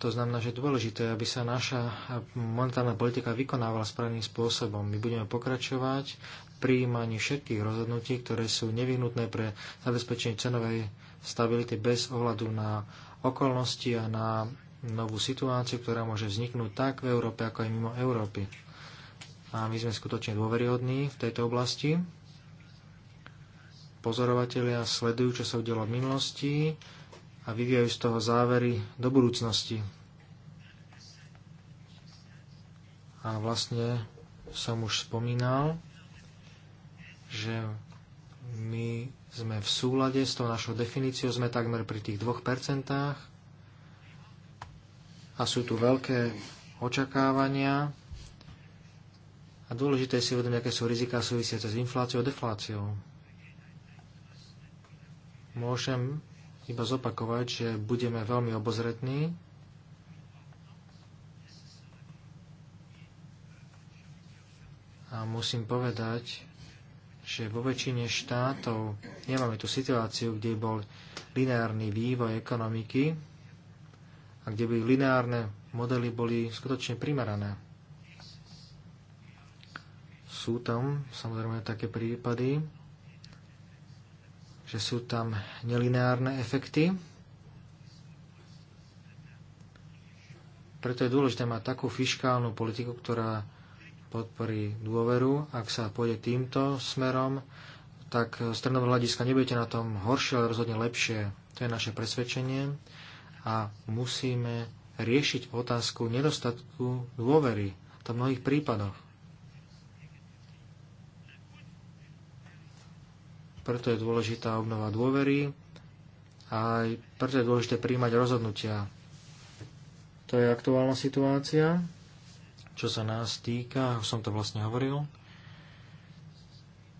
To znamená, že je dôležité, aby sa naša monetárna politika vykonávala správnym spôsobom. My budeme pokračovať prijímaní všetkých rozhodnutí, ktoré sú nevyhnutné pre zabezpečenie cenovej stability bez ohľadu na okolnosti a na novú situáciu, ktorá môže vzniknúť tak v Európe, ako aj mimo Európy. A my sme skutočne dôveryhodní v tejto oblasti. Pozorovatelia sledujú, čo sa udialo v minulosti a vyvíjajú z toho závery do budúcnosti. A vlastne som už spomínal, že my sme v súlade s tou našou definíciou, sme takmer pri tých 2% a sú tu veľké očakávania a dôležité je si uvedomiť, aké sú riziká súvisiace s infláciou a defláciou. Môžem iba zopakovať, že budeme veľmi obozretní a musím povedať, že vo väčšine štátov nemáme tú situáciu, kde bol lineárny vývoj ekonomiky a kde by lineárne modely boli skutočne primerané. Sú tam samozrejme také prípady, že sú tam nelineárne efekty. Preto je dôležité mať takú fiskálnu politiku, ktorá podporí dôveru. Ak sa pôjde týmto smerom, tak z trnového hľadiska nebudete na tom horšie, ale rozhodne lepšie. To je naše presvedčenie a musíme riešiť otázku nedostatku dôvery v mnohých prípadoch. Preto je dôležitá obnova dôvery a aj preto je dôležité príjmať rozhodnutia. To je aktuálna situácia čo sa nás týka, už som to vlastne hovoril,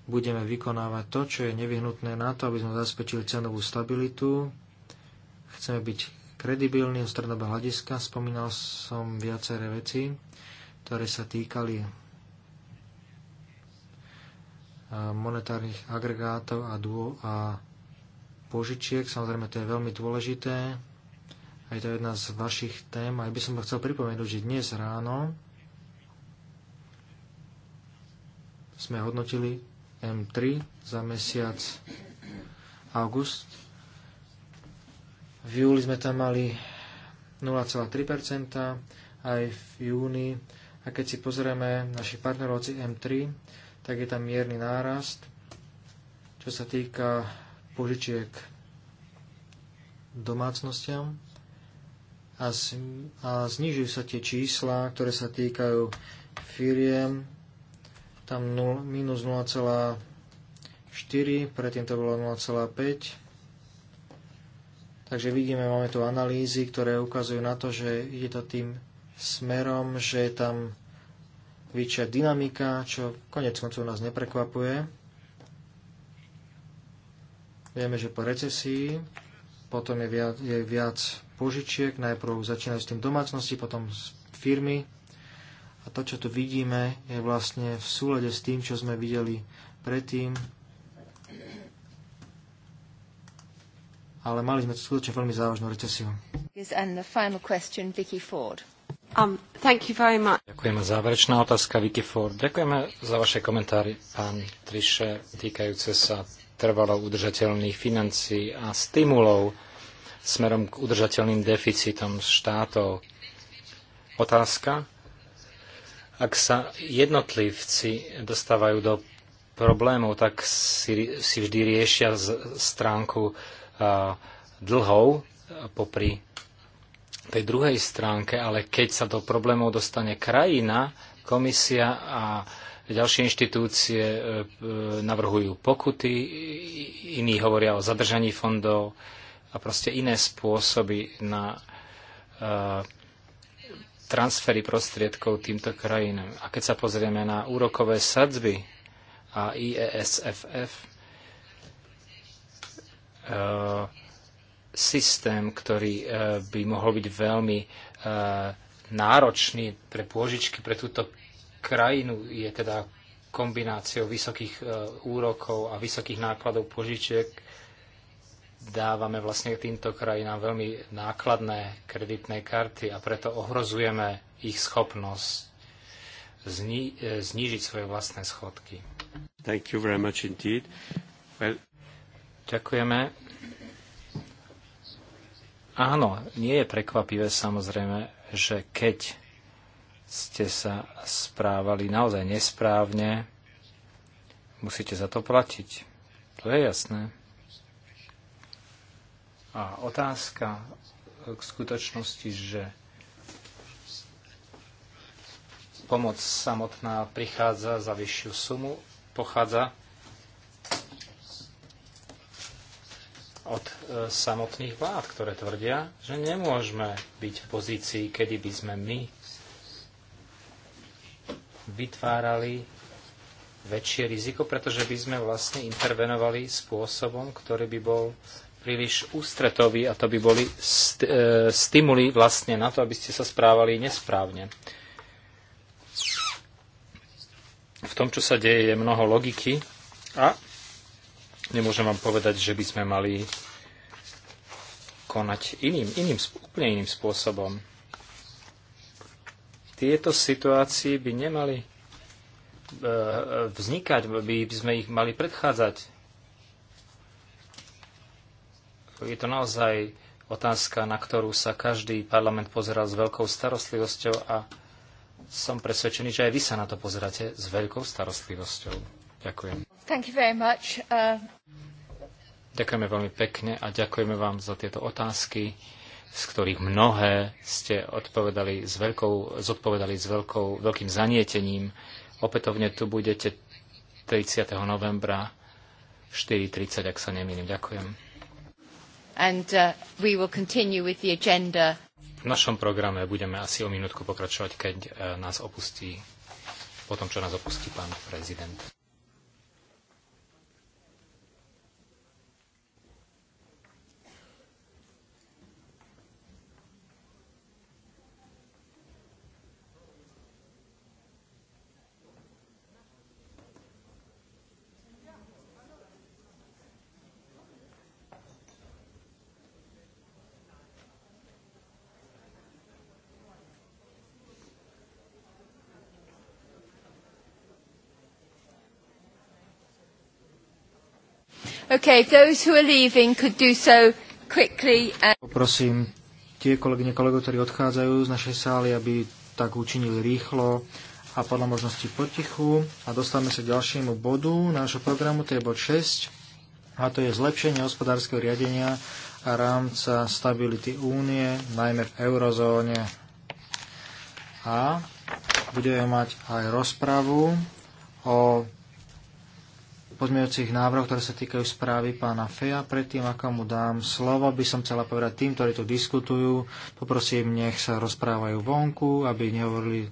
budeme vykonávať to, čo je nevyhnutné na to, aby sme zabezpečili cenovú stabilitu. Chceme byť kredibilní z stredného hľadiska. Spomínal som viaceré veci, ktoré sa týkali e, monetárnych agregátov a, dô- a požičiek. Samozrejme, to je veľmi dôležité. to je to jedna z vašich tém. Aj by som chcel pripomenúť, že dnes ráno sme hodnotili M3 za mesiac august. V júli sme tam mali 0,3%, aj v júni. A keď si pozrieme naši partnerovci M3, tak je tam mierny nárast, čo sa týka požičiek domácnostiam a, a znižujú sa tie čísla, ktoré sa týkajú firiem tam 0, minus 0,4, predtým to bolo 0,5. Takže vidíme, máme tu analýzy, ktoré ukazujú na to, že ide to tým smerom, že je tam väčšia dynamika, čo konec koncov nás neprekvapuje. Vieme, že po recesii potom je viac, je viac požičiek, najprv začínajú s tým domácnosti, potom firmy, a to, čo tu vidíme, je vlastne v súlade s tým, čo sme videli predtým. Ale mali sme tu skutočne veľmi závažnú recesiu. Um, za záverečná otázka, Vicky Ford. Ďakujeme za vaše komentári, pán Triše, týkajúce sa trvalo udržateľných financií a stimulov smerom k udržateľným deficitom štátov. Otázka, ak sa jednotlivci dostávajú do problémov, tak si, si vždy riešia z, stránku a, dlhov popri tej druhej stránke, ale keď sa do problémov dostane krajina, komisia a ďalšie inštitúcie e, e, navrhujú pokuty, iní hovoria o zadržaní fondov a proste iné spôsoby na transfery prostriedkov týmto krajinám. A keď sa pozrieme na úrokové sadzby a IESFF, eh, systém, ktorý eh, by mohol byť veľmi eh, náročný pre pôžičky pre túto krajinu, je teda kombináciou vysokých úrokov a vysokých nákladov požičiek dávame vlastne týmto krajinám veľmi nákladné kreditné karty a preto ohrozujeme ich schopnosť zni- e, znížiť svoje vlastné schodky. Thank you very much indeed. Well... Ďakujeme. Áno, nie je prekvapivé samozrejme, že keď ste sa správali naozaj nesprávne, musíte za to platiť. To je jasné. A otázka e, k skutočnosti, že pomoc samotná prichádza za vyššiu sumu, pochádza od e, samotných vlád, ktoré tvrdia, že nemôžeme byť v pozícii, kedy by sme my vytvárali väčšie riziko, pretože by sme vlastne intervenovali spôsobom, ktorý by bol príliš ústretoví a to by boli st- e, stimuli vlastne na to, aby ste sa správali nesprávne. V tom, čo sa deje, je mnoho logiky a nemôžem vám povedať, že by sme mali konať iným, iným, úplne iným spôsobom. Tieto situácie by nemali e, e, vznikať, by sme ich mali predchádzať Je to naozaj otázka, na ktorú sa každý parlament pozeral s veľkou starostlivosťou a som presvedčený, že aj vy sa na to pozeráte s veľkou starostlivosťou. Ďakujem. Thank you very much. Uh... Ďakujeme veľmi pekne a ďakujeme vám za tieto otázky, z ktorých mnohé ste odpovedali s veľkou, zodpovedali s veľkou, veľkým zanietením. Opätovne tu budete 30. novembra 4.30, ak sa nemýlim. Ďakujem and uh, we will continue with the agenda. V našom programe budeme asi o minútku pokračovať, keď eh, nás opustí, po tom, čo nás opustí pán prezident. Okay, those who are leaving could do so quickly. And... Poprosím tie kolegyne kolegov, ktorí odchádzajú z našej sály, aby tak učinili rýchlo a podľa možnosti potichu. A dostávame sa k ďalšiemu bodu nášho programu, to je bod 6, a to je zlepšenie hospodárskeho riadenia a rámca stability únie, najmä v eurozóne. A budeme mať aj rozpravu o pozmeňujúcich návrhov, ktoré sa týkajú správy pána Feja. Predtým, ako mu dám slovo, by som chcela povedať tým, ktorí tu diskutujú, poprosím, nech sa rozprávajú vonku, aby nehovorili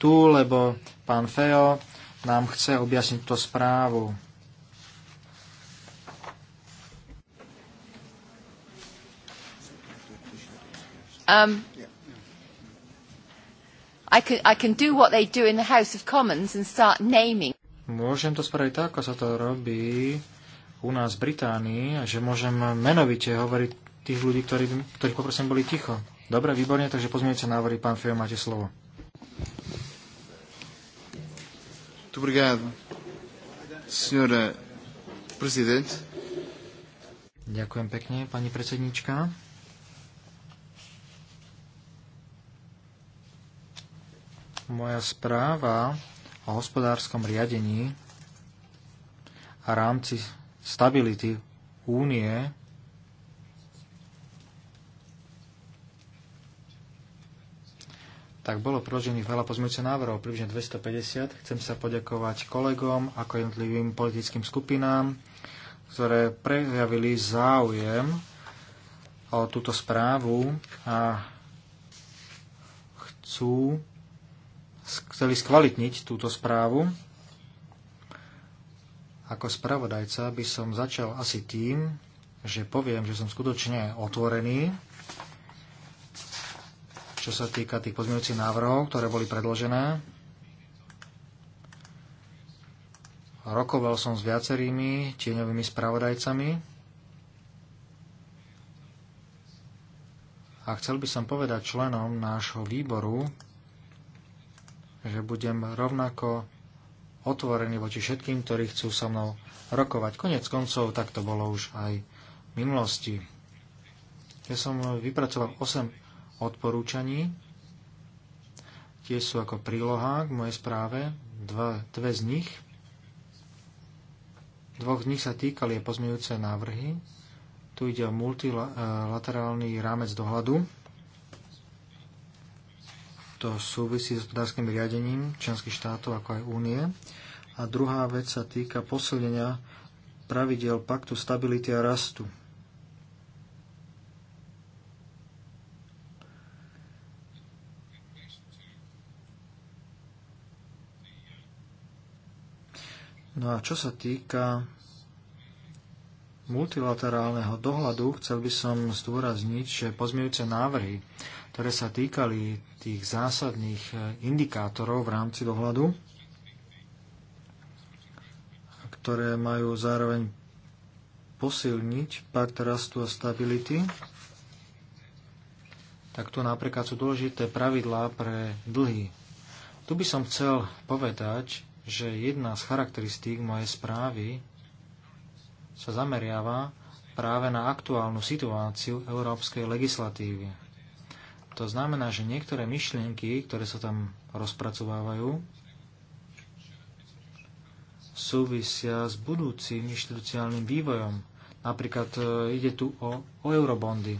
tu, lebo pán Fejo nám chce objasniť tú správu. Um, I can, I can do what they do in the House of Commons and start naming. Môžem to spraviť tak, ako sa to robí u nás v Británii, že môžem menovite hovoriť tých ľudí, ktorí, ktorých poprosím boli ticho. Dobre, výborne, takže sa návory, Pán Fio, máte slovo. Obrigado, senhora prezident. Ďakujem pekne, pani predsednička. Moja správa o hospodárskom riadení a rámci stability únie tak bolo priložených veľa pozmeňujúcich návrhov, približne 250. Chcem sa poďakovať kolegom ako jednotlivým politickým skupinám, ktoré prejavili záujem o túto správu a chcú chceli skvalitniť túto správu. Ako spravodajca by som začal asi tým, že poviem, že som skutočne otvorený, čo sa týka tých pozmeňujúcich návrhov, ktoré boli predložené. Rokoval som s viacerými tieňovými spravodajcami a chcel by som povedať členom nášho výboru, že budem rovnako otvorený voči všetkým, ktorí chcú so mnou rokovať. Konec koncov tak to bolo už aj v minulosti. Ja som vypracoval 8 odporúčaní, tie sú ako príloha k mojej správe, dva, dve z nich. Dvoch z nich sa týkali pozmejúce návrhy. Tu ide o multilaterálny rámec dohľadu to súvisí s hospodárskym riadením členských štátov ako aj únie. A druhá vec sa týka posilnenia pravidel paktu stability a rastu. No a čo sa týka multilaterálneho dohľadu, chcel by som zdôrazniť, že pozmievujúce návrhy ktoré sa týkali tých zásadných e, indikátorov v rámci dohľadu, ktoré majú zároveň posilniť pakt rastu a stability, tak tu napríklad sú dôležité pravidlá pre dlhy. Tu by som chcel povedať, že jedna z charakteristík mojej správy sa zameriava práve na aktuálnu situáciu európskej legislatívy. To znamená, že niektoré myšlienky, ktoré sa tam rozpracovávajú, súvisia s budúcim inštitucionálnym vývojom. Napríklad e, ide tu o, o eurobondy.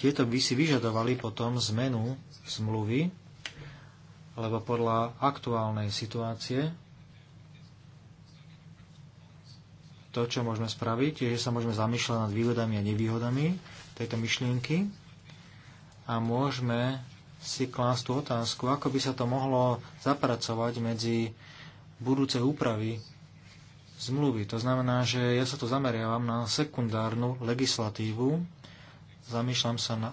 Tieto by si vyžadovali potom zmenu zmluvy, lebo podľa aktuálnej situácie to, čo môžeme spraviť, je, že sa môžeme zamýšľať nad výhodami a nevýhodami tejto myšlienky a môžeme si klásť tú otázku, ako by sa to mohlo zapracovať medzi budúce úpravy zmluvy. To znamená, že ja sa tu zameriavam na sekundárnu legislatívu. Zamýšľam sa na,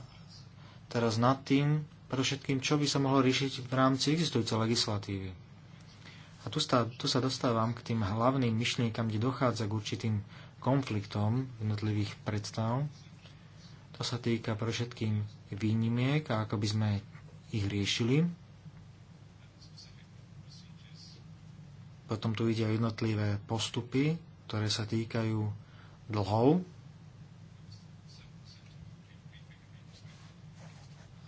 teraz nad tým, predovšetkým, čo by sa mohlo riešiť v rámci existujúcej legislatívy. A tu sa, tu sa dostávam k tým hlavným myšlienkam, kde dochádza k určitým konfliktom jednotlivých predstav. To sa týka pre všetkým výnimiek a ako by sme ich riešili. Potom tu ide o jednotlivé postupy, ktoré sa týkajú dlhov.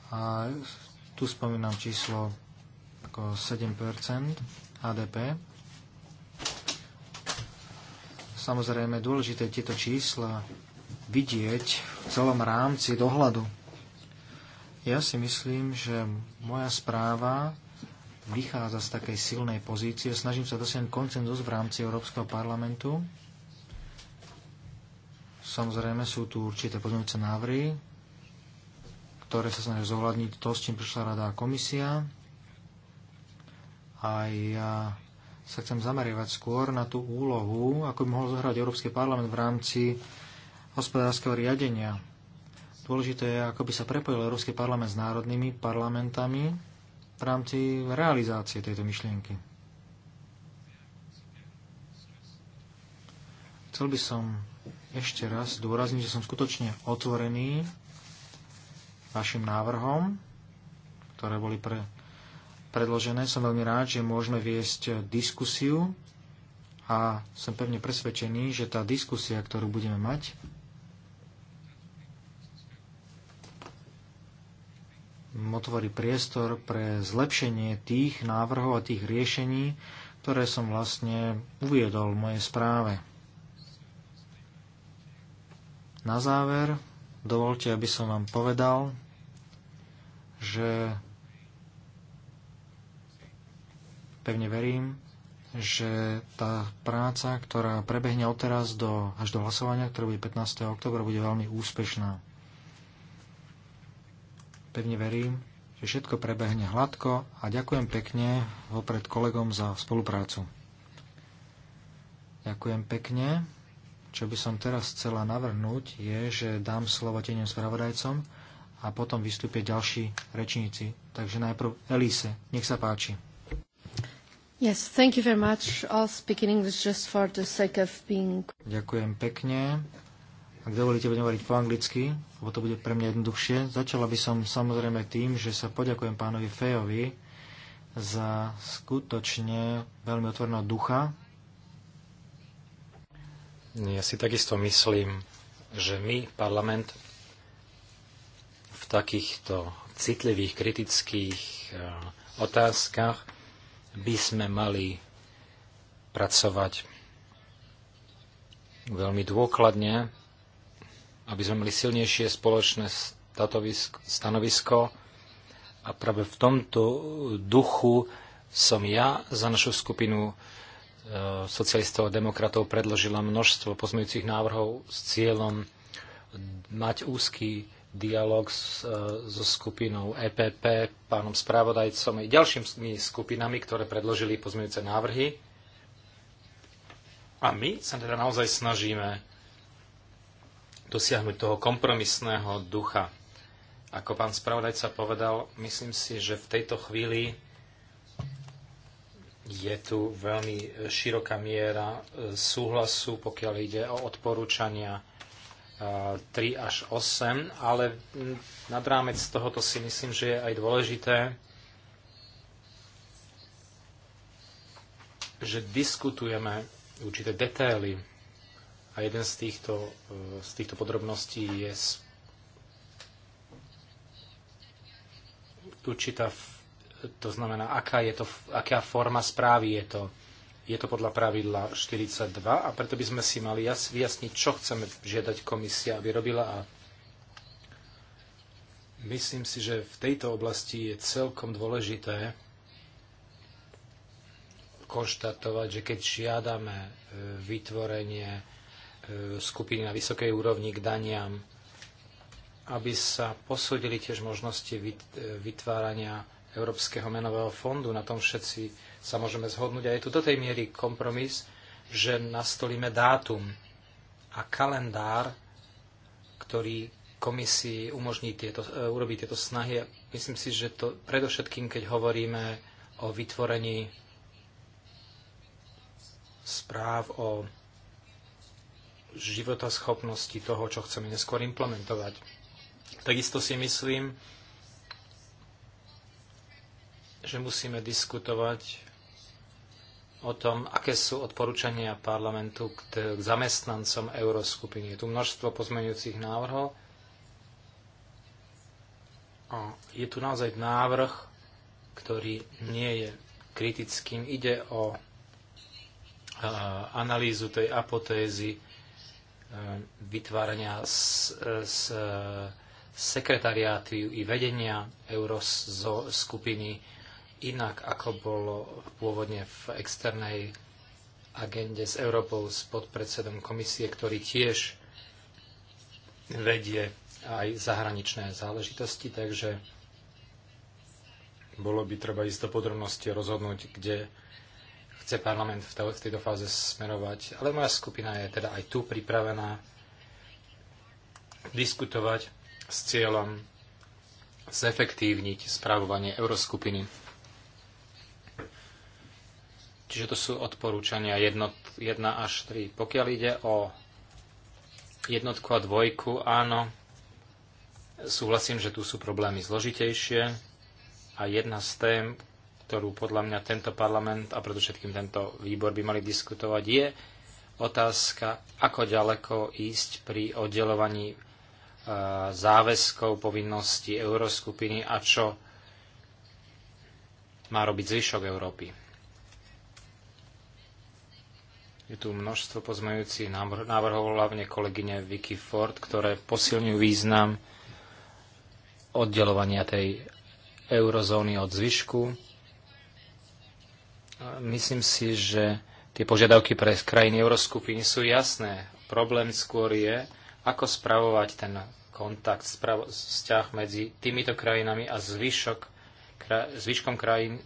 A tu spomínam číslo ako 7 HDP. Samozrejme, dôležité tieto čísla vidieť v celom rámci dohľadu. Ja si myslím, že moja správa vychádza z takej silnej pozície. Snažím sa dosiahnuť koncenzus v rámci Európskeho parlamentu. Samozrejme sú tu určité pozmeňujúce návrhy, ktoré sa snažia zohľadniť to, s čím prišla rada a komisia. A ja sa chcem zameriavať skôr na tú úlohu, ako by mohol zohrať Európsky parlament v rámci hospodárskeho riadenia. Dôležité je, ako by sa prepojil Európsky parlament s národnými parlamentami v rámci realizácie tejto myšlienky. Chcel by som ešte raz dôrazniť, že som skutočne otvorený vašim návrhom, ktoré boli pre, predložené. Som veľmi rád, že môžeme viesť diskusiu a som pevne presvedčený, že tá diskusia, ktorú budeme mať, otvorí priestor pre zlepšenie tých návrhov a tých riešení, ktoré som vlastne uviedol v mojej správe. Na záver, dovolte, aby som vám povedal, že pevne verím, že tá práca, ktorá prebehne odteraz do, až do hlasovania, ktoré bude 15. oktobra, bude veľmi úspešná. Pevne verím, že všetko prebehne hladko a ďakujem pekne vopred kolegom za spoluprácu. Ďakujem pekne. Čo by som teraz chcela navrhnúť je, že dám slovo teniem spravodajcom a potom vystúpia ďalší rečníci. Takže najprv Elise, nech sa páči. Yes, thank you very much. I'll speak in English just for the sake of being... Ďakujem pekne. Ak dovolíte, budem hovoriť po anglicky, lebo to bude pre mňa jednoduchšie. Začala by som samozrejme tým, že sa poďakujem pánovi Fejovi za skutočne veľmi otvorného ducha. Ja si takisto myslím, že my, parlament, v takýchto citlivých, kritických eh, otázkach by sme mali pracovať veľmi dôkladne, aby sme mali silnejšie spoločné stanovisko. A práve v tomto duchu som ja za našu skupinu e, socialistov a demokratov predložila množstvo pozmejúcich návrhov s cieľom mať úzky dialog s, e, so skupinou EPP, pánom správodajcom i ďalšími skupinami, ktoré predložili pozmejúce návrhy. A my sa teda naozaj snažíme dosiahnuť toho kompromisného ducha. Ako pán spravodajca povedal, myslím si, že v tejto chvíli je tu veľmi široká miera e, súhlasu, pokiaľ ide o odporúčania 3 e, až 8, ale nad rámec tohoto si myslím, že je aj dôležité, že diskutujeme určité detaily a jeden z týchto, e, z týchto podrobností je určitá, to znamená, aká, je to, aká forma správy je to. Je to podľa pravidla 42 a preto by sme si mali vyjasniť, čo chceme žiadať komisia, aby robila a myslím si, že v tejto oblasti je celkom dôležité konštatovať, že keď žiadame e, vytvorenie E, skupiny na vysokej úrovni k daniam, aby sa posúdili tiež možnosti e, vytvárania Európskeho menového fondu. Na tom všetci sa môžeme zhodnúť. A je tu do tej miery kompromis, že nastolíme dátum a kalendár, ktorý komisii umožní tieto, e, urobiť tieto snahy. Myslím si, že to predovšetkým, keď hovoríme o vytvorení správ o životaschopnosti toho, čo chceme neskôr implementovať. Takisto si myslím, že musíme diskutovať o tom, aké sú odporúčania parlamentu k, zamestnancom euroskupiny. Je tu množstvo pozmeňujúcich návrhov. A je tu naozaj návrh, ktorý nie je kritickým. Ide o analýzu tej apotézy E, vytvárania z, z e, e, sekretariátu i vedenia euroskupiny inak, ako bolo pôvodne v externej agende s Európou s podpredsedom komisie, ktorý tiež vedie aj zahraničné záležitosti, takže bolo by treba ísť do podrobnosti rozhodnúť, kde chce parlament v tejto fáze smerovať. Ale moja skupina je teda aj tu pripravená diskutovať s cieľom zefektívniť správovanie euroskupiny. Čiže to sú odporúčania 1 až 3. Pokiaľ ide o jednotku a dvojku, áno, súhlasím, že tu sú problémy zložitejšie a jedna z tém, ktorú podľa mňa tento parlament a predovšetkým tento výbor by mali diskutovať, je otázka, ako ďaleko ísť pri oddelovaní e, záväzkov, povinností euroskupiny a čo má robiť zvyšok Európy. Je tu množstvo pozmejúcich návrhov, hlavne kolegyne Vicky Ford, ktoré posilňujú význam oddelovania tej eurozóny od zvyšku Myslím si, že tie požiadavky pre krajiny euroskupiny sú jasné. Problém skôr je, ako spravovať ten kontakt, spravo, vzťah medzi týmito krajinami a zvyšok, kra, zvyškom krajín,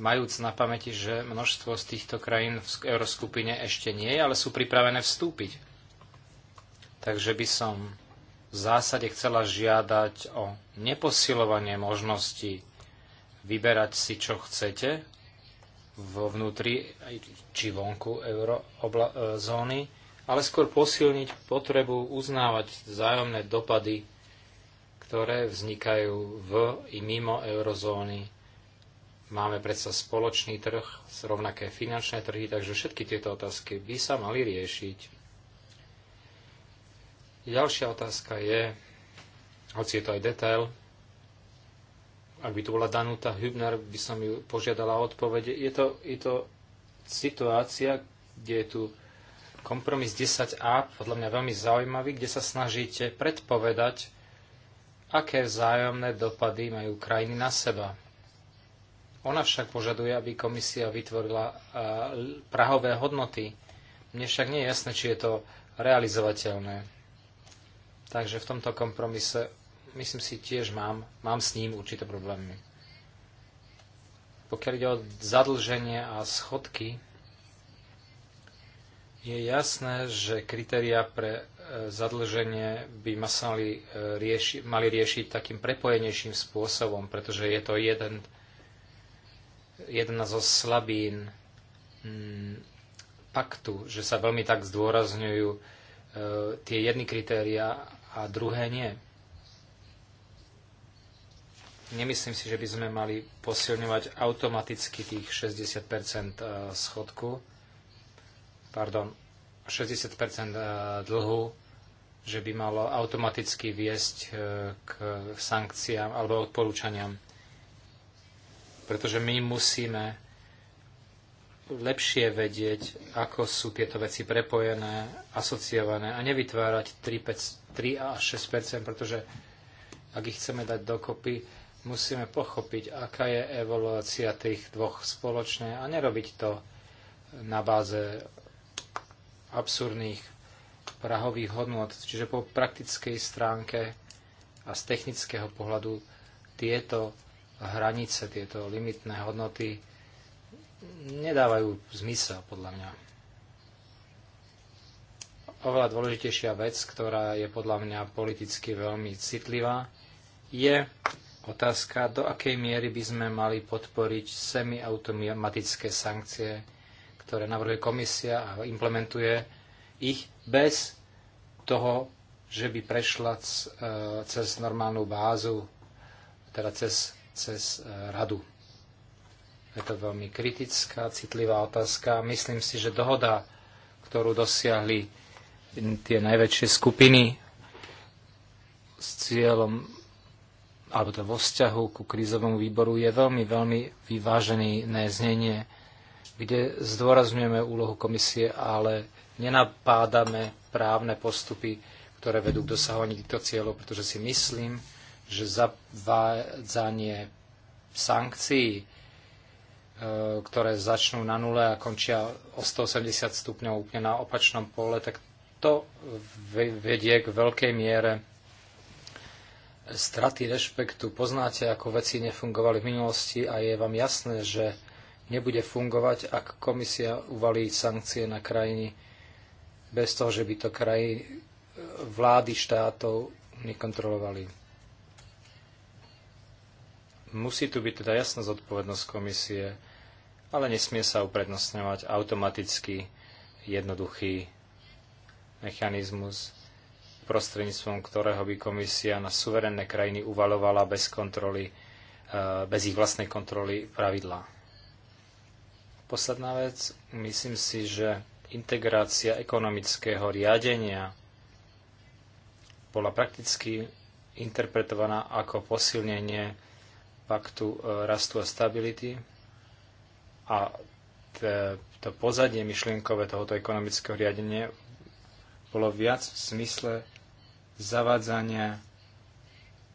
majúc na pamäti, že množstvo z týchto krajín v euroskupine ešte nie je, ale sú pripravené vstúpiť. Takže by som v zásade chcela žiadať o neposilovanie možnosti vyberať si, čo chcete, vo vnútri či vonku eurozóny, e, ale skôr posilniť potrebu uznávať vzájomné dopady, ktoré vznikajú v i mimo eurozóny. Máme predsa spoločný trh, rovnaké finančné trhy, takže všetky tieto otázky by sa mali riešiť. Ďalšia otázka je, hoci je to aj detail, ak by to bola Danuta Hübner, by som ju požiadala o odpovede. Je to, je to situácia, kde je tu kompromis 10a, podľa mňa veľmi zaujímavý, kde sa snažíte predpovedať, aké vzájomné dopady majú krajiny na seba. Ona však požaduje, aby komisia vytvorila e, prahové hodnoty. Mne však nie je jasné, či je to realizovateľné. Takže v tomto kompromise myslím si, tiež mám, mám s ním určité problémy. Pokiaľ ide o zadlženie a schodky, je jasné, že kritéria pre e, zadlženie by ma mali, e, rieši, mali riešiť takým prepojenejším spôsobom, pretože je to jeden, jedna zo slabín m, mm, paktu, že sa veľmi tak zdôrazňujú e, tie jedny kritéria a druhé nie. Nemyslím si, že by sme mali posilňovať automaticky tých 60 e, schodku, pardon, 60 e, dlhu, že by malo automaticky viesť e, k sankciám alebo odporúčaniam. Pretože my musíme lepšie vedieť, ako sú tieto veci prepojené, asociované a nevytvárať 3, 5, 3 a 6 pretože ak ich chceme dať dokopy, Musíme pochopiť, aká je evolúcia tých dvoch spoločne a nerobiť to na báze absurdných prahových hodnot. Čiže po praktickej stránke a z technického pohľadu tieto hranice, tieto limitné hodnoty nedávajú zmysel podľa mňa oveľa dôležitejšia vec, ktorá je podľa mňa politicky veľmi citlivá, je Otázka, do akej miery by sme mali podporiť semiautomatické sankcie, ktoré navrhuje komisia a implementuje ich bez toho, že by prešla e, cez normálnu bázu, teda cez, cez e, radu. Je to veľmi kritická, citlivá otázka. Myslím si, že dohoda, ktorú dosiahli tie najväčšie skupiny s cieľom alebo to vo vzťahu ku krízovému výboru je veľmi, veľmi vyvážený znenie, kde zdôrazňujeme úlohu komisie, ale nenapádame právne postupy, ktoré vedú k dosahovaní týchto cieľov, pretože si myslím, že zavádzanie sankcií, e, ktoré začnú na nule a končia o 180 stupňov úplne na opačnom pole, tak to vedie k veľkej miere straty rešpektu. Poznáte, ako veci nefungovali v minulosti a je vám jasné, že nebude fungovať, ak komisia uvalí sankcie na krajiny bez toho, že by to kraj e, vlády štátov nekontrolovali. Musí tu byť teda jasná zodpovednosť komisie, ale nesmie sa uprednostňovať automaticky jednoduchý mechanizmus prostredníctvom ktorého by komisia na suverénne krajiny uvalovala bez kontroly, e, bez ich vlastnej kontroly pravidlá. Posledná vec, myslím si, že integrácia ekonomického riadenia bola prakticky interpretovaná ako posilnenie paktu e, rastu a stability a to pozadie myšlienkové tohoto ekonomického riadenia bolo viac v zmysle zavádzania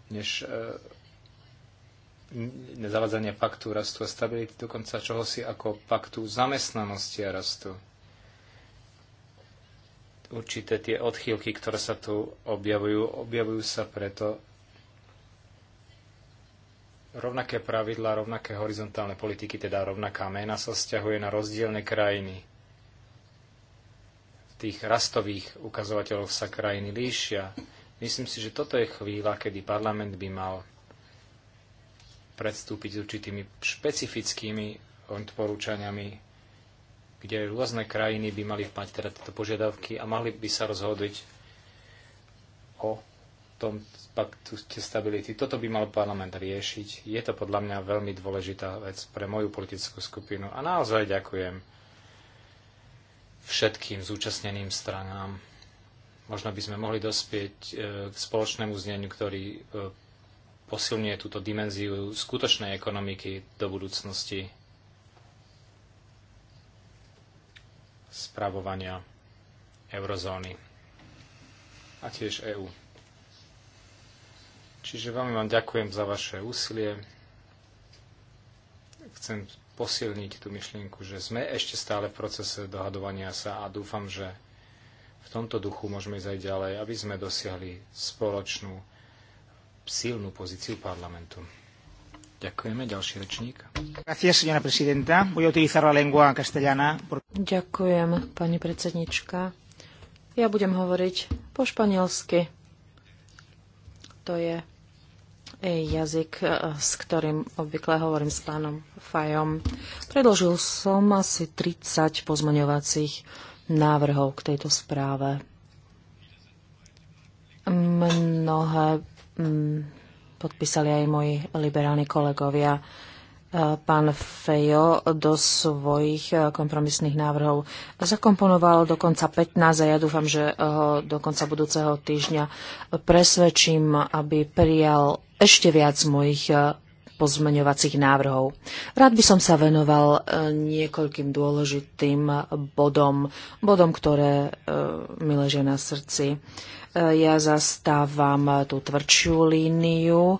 než e, zavádzania paktu rastu a stability, dokonca čohosi ako paktu zamestnanosti a rastu. Určité tie odchýlky, ktoré sa tu objavujú, objavujú sa preto, rovnaké pravidlá, rovnaké horizontálne politiky, teda rovnaká mena sa vzťahuje na rozdielne krajiny. V tých rastových ukazovateľoch sa krajiny líšia. Myslím si, že toto je chvíľa, kedy parlament by mal predstúpiť s určitými špecifickými odporúčaniami, kde rôzne krajiny by mali mať teda tieto požiadavky a mali by sa rozhodiť o tom paktu stability. Toto by mal parlament riešiť. Je to podľa mňa veľmi dôležitá vec pre moju politickú skupinu a naozaj ďakujem všetkým zúčastneným stranám. Možno by sme mohli dospieť e, k spoločnému zneniu, ktorý e, posilňuje túto dimenziu skutočnej ekonomiky do budúcnosti spravovania eurozóny a tiež EÚ. Čiže veľmi vám ďakujem za vaše úsilie. Chcem posilniť tú myšlienku, že sme ešte stále v procese dohadovania sa a dúfam, že v tomto duchu môžeme ísť aj ďalej, aby sme dosiahli spoločnú silnú pozíciu parlamentu. Ďakujeme. Ďalší rečník. Ďakujem, pani predsednička. Ja budem hovoriť po španielsky. To je e, jazyk, e, s ktorým obvykle hovorím s pánom Fajom. Predložil som asi 30 pozmaňovacích návrhov k tejto správe. Mnohé mm, podpísali aj moji liberálni kolegovia. E, pán Fejo do svojich e, kompromisných návrhov zakomponoval dokonca 15 a ja dúfam, že e, ho do konca budúceho týždňa presvedčím, aby prijal ešte viac mojich pozmeňovacích návrhov. Rád by som sa venoval e, niekoľkým dôležitým bodom, bodom, ktoré e, mi ležia na srdci. Ja zastávam eh, tú tvrdšiu líniu, eh,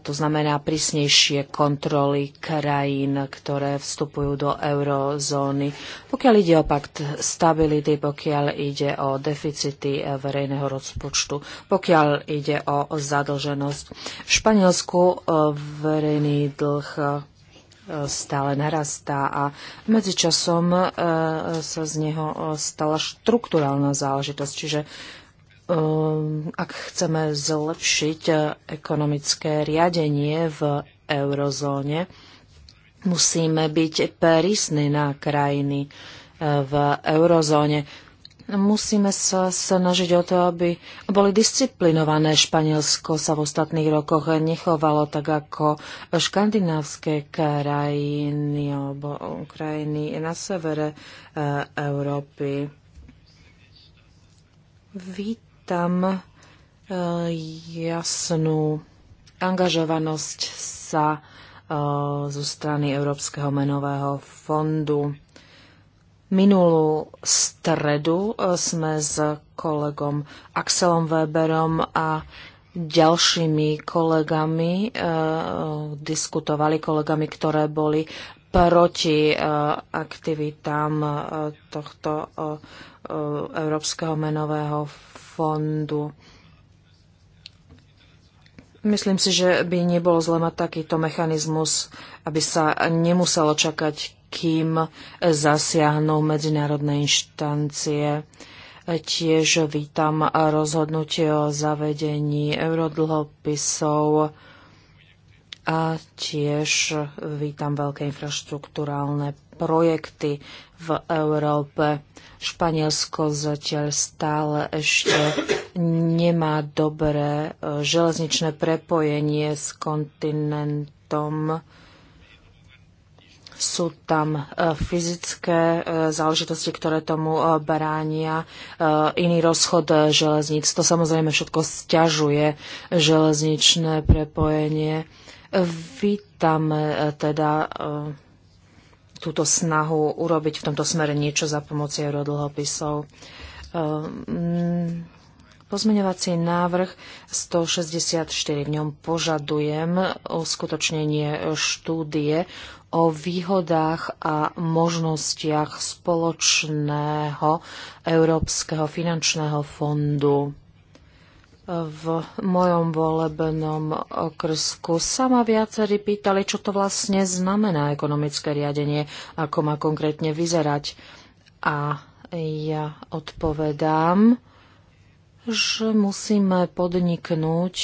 to znamená prísnejšie kontroly krajín, ktoré vstupujú do eurozóny. Pokiaľ ide o pakt stability, pokiaľ ide o deficity eh, verejného rozpočtu, pokiaľ ide o zadlženosť. V Španielsku verejný dlh stále narastá a medzičasom sa z neho stala štruktúrálna záležitosť. Čiže Ehm, ak chceme zlepšiť eh, ekonomické riadenie v eurozóne, musíme byť prísni na krajiny eh, v eurozóne. Musíme sa snažiť o to, aby boli disciplinované. Španielsko sa v ostatných rokoch nechovalo tak ako škandinávské krajiny alebo krajiny na severe eh, Európy. Vítam tam e, jasnú angažovanosť sa e, zo strany Európskeho menového fondu. Minulú stredu e, sme s kolegom Axelom Weberom a ďalšími kolegami diskutovali, kolegami, ktoré boli proti aktivitám tohto Európskeho menového fondu. Myslím si, že by nebolo zle mať takýto mechanizmus, aby sa nemuselo čakať, kým zasiahnu medzinárodné inštancie. Tiež vítam rozhodnutie o zavedení eurodlhopisov a tiež vítam veľké infraštruktúrálne projekty v Európe. Španielsko zatiaľ stále ešte nemá dobré e, železničné prepojenie s kontinentom. Sú tam e, fyzické e, záležitosti, ktoré tomu bránia, iný rozchod železníc. To samozrejme všetko stiažuje železničné prepojenie. Vítame teda túto snahu urobiť v tomto smere niečo za pomoci eurodlhopisov. Ehm, pozmeňovací návrh 164. V ňom požadujem uskutočnenie štúdie o výhodách a možnostiach spoločného Európskeho finančného fondu v mojom volebnom okrsku sa ma viacerí pýtali, čo to vlastne znamená ekonomické riadenie, ako má konkrétne vyzerať. A ja odpovedám, že musíme podniknúť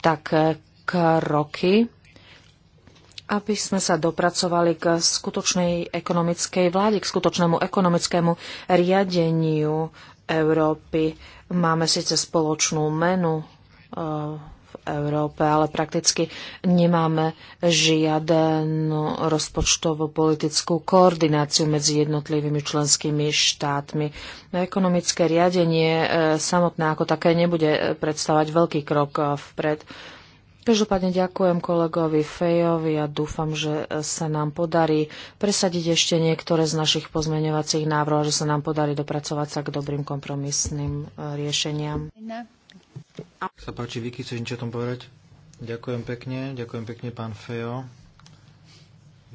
také kroky, aby sme sa dopracovali k skutočnej ekonomickej vláde, k skutočnému ekonomickému riadeniu Európy. Máme síce spoločnú menu eh, v Európe, ale prakticky nemáme žiadnu rozpočtovo-politickú koordináciu medzi jednotlivými členskými štátmi. Ekonomické riadenie eh, samotné ako také nebude eh, predstavať veľký krok vpred. Každopádne ďakujem kolegovi Fejovi a dúfam, že sa nám podarí presadiť ešte niektoré z našich pozmeňovacích návrhov a že sa nám podarí dopracovať sa k dobrým kompromisným e, riešeniam. Sa páči, Vicky, chceš niečo o tom povedať? Ďakujem pekne, ďakujem pekne pán Fejo.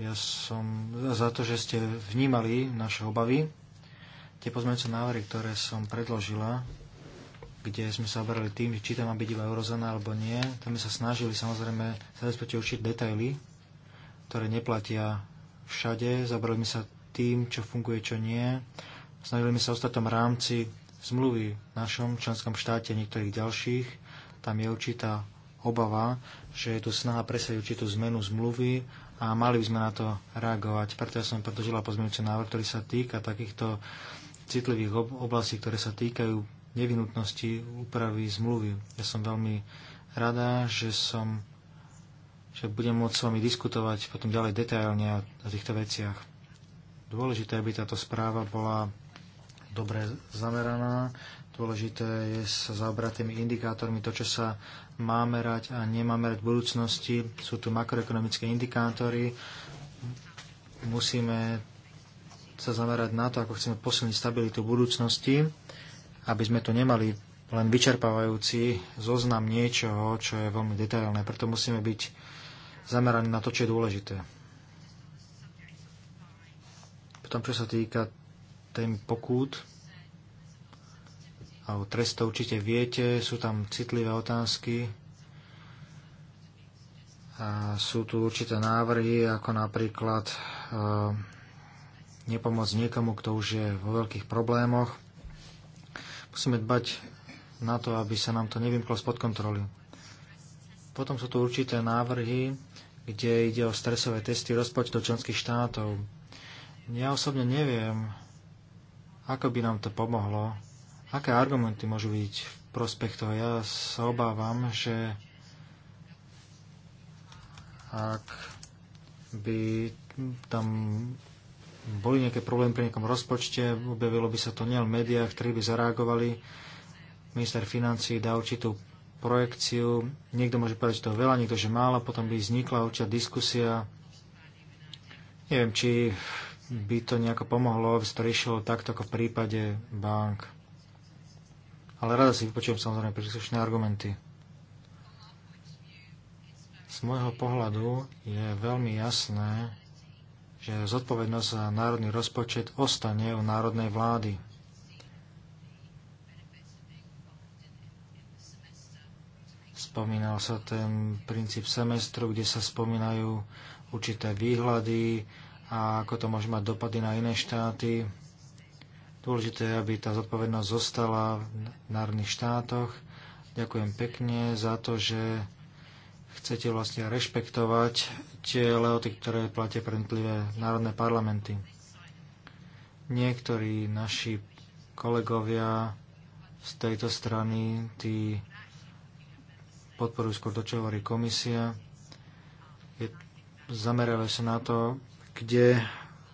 Ja som za to, že ste vnímali naše obavy. Tie pozmeňujúce návrhy, ktoré som predložila, kde sme sa obrali tým, či tam má byť iba eurozóna alebo nie. Tam sme sa snažili samozrejme zabezpečiť určité detaily, ktoré neplatia všade. Zabrali sme sa tým, čo funguje, čo nie. Snažili sme sa ostať v rámci zmluvy v našom členskom štáte a niektorých ďalších. Tam je určitá obava, že je tu snaha presadiť určitú zmenu zmluvy a mali by sme na to reagovať. Preto ja som predložila pozmeňujúci návrh, ktorý sa týka takýchto citlivých oblastí, ktoré sa týkajú nevinutnosti úpravy zmluvy. Ja som veľmi rada, že som že budem môcť s vami diskutovať potom ďalej detailne o týchto veciach. Dôležité, aby táto správa bola dobre zameraná. Dôležité je sa zaobrať tými indikátormi, to, čo sa má merať a nemá merať v budúcnosti. Sú tu makroekonomické indikátory. Musíme sa zamerať na to, ako chceme posilniť stabilitu budúcnosti aby sme tu nemali len vyčerpávajúci zoznam niečoho, čo je veľmi detailné. Preto musíme byť zameraní na to, čo je dôležité. Potom, čo sa týka tém pokút alebo trestov, určite viete, sú tam citlivé otázky, a sú tu určité návrhy, ako napríklad e, eh, nepomôcť niekomu, kto už je vo veľkých problémoch. Musíme dbať na to, aby sa nám to nevymklo spod kontroly. Potom sú tu určité návrhy, kde ide o stresové testy rozpočtov členských štátov. Ja osobne neviem, ako by nám to pomohlo, aké argumenty môžu byť v prospech toho. Ja sa obávam, že ak by tam boli nejaké problémy pri nejakom rozpočte, objavilo by sa to nielen v médiách, ktorí by zareagovali. Minister financí dá určitú projekciu, niekto môže povedať, že to veľa, niekto, že málo, potom by vznikla určitá diskusia. Neviem, či by to nejako pomohlo, aby sa to riešilo takto ako v prípade bank. Ale rada si vypočujem samozrejme príslušné argumenty. Z môjho pohľadu je veľmi jasné, že zodpovednosť za národný rozpočet ostane u národnej vlády. Spomínal sa ten princíp semestru, kde sa spomínajú určité výhľady a ako to môže mať dopady na iné štáty. Dôležité je, aby tá zodpovednosť zostala v národných štátoch. Ďakujem pekne za to, že chcete vlastne rešpektovať tie leoty, ktoré platia pre národné parlamenty. Niektorí naši kolegovia z tejto strany, tí podporujú skôr to, čo hovorí komisia. Je, zamerajú sa na to, kde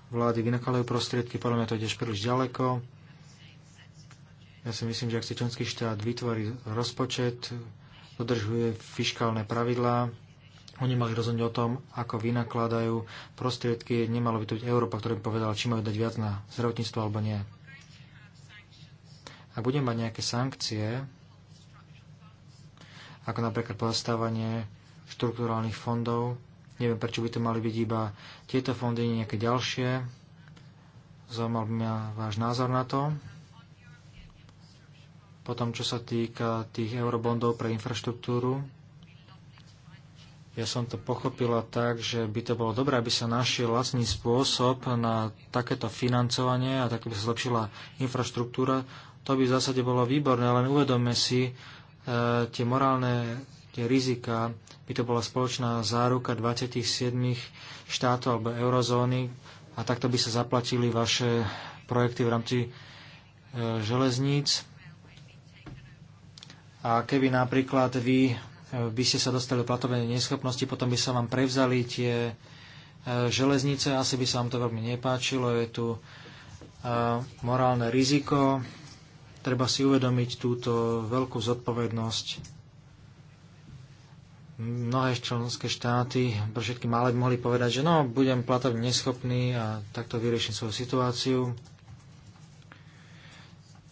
vlády vynakladajú prostriedky, podľa mňa to ide príliš ďaleko. Ja si myslím, že ak si členský štát vytvorí rozpočet, dodržuje fiskálne pravidlá. Oni mali rozhodnúť o tom, ako vynakladajú prostriedky. Nemalo by to byť Európa, ktorá by povedala, či majú dať viac na zdravotníctvo alebo nie. Ak budeme mať nejaké sankcie, ako napríklad pozastávanie štruktúrálnych fondov, neviem, prečo by to mali byť iba tieto fondy, nejaké ďalšie. Zaujímal by mňa váš názor na to. Potom, čo sa týka tých eurobondov pre infraštruktúru, ja som to pochopila tak, že by to bolo dobré, aby sa našiel vlastný spôsob na takéto financovanie a tak by sa zlepšila infraštruktúra. To by v zásade bolo výborné, ale uvedome si e, tie morálne tie rizika. By to bola spoločná záruka 27 štátov alebo eurozóny a takto by sa zaplatili vaše projekty v rámci e, železníc a keby napríklad vy e, by ste sa dostali do platovej neschopnosti, potom by sa vám prevzali tie e, železnice, asi by sa vám to veľmi nepáčilo, je tu e, morálne riziko, treba si uvedomiť túto veľkú zodpovednosť mnohé členské štáty, pre všetky malé by mohli povedať, že no, budem platovne neschopný a takto vyriešim svoju situáciu.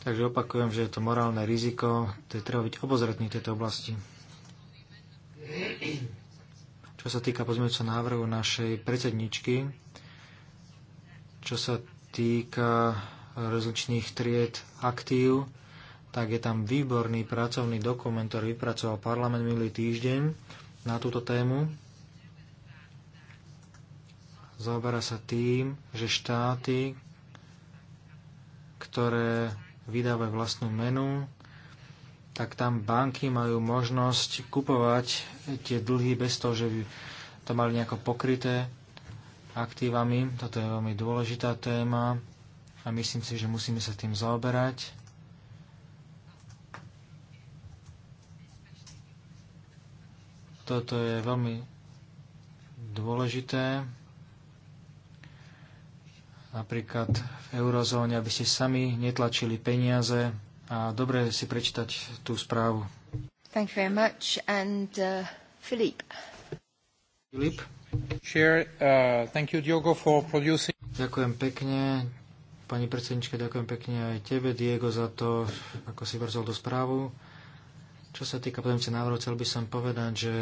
Takže opakujem, že je to morálne riziko, to je treba byť obozretný v tejto oblasti. Čo sa týka pozmeňujúceho návrhu našej predsedničky, čo sa týka rozličných tried aktív, tak je tam výborný pracovný dokument, ktorý vypracoval parlament minulý týždeň na túto tému. Zaoberá sa tým, že štáty, ktoré vydávať vlastnú menu, tak tam banky majú možnosť kupovať tie dlhy bez toho, že by to mali nejako pokryté aktívami. Toto je veľmi dôležitá téma a myslím si, že musíme sa tým zaoberať. Toto je veľmi dôležité napríklad v eurozóne, aby ste sami netlačili peniaze a dobre si prečítať tú správu. Thank you very much. And uh, Filip. Filip. Chair, uh, thank you, Diogo, for producing... Ďakujem pekne. Pani predsednička, ďakujem pekne aj tebe, Diego, za to, ako si vrzol tú správu. Čo sa týka potomce návrhu, chcel by som povedať, že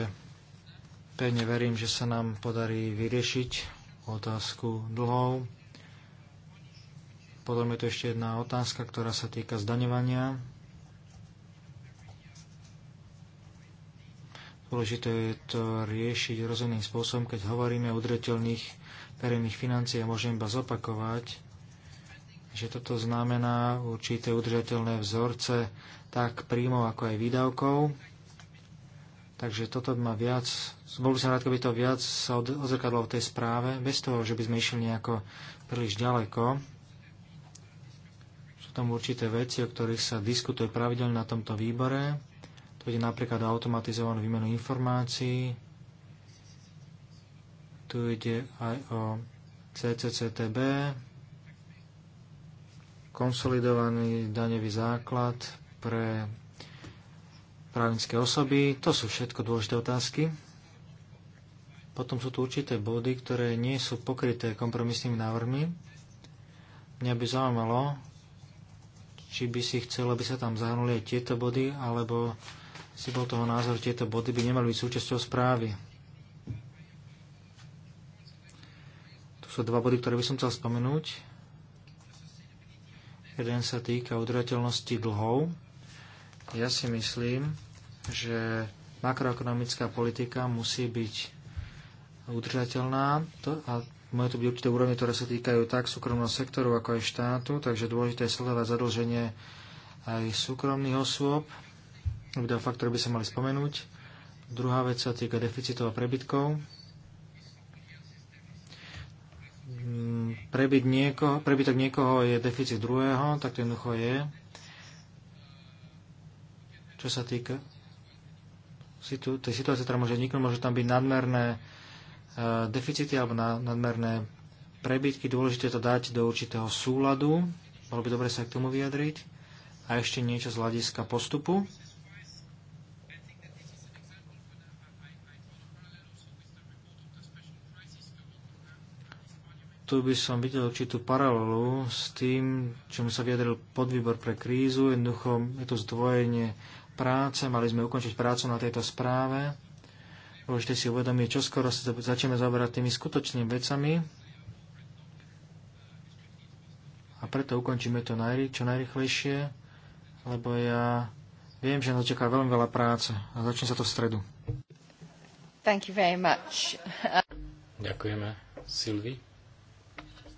pevne verím, že sa nám podarí vyriešiť otázku dlhov potom je tu ešte jedna otázka, ktorá sa týka zdaňovania. Dôležité je to riešiť rozumným spôsobom, keď hovoríme o udržateľných verejných financiách. Môžem iba zopakovať, že toto znamená určité udržateľné vzorce tak príjmov, ako aj výdavkov. Takže toto by ma viac, bol by som rád, keby to viac sa odzrkadlo v tej správe, bez toho, že by sme išli nejako príliš ďaleko tam určité veci, o ktorých sa diskutuje pravidelne na tomto výbore. To ide napríklad o automatizovanú výmenu informácií. Tu ide aj o CCCTB, konsolidovaný daňový základ pre právnické osoby. To sú všetko dôležité otázky. Potom sú tu určité body, ktoré nie sú pokryté kompromisnými návrhmi. Mňa by zaujímalo, či by si chcel, aby sa tam zahrnuli aj tieto body, alebo si bol toho názor, tieto body by nemali byť súčasťou správy. Tu sú dva body, ktoré by som chcel spomenúť. Jeden sa týka udržateľnosti dlhov. Ja si myslím, že makroekonomická politika musí byť udržateľná a majú to byť určité úrovne, ktoré sa týkajú tak súkromného sektoru, ako aj štátu, takže dôležité je sledovať zadlženie aj súkromných osôb. Dva faktory by sa mali spomenúť. Druhá vec sa týka deficitov a prebytkov. Prebyt niekoho, prebytok niekoho je deficit druhého, tak to jednoducho je. Čo sa týka tej situácie, ktorá môže vzniknúť, môže tam byť nadmerné Eh, deficity alebo nadmerné prebytky. Dôležité to dať do určitého súladu. Bolo by dobre sa k tomu vyjadriť. A ešte niečo z hľadiska postupu. tu by som videl určitú paralelu s tým, čomu sa vyjadril podvýbor pre krízu. Jednoducho je to zdvojenie práce, mali sme ukončiť prácu na tejto správe. Dôležité si uvedomiť, čo skoro sa začneme zaoberať tými skutočnými vecami a preto ukončíme to najry- čo najrychlejšie, lebo ja viem, že nás čaká veľmi veľa práce a začne sa to v stredu. Thank you very much. Ďakujeme. Sylvie?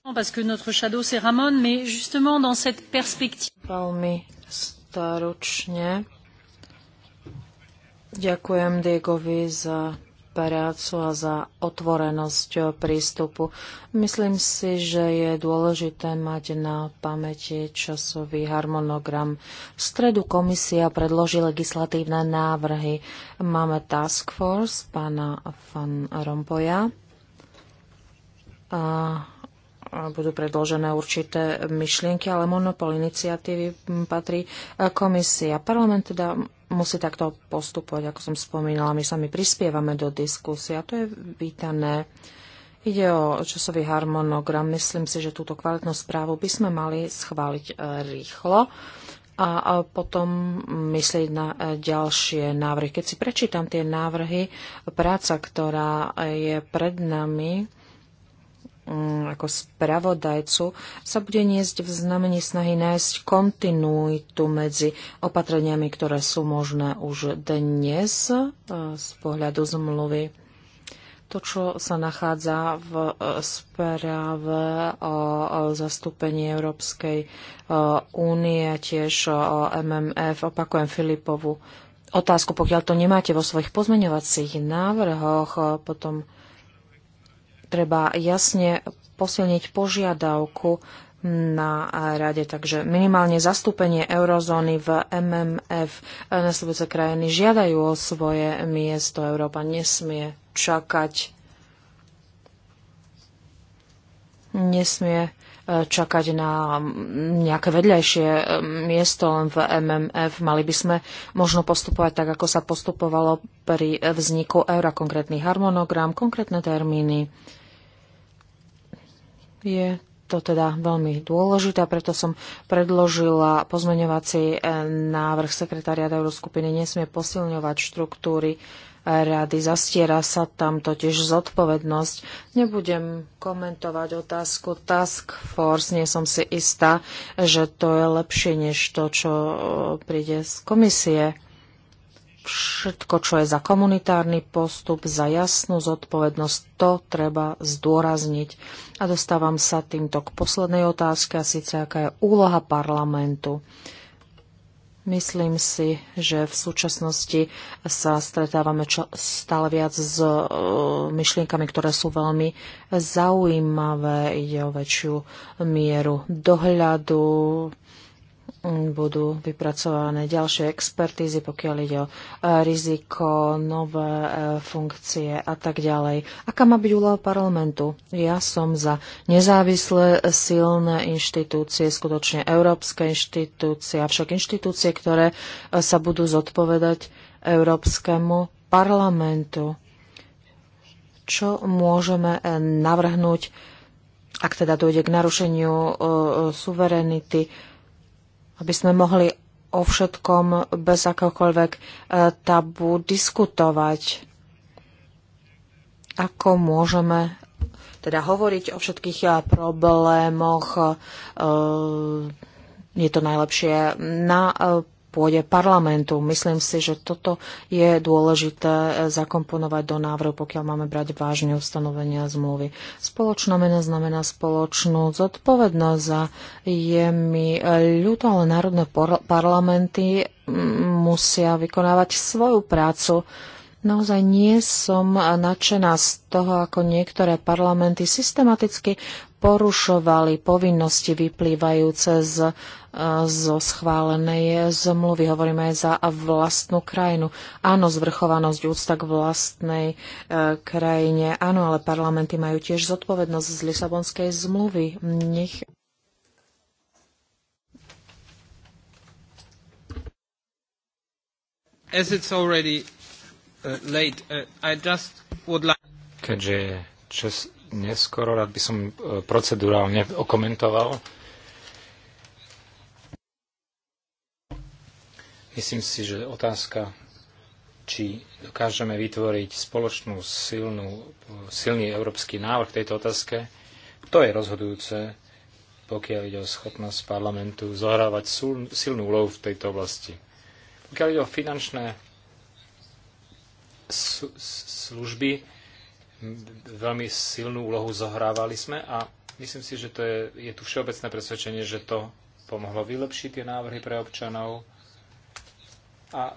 Parce que notre shadow c'est Ramon, mais justement dans cette perspective. Veľmi staročne Ďakujem Diegovi za prácu a za otvorenosť prístupu. Myslím si, že je dôležité mať na pamäti časový harmonogram. V stredu komisia predloží legislatívne návrhy. Máme task force pána Van Rompoja. A budú predložené určité myšlienky, ale monopol iniciatívy patrí komisia. Parlament teda musí takto postupovať, ako som spomínala. My sami prispievame do diskusie a to je vítané. Ide o časový harmonogram. Myslím si, že túto kvalitnú správu by sme mali schváliť e, rýchlo a potom myslieť na e, ďalšie návrhy. Keď si prečítam tie návrhy, práca, ktorá e, je pred nami, Mm, ako spravodajcu sa bude niesť v znamení snahy nájsť kontinuitu medzi opatreniami, ktoré sú možné už dnes e, z pohľadu zmluvy. To, čo sa nachádza v e, správe o zastúpení Európskej e, únie, tiež o MMF, opakujem Filipovu otázku, pokiaľ to nemáte vo svojich pozmeňovacích návrhoch, potom treba jasne posilniť požiadavku na rade. Takže minimálne zastúpenie eurozóny v MMF. Nasledujúce krajiny žiadajú o svoje miesto. Európa nesmie čakať. Nesmie e, čakať na nejaké vedľajšie e, miesto len v MMF. Mali by sme možno postupovať tak, ako sa postupovalo pri e, vzniku eura, konkrétny harmonogram, konkrétne termíny. Je to teda veľmi dôležité, preto som predložila pozmeňovací e, návrh sekretariáta Euroskupiny nesmie posilňovať štruktúry e, rady. Zastiera sa tam totiž zodpovednosť. Nebudem komentovať otázku Task Force. Nie som si istá, že to je lepšie než to, čo e, príde z komisie všetko, čo je za komunitárny postup, za jasnú zodpovednosť, to treba zdôrazniť. A dostávam sa týmto k poslednej otázke, a síce aká je úloha parlamentu. Myslím si, že v súčasnosti sa stretávame čo, stále viac s e, myšlienkami, ktoré sú veľmi zaujímavé. Ide o väčšiu mieru dohľadu, Mm, budú vypracované ďalšie expertízy, pokiaľ ide o e, riziko, nové e, funkcie a tak ďalej. Aká má byť úloha parlamentu? Ja som za nezávislé silné inštitúcie, skutočne európske inštitúcie, avšak inštitúcie, ktoré e, sa budú zodpovedať európskemu parlamentu. Čo môžeme navrhnúť, ak teda dojde k narušeniu suverenity? aby sme mohli o všetkom bez akéhokoľvek e, tabu diskutovať. Ako môžeme teda hovoriť o všetkých e, problémoch, e, je to najlepšie na pôde parlamentu. Myslím si, že toto je dôležité eh, zakomponovať do návrhu, pokiaľ máme brať vážne ustanovenia zmluvy. Spoločná mena znamená spoločnú zodpovednosť a je mi eh, ľúto, ale národné parlamenty mm, musia vykonávať svoju prácu. Naozaj nie som nadšená z toho, ako niektoré parlamenty systematicky porušovali povinnosti vyplývajúce z e, zo schválenej zmluvy. Hovoríme aj za vlastnú krajinu. Áno, zvrchovanosť úcta k vlastnej e, krajine. Áno, ale parlamenty majú tiež zodpovednosť z Lisabonskej zmluvy. Nech As it's already uh, late, uh, I just would like... Keďže čas, neskoro, rád by som e, procedurálne okomentoval. Myslím si, že otázka, či dokážeme vytvoriť spoločnú silnú, silný európsky návrh tejto otázke, to je rozhodujúce, pokiaľ ide o schopnosť parlamentu zohrávať silnú úlohu v tejto oblasti. Pokiaľ ide o finančné služby, veľmi silnú úlohu zohrávali sme a myslím si, že to je, je tu všeobecné presvedčenie, že to pomohlo vylepšiť tie návrhy pre občanov a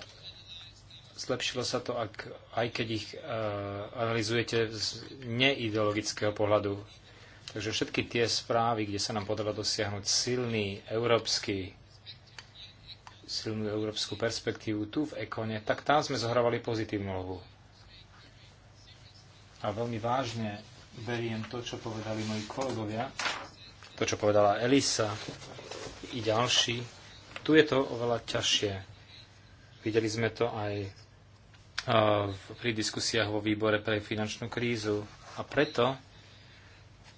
zlepšilo sa to, ak, aj keď ich uh, analizujete z neideologického pohľadu. Takže všetky tie správy, kde sa nám podarilo dosiahnuť silný európsky silnú európsku perspektívu tu v Ekone, tak tam sme zohrávali pozitívnu lohu a veľmi vážne beriem to, čo povedali moji kolegovia, to, čo povedala Elisa i ďalší, tu je to oveľa ťažšie. Videli sme to aj e, pri diskusiách vo výbore pre finančnú krízu. A preto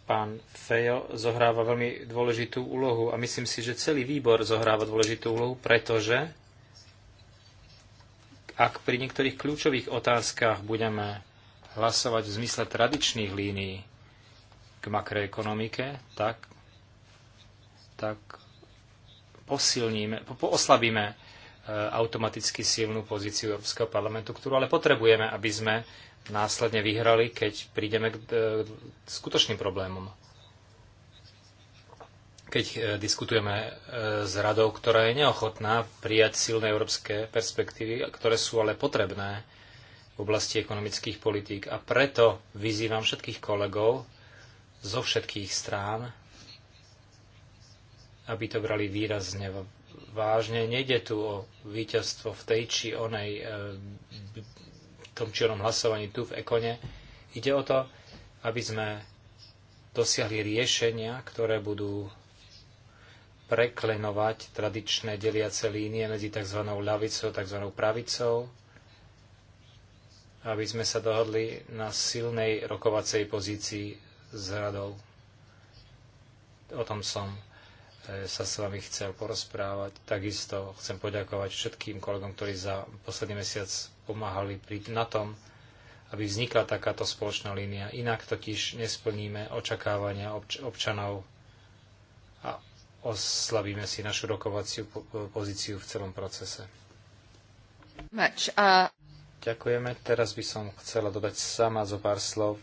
pán Fejo zohráva veľmi dôležitú úlohu a myslím si, že celý výbor zohráva dôležitú úlohu, pretože ak pri niektorých kľúčových otázkach budeme hlasovať v zmysle tradičných línií k makroekonomike, tak, tak posilníme, po, oslabíme e, automaticky silnú pozíciu Európskeho parlamentu, ktorú ale potrebujeme, aby sme následne vyhrali, keď prídeme k e, skutočným problémom. Keď e, diskutujeme e, s radou, ktorá je neochotná prijať silné európske perspektívy, ktoré sú ale potrebné, v oblasti ekonomických politík. A preto vyzývam všetkých kolegov zo všetkých strán, aby to brali výrazne vážne. Nejde tu o víťazstvo v tej či onej v e, tom či onom hlasovaní tu v Ekone. Ide o to, aby sme dosiahli riešenia, ktoré budú preklenovať tradičné deliace línie medzi tzv. ľavicou a tzv. pravicou, aby sme sa dohodli na silnej rokovacej pozícii s radou. O tom som e, sa s vami chcel porozprávať. Takisto chcem poďakovať všetkým kolegom, ktorí za posledný mesiac pomáhali pri, na tom, aby vznikla takáto spoločná línia. Inak totiž nesplníme očakávania obč- občanov a oslabíme si našu rokovaciu po- pozíciu v celom procese. Much, uh... Ďakujeme. Teraz by som chcela dodať sama zo pár slov.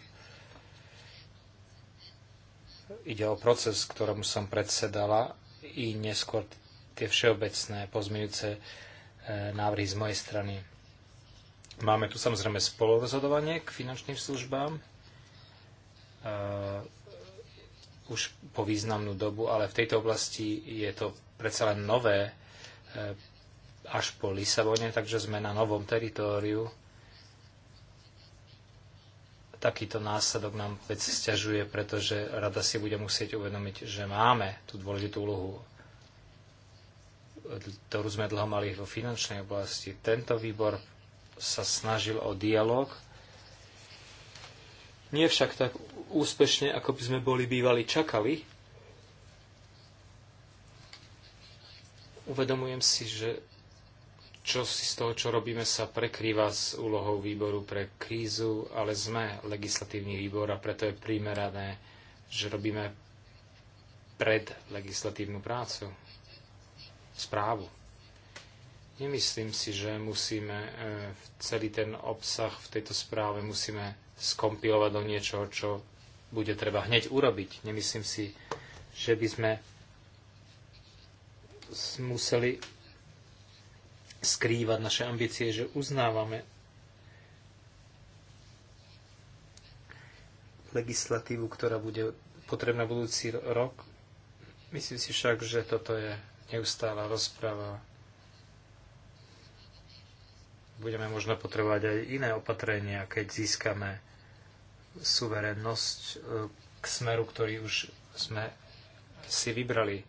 Ide o proces, ktorému som predsedala i neskôr tie všeobecné pozmeňujúce e, návrhy z mojej strany. Máme tu samozrejme spolurozhodovanie k finančným službám. E, už po významnú dobu, ale v tejto oblasti je to predsa len nové e, až po Lisabone, takže sme na novom teritóriu. Takýto následok nám vec stiažuje, pretože rada si bude musieť uvedomiť, že máme tú dôležitú úlohu, ktorú sme dlho mali vo finančnej oblasti. Tento výbor sa snažil o dialog, nie však tak úspešne, ako by sme boli bývali čakali. Uvedomujem si, že čo si z toho, čo robíme, sa prekrýva s úlohou výboru pre krízu, ale sme legislatívny výbor a preto je primerané, že robíme pred legislatívnu prácu, správu. Nemyslím si, že musíme e, celý ten obsah v tejto správe musíme skompilovať do niečoho, čo bude treba hneď urobiť. Nemyslím si, že by sme museli skrývať naše ambície, že uznávame legislatívu, ktorá bude potrebná budúci rok. Myslím si však, že toto je neustála rozpráva. Budeme možno potrebovať aj iné opatrenia, keď získame suverennosť e, k smeru, ktorý už sme si vybrali.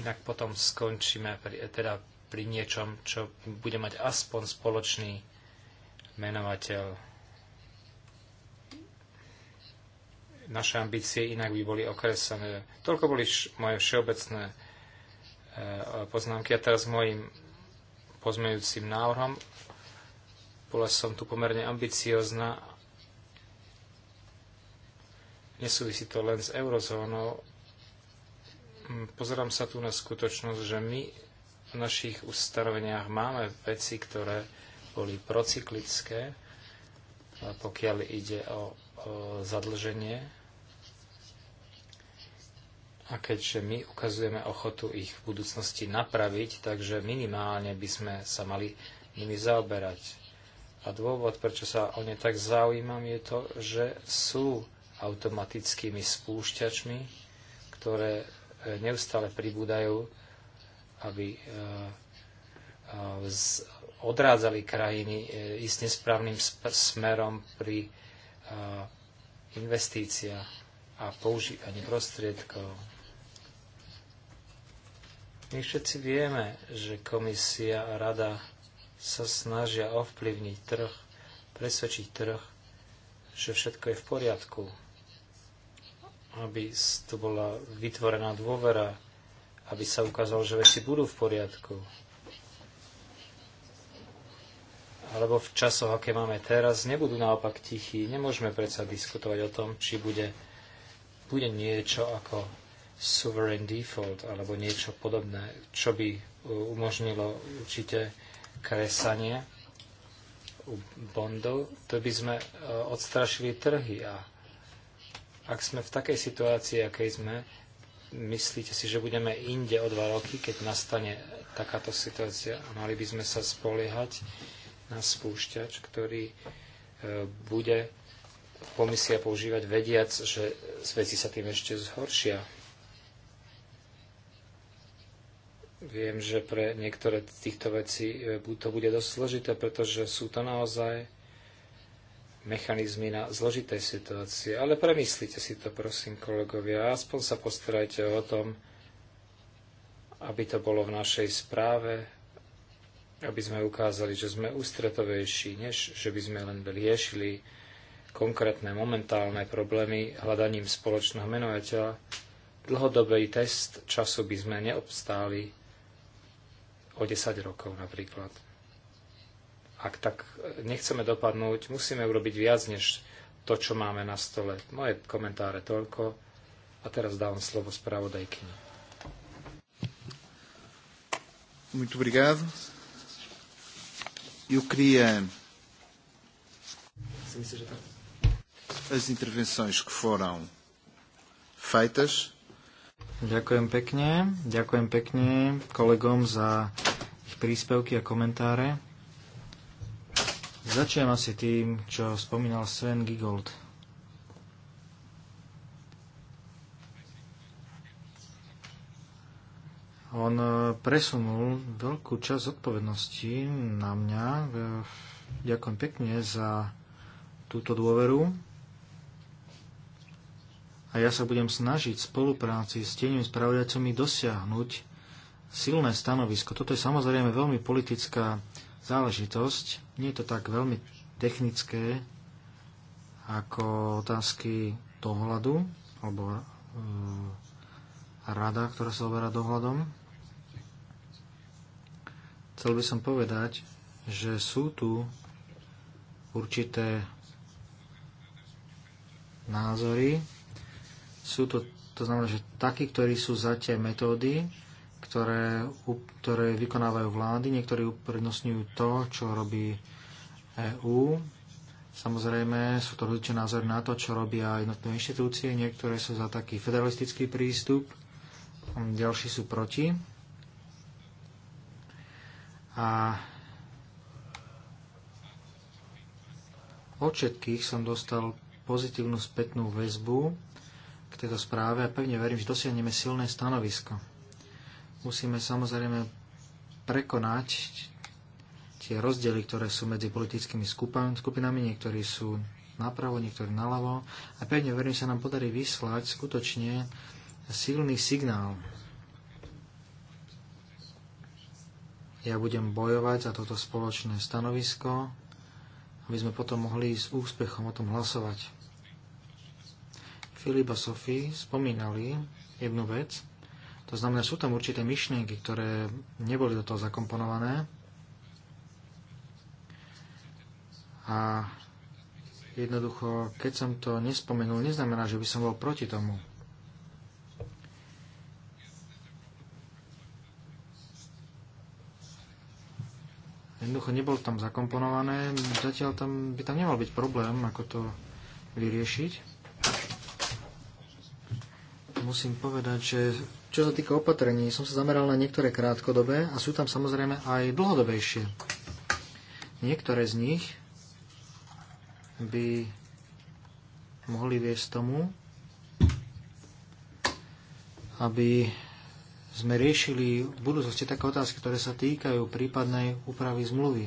Inak potom skončíme, teda pri niečom, čo bude mať aspoň spoločný menovateľ. Naše ambície inak by boli okresané. Toľko boli moje všeobecné eh, poznámky. A teraz mojim pozmejúcim návrhom. Bola som tu pomerne ambiciozna. Nesúvisí to len s eurozónou. Hm, pozerám sa tu na skutočnosť, že my v našich ustanoveniach máme veci, ktoré boli procyklické, pokiaľ ide o, o zadlženie. A keďže my ukazujeme ochotu ich v budúcnosti napraviť, takže minimálne by sme sa mali nimi zaoberať. A dôvod, prečo sa o ne tak zaujímam, je to, že sú automatickými spúšťačmi, ktoré e, neustále pribúdajú aby e, e, odrádzali krajiny e, ísť nesprávnym smerom pri investíciách a používaní prostriedkov. My všetci vieme, že komisia a rada sa snažia ovplyvniť trh, presvedčiť trh, že všetko je v poriadku, aby tu bola vytvorená dôvera aby sa ukázalo, že veci budú v poriadku. Alebo v časoch, aké máme teraz, nebudú naopak tichí. Nemôžeme predsa diskutovať o tom, či bude, bude niečo ako sovereign default alebo niečo podobné, čo by e, umožnilo určite kresanie bondov, to by sme e, odstrašili trhy a ak sme v takej situácii, akej sme, Myslíte si, že budeme inde o dva roky, keď nastane takáto situácia a mali by sme sa spoliehať na spúšťač, ktorý e, bude komisia používať vediac, že veci sa tým ešte zhoršia. Viem, že pre niektoré z týchto vecí e, to bude dosť zložité, pretože sú to naozaj mechanizmy na zložité situácie. Ale premyslite si to, prosím, kolegovia. Aspoň sa postarajte o tom, aby to bolo v našej správe, aby sme ukázali, že sme ústretovejší, než že by sme len riešili konkrétne momentálne problémy hľadaním spoločného menovateľa. Dlhodobý test času by sme neobstáli o 10 rokov napríklad ak tak nechceme dopadnúť, musíme urobiť viac než to, čo máme na stole. Moje komentáre toľko a teraz dávam slovo spravodajkyni. Muito obrigado. Eu queria as intervenções que foram feitas. Ďakujem pekne, ďakujem pekne kolegom za ich príspevky a komentáre. Začnem asi tým, čo spomínal Sven Gigold. On e, presunul veľkú časť odpovednosti na mňa. E, ďakujem pekne za túto dôveru. A ja sa budem snažiť v spolupráci s tieňmi spravodajcami dosiahnuť silné stanovisko. Toto je samozrejme veľmi politická záležitosť. Nie je to tak veľmi technické ako otázky dohľadu alebo e, rada, ktorá sa oberá dohľadom. Chcel by som povedať, že sú tu určité názory. Sú to, to znamená, že takí, ktorí sú za tie metódy, ktoré, ktoré vykonávajú vlády. Niektorí uprednostňujú to, čo robí EÚ. Samozrejme sú to rozličné názory na to, čo robia jednotné inštitúcie. Niektoré sú za taký federalistický prístup, ďalší sú proti. A od všetkých som dostal pozitívnu spätnú väzbu k tejto správe a pevne verím, že dosiahneme silné stanovisko. Musíme samozrejme prekonať tie rozdiely, ktoré sú medzi politickými skupinami. Niektorí sú napravo, niektorí naľavo. A pevne verím, sa nám podarí vyslať skutočne silný signál. Ja budem bojovať za toto spoločné stanovisko, aby sme potom mohli s úspechom o tom hlasovať. Filip a Sophie spomínali jednu vec, to znamená, sú tam určité myšlienky, ktoré neboli do toho zakomponované. A jednoducho, keď som to nespomenul, neznamená, že by som bol proti tomu. Jednoducho nebol tam zakomponované, zatiaľ tam by tam nemal byť problém, ako to vyriešiť. Musím povedať, že čo sa týka opatrení, som sa zameral na niektoré krátkodobé a sú tam samozrejme aj dlhodobejšie. Niektoré z nich by mohli viesť tomu, aby sme riešili v budúcnosti také otázky, ktoré sa týkajú prípadnej úpravy zmluvy.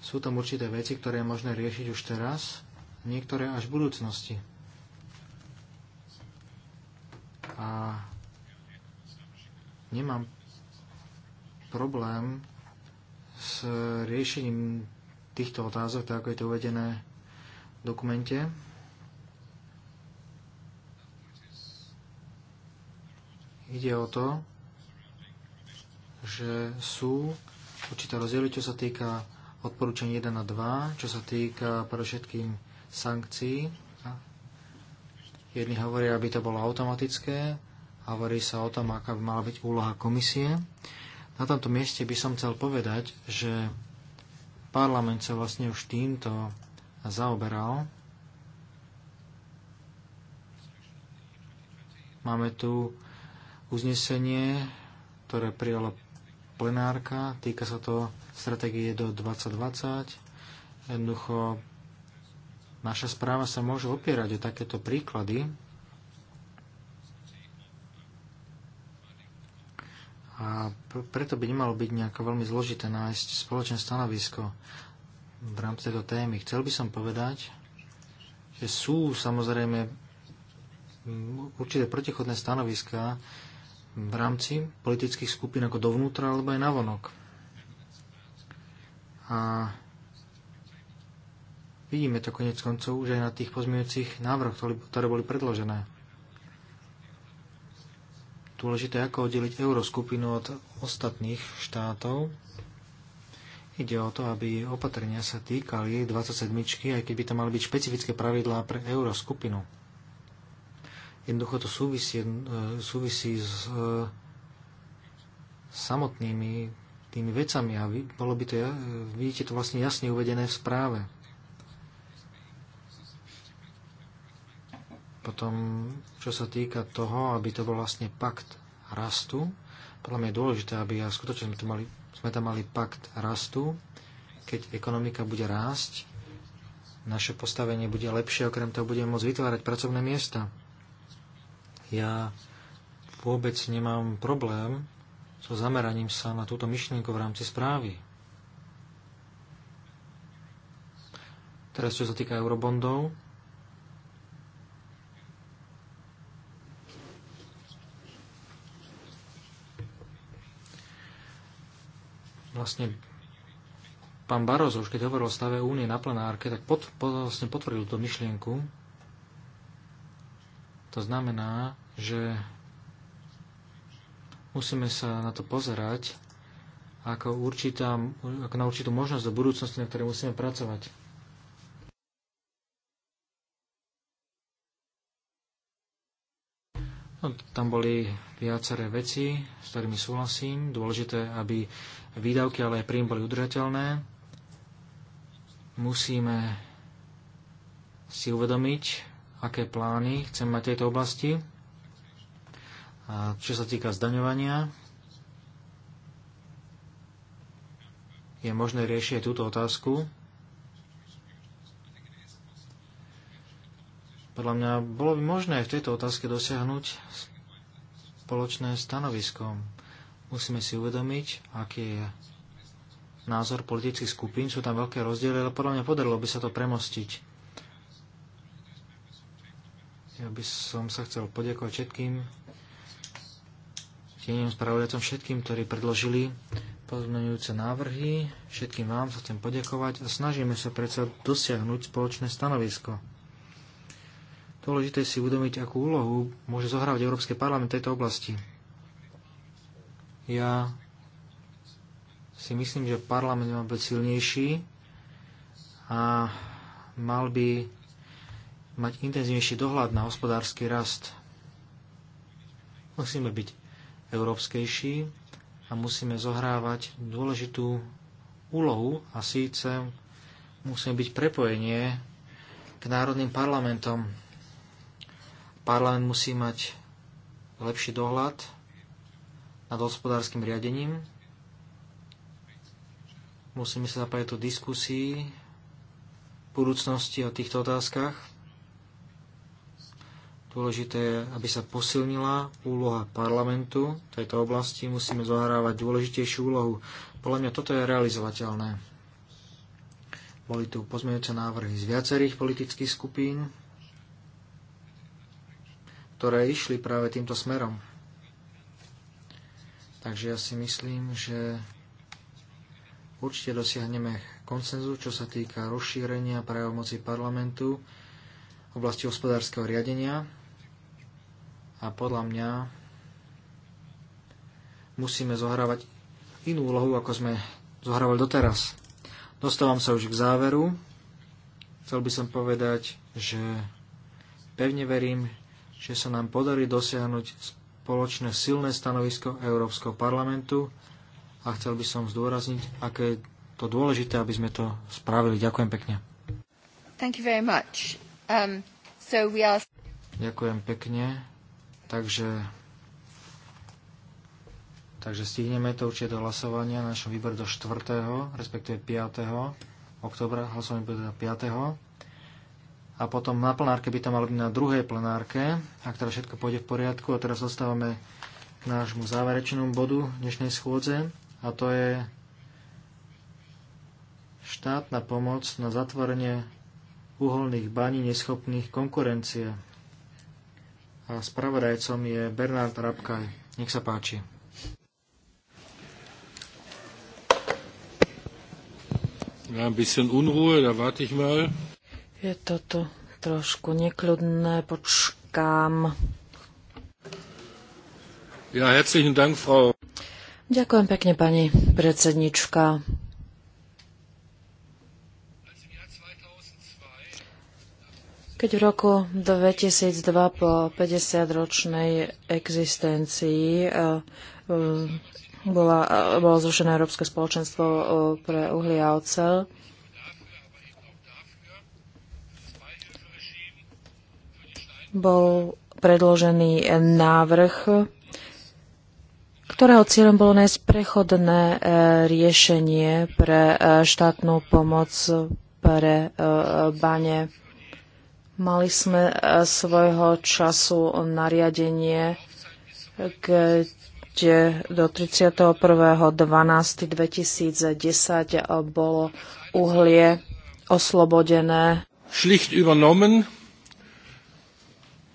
Sú tam určité veci, ktoré je možné riešiť už teraz, niektoré až v budúcnosti a nemám problém s riešením týchto otázok, tak ako je to uvedené v dokumente. Ide o to, že sú určité rozdiely, čo sa týka odporúčania 1 a 2, čo sa týka predovšetkým sankcií Jedni hovoria, aby to bolo automatické, hovorí sa o tom, aká by mala byť úloha komisie. Na tomto mieste by som chcel povedať, že parlament sa vlastne už týmto zaoberal. Máme tu uznesenie, ktoré prijala plenárka, týka sa to stratégie do 2020. Jednoducho naša správa sa môže opierať o takéto príklady. A preto by nemalo byť nejako veľmi zložité nájsť spoločné stanovisko v rámci tejto témy. Chcel by som povedať, že sú samozrejme určité protichodné stanoviská v rámci politických skupín ako dovnútra alebo aj navonok. A Vidíme to konec koncov už aj na tých pozmeňujúcich návrhoch, ktoré boli predložené. Dôležité je, ako oddeliť euroskupinu od ostatných štátov. Ide o to, aby opatrenia sa týkali 27, aj keby to mali byť špecifické pravidlá pre euroskupinu. Jednoducho to súvisí, eh, súvisí s eh, samotnými tými vecami a bolo by to, eh, vidíte to vlastne jasne uvedené v správe. Potom, čo sa týka toho, aby to bol vlastne pakt rastu, podľa mňa je dôležité, aby a skutočne sme, mali, sme tam mali pakt rastu. Keď ekonomika bude rásť, naše postavenie bude lepšie, okrem toho budeme môcť vytvárať pracovné miesta. Ja vôbec nemám problém so zameraním sa na túto myšlienku v rámci správy. Teraz, čo sa týka eurobondov, vlastne pán Barozo, už keď hovoril o stave únie na plenárke, tak pod, pod, vlastne potvrdil tú myšlienku. To znamená, že musíme sa na to pozerať ako, určitá, ako na určitú možnosť do budúcnosti, na ktorej musíme pracovať. No, tam boli viaceré veci, s ktorými súhlasím. Dôležité, aby výdavky, ale aj príjmy boli udržateľné. Musíme si uvedomiť, aké plány chceme mať v tejto oblasti. A čo sa týka zdaňovania, je možné riešiť túto otázku Podľa mňa bolo by možné v tejto otázke dosiahnuť spoločné stanovisko. Musíme si uvedomiť, aký je názor politických skupín. Sú tam veľké rozdiely, ale podľa mňa podarilo by sa to premostiť. Ja by som sa chcel poďakovať všetkým tieňom spravodajcom, všetkým, ktorí predložili pozmeňujúce návrhy. Všetkým vám sa chcem poďakovať a snažíme sa predsa dosiahnuť spoločné stanovisko. Dôležité si uvedomiť, akú úlohu môže zohrávať Európsky parlament v tejto oblasti. Ja si myslím, že parlament má byť silnejší a mal by mať intenzívnejší dohľad na hospodársky rast. Musíme byť európskejší a musíme zohrávať dôležitú úlohu a síce musíme byť prepojenie k národným parlamentom Parlament musí mať lepší dohľad nad hospodárskym riadením. Musíme sa zapájať do diskusii v budúcnosti o týchto otázkach. Dôležité je, aby sa posilnila úloha parlamentu v tejto oblasti. Musíme zohrávať dôležitejšiu úlohu. Podľa mňa toto je realizovateľné. Boli tu pozmeňujúce návrhy z viacerých politických skupín ktoré išli práve týmto smerom. Takže ja si myslím, že určite dosiahneme koncenzu, čo sa týka rozšírenia právomoci parlamentu v oblasti hospodárskeho riadenia. A podľa mňa musíme zohrávať inú úlohu, ako sme zohrávali doteraz. Dostávam sa už k záveru. Chcel by som povedať, že pevne verím, že sa nám podarí dosiahnuť spoločné silné stanovisko Európskeho parlamentu a chcel by som zdôrazniť, aké je to dôležité, aby sme to spravili. Ďakujem pekne. Thank you very much. Um, so we are... Ďakujem pekne. Takže, takže stihneme to určite do hlasovania našom výbor do 4., respektíve 5. oktobra, hlasovanie bude teda 5 a potom na plenárke by to malo byť na druhej plenárke, ak teda všetko pôjde v poriadku. A teraz zostávame k nášmu záverečnému bodu dnešnej schôdze a to je štátna pomoc na zatvorenie uholných baní neschopných konkurencie. A spravodajcom je Bernard Rabkaj. Nech sa páči. Ja, ein bisschen Unruhe, da warte ich mal. Je toto trošku nekľudné, počkám. Ja, herzlichen Dank, Frau. Ďakujem pekne, pani predsednička. Keď v roku 2002 po 50-ročnej existencii eh, eh, bola, eh, bolo zrušené Európske spoločenstvo pre uhlie a ocel, bol predložený návrh, ktorého cieľom bolo nájsť prechodné e, riešenie pre e, štátnu pomoc pre e, bane. Mali sme svojho času nariadenie, kde do 31.12.2010 bolo uhlie oslobodené. Schlicht übernommen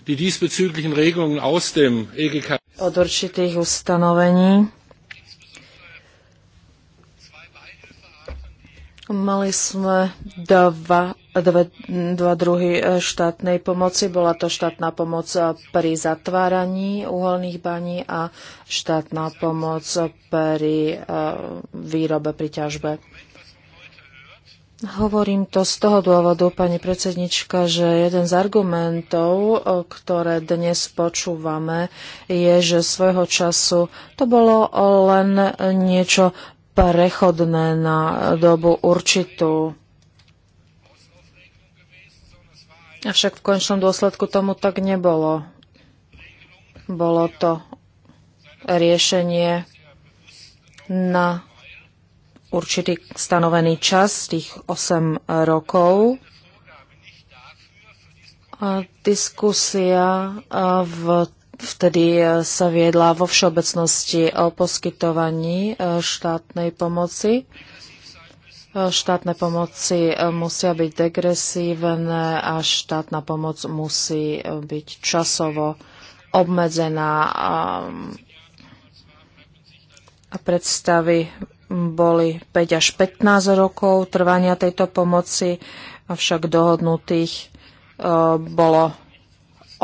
die diesbezüglichen Regelungen aus dem EGK od určitých ustanovení. Mali sme dva, dva, dva druhy e, štátnej pomoci. Bola to štátna pomoc e, pri zatváraní uholných baní a štátna pomoc e, pri výrobe, pri ťažbe. Hovorím to z toho dôvodu, pani predsednička, že jeden z argumentov, ktoré dnes počúvame, je, že svojho času to bolo len niečo prechodné na dobu určitú. Avšak v končnom dôsledku tomu tak nebolo. Bolo to riešenie na určitý stanovený čas, tých 8 rokov. A diskusia v Vtedy e, sa viedla vo všeobecnosti o poskytovaní e, štátnej pomoci. E, štátne pomoci musia byť degresívne a štátna pomoc musí byť časovo obmedzená a, a predstavy boli 5 až 15 rokov trvania tejto pomoci, avšak dohodnutých e, bolo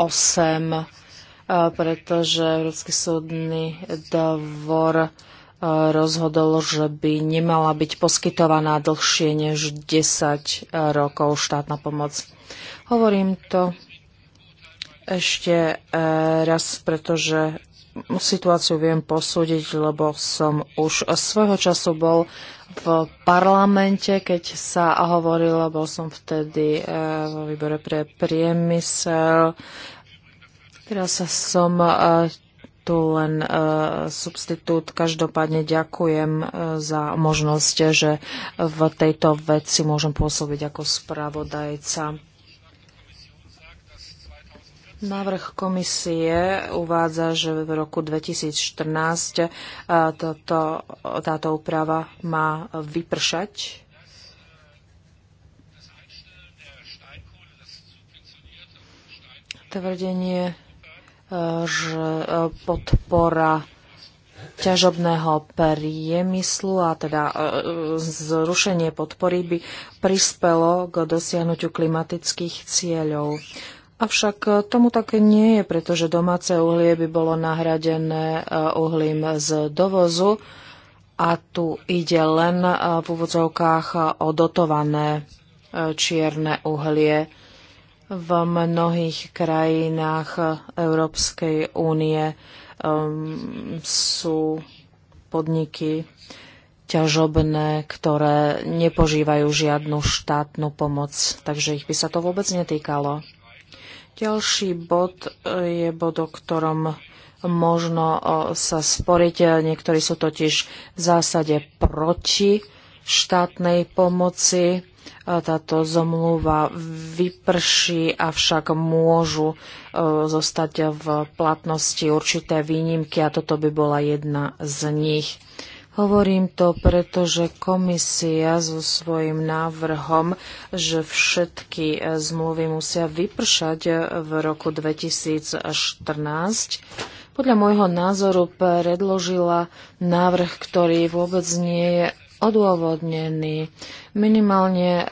8, e, pretože Európsky súdny dvor e, rozhodol, že by nemala byť poskytovaná dlhšie než 10 rokov štátna pomoc. Hovorím to ešte raz, pretože situáciu viem posúdiť, lebo som už svojho času bol v parlamente, keď sa hovorilo, bol som vtedy eh, vo výbore pre priemysel. Teraz som eh, tu len uh, substitút. Každopádne ďakujem uh, za možnosť, že v tejto veci môžem pôsobiť ako spravodajca. Návrh komisie uvádza, že v roku 2014 e, toto, táto úprava má vypršať. Tvrdenie, e, že e, podpora ťažobného priemyslu a teda zrušenie podpory by prispelo k dosiahnutiu klimatických cieľov. Avšak e, tomu tak nie je, pretože domáce uhlie by bolo nahradené e, uhlím z dovozu a tu ide len e, v úvodzovkách o dotované čierne uhlie. V mnohých krajinách Európskej únie um, sú podniky ťažobné, ktoré nepožívajú žiadnu štátnu pomoc, takže ich by sa to vôbec netýkalo. Ďalší bod eh, je bod, o ktorom možno eh, sa sporiť. Eh, niektorí sú totiž v zásade proti štátnej pomoci. Táto zomluva vyprší, avšak môžu zostať v platnosti určité výnimky a toto by bola jedna z nich. Hovorím to, pretože komisia so svojím návrhom, že všetky e, zmluvy musia vypršať e, v roku 2014, podľa môjho názoru predložila návrh, ktorý vôbec nie je odôvodnený. Minimálne e,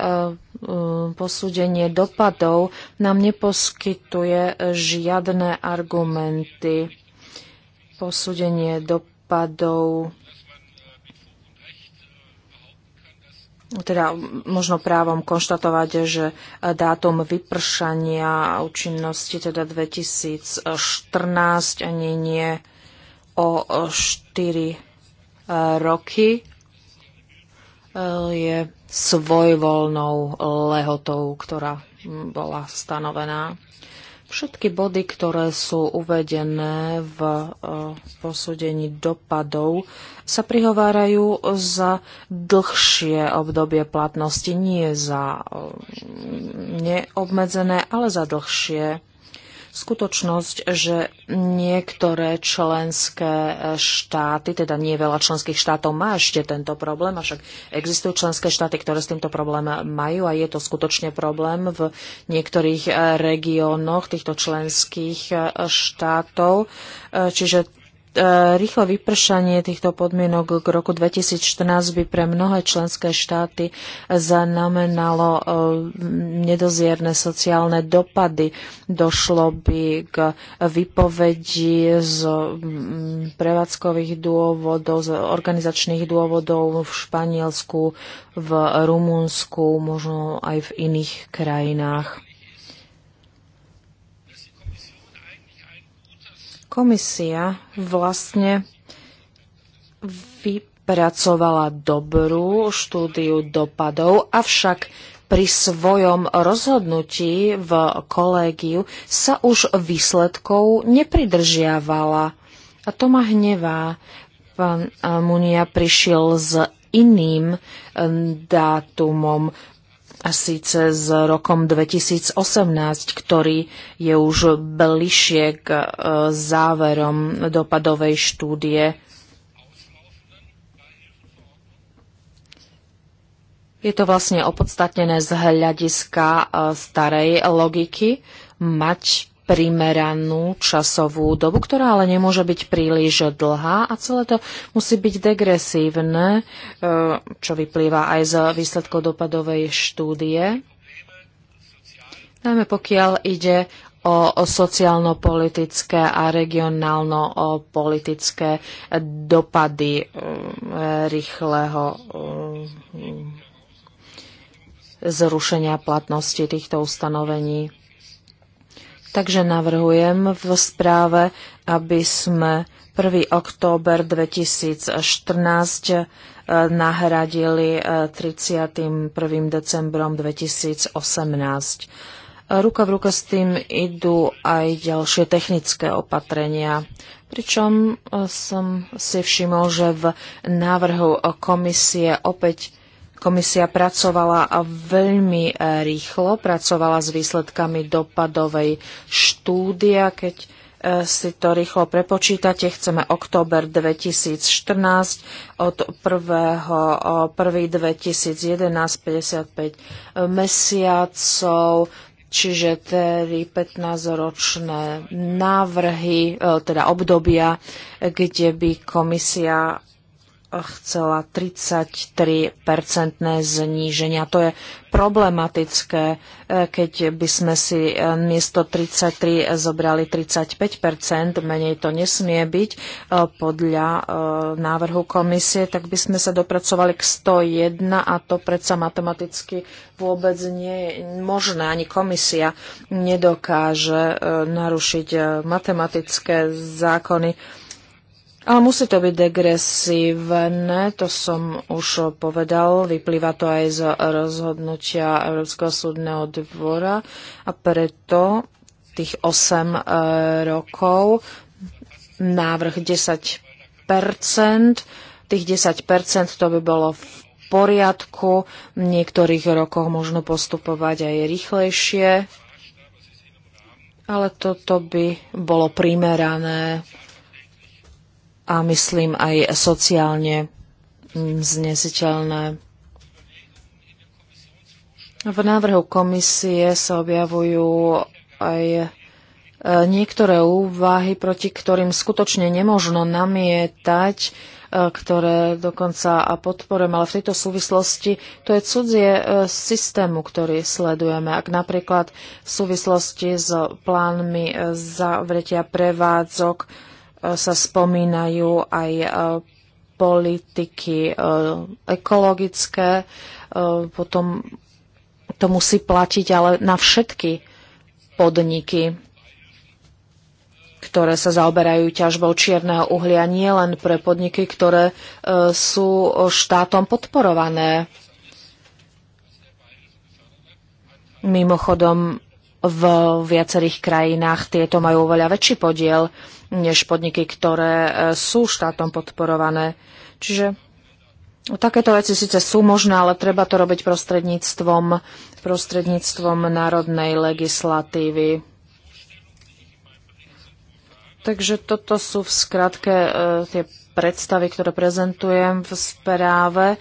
posúdenie dopadov nám neposkytuje žiadne argumenty. Posúdenie dopadov teda možno právom konštatovať, že dátum vypršania účinnosti teda 2014 ani nie o 4 e, roky e, je svojvoľnou lehotou, ktorá bola stanovená. Všetky body, ktoré sú uvedené v e, posúdení dopadov, sa prihovárajú za dlhšie obdobie platnosti, nie za e, neobmedzené, ale za dlhšie skutočnosť, že niektoré členské štáty, teda nie veľa členských štátov má ešte tento problém, avšak existujú členské štáty, ktoré s týmto problém majú a je to skutočne problém v niektorých regiónoch týchto členských štátov. Čiže E, rýchle vypršanie týchto podmienok k roku 2014 by pre mnohé členské štáty znamenalo e, nedozierne sociálne dopady. Došlo by k vypovedi z prevádzkových dôvodov, z organizačných dôvodov v Španielsku, v Rumunsku, možno aj v iných krajinách. Komisia vlastne vypracovala dobrú štúdiu dopadov, avšak pri svojom rozhodnutí v kolégiu sa už výsledkov nepridržiavala. A to ma hnevá. Pán Munia prišiel s iným eh, dátumom a síce s rokom 2018, ktorý je už bližšie k e, záverom dopadovej štúdie. Je to vlastne opodstatnené z hľadiska e, starej logiky mať primeranú časovú dobu, ktorá ale nemôže byť príliš dlhá a celé to musí byť degresívne, e, čo vyplýva aj z výsledkov dopadovej štúdie. Najmä pokiaľ ide o sociálno-politické a regionálno-politické dopady e, rýchleho e, zrušenia platnosti týchto ustanovení. Takže navrhujem v správe, aby sme 1. október 2014 eh, nahradili 31. Eh, decembrom 2018. Eh, ruka v ruka s tým idú aj ďalšie technické opatrenia. Pričom som si všimol, že v návrhu komisie opäť Komisia pracovala veľmi e, rýchlo, pracovala s výsledkami dopadovej štúdia, keď e, si to rýchlo prepočítate. Chceme október 2014 od 1. 1. 2011 55 mesiacov čiže 3 15-ročné návrhy, e, teda obdobia, kde by komisia chcela 33-percentné zníženia. To je problematické, e, keď by sme si e, miesto 33 zobrali 35 menej to nesmie byť e, podľa návrhu komisie, tak by sme sa dopracovali k 101 a to predsa matematicky vôbec nie je možné. Ani komisia nedokáže narušiť matematické zákony ale musí to byť degresívne, to som už povedal, vyplýva to aj z rozhodnutia Európskeho súdneho dvora a preto tých 8 e, rokov návrh 10 tých 10 to by bolo v poriadku, v niektorých rokoch možno postupovať aj rýchlejšie, ale toto by bolo primerané a myslím aj sociálne znesiteľné. V návrhu komisie sa objavujú aj e, niektoré úvahy, proti ktorým skutočne nemožno namietať, e, ktoré dokonca a podporujem, ale v tejto súvislosti to je cudzie e, systému, ktorý sledujeme. Ak napríklad v súvislosti s plánmi zavretia prevádzok sa spomínajú aj e, politiky e, ekologické, e, potom to musí platiť ale na všetky podniky, ktoré sa zaoberajú ťažbou čierneho uhlia, nie len pre podniky, ktoré sú štátom podporované. Mimochodom, v viacerých krajinách tieto majú oveľa väčší podiel než podniky, ktoré e, sú štátom podporované. Čiže takéto veci síce sú možné, ale treba to robiť prostredníctvom, prostredníctvom národnej legislatívy. Takže toto sú v skratke e, tie predstavy, ktoré prezentujem v správe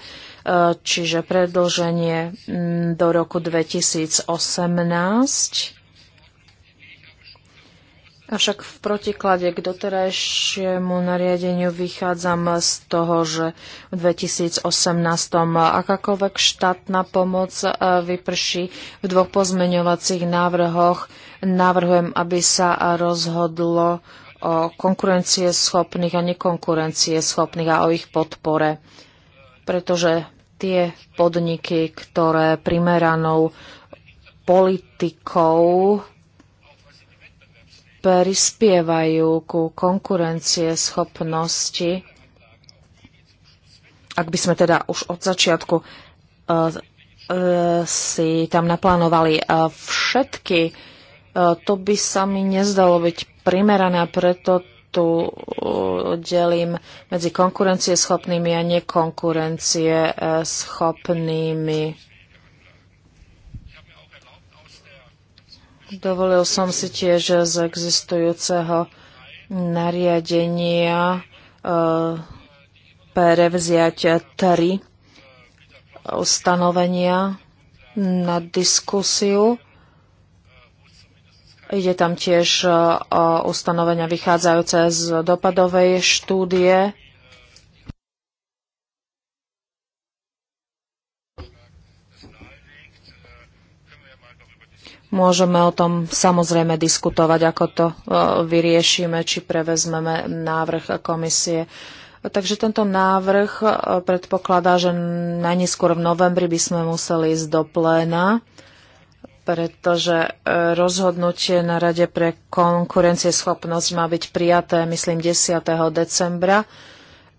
čiže predlženie mm, do roku 2018. Avšak v protiklade k doterajšiemu nariadeniu vychádzam z toho, že v 2018 akákoľvek štátna pomoc e, vyprší v dvoch pozmeňovacích návrhoch. Navrhujem, aby sa rozhodlo o konkurencieschopných a nekonkurencieschopných a o ich podpore pretože tie podniky, ktoré primeranou politikou prispievajú ku konkurencie schopnosti, ak by sme teda už od začiatku uh, uh, si tam naplánovali uh, všetky, to by sa mi nezdalo byť primerané preto tu eh, delím medzi konkurencieschopnými a nekonkurencieschopnými. Dovolil som si tiež z existujúceho nariadenia eh, prevziať tri ustanovenia na diskusiu Ide tam tiež e, o ustanovenia vychádzajúce z dopadovej štúdie. Môžeme o tom samozrejme diskutovať, ako to e, vyriešime, či prevezmeme návrh komisie. Takže tento návrh e, predpokladá, že najneskôr v novembri by sme museli ísť do pléna pretože e, rozhodnutie na Rade pre konkurencieschopnosť má byť prijaté, myslím, 10. decembra.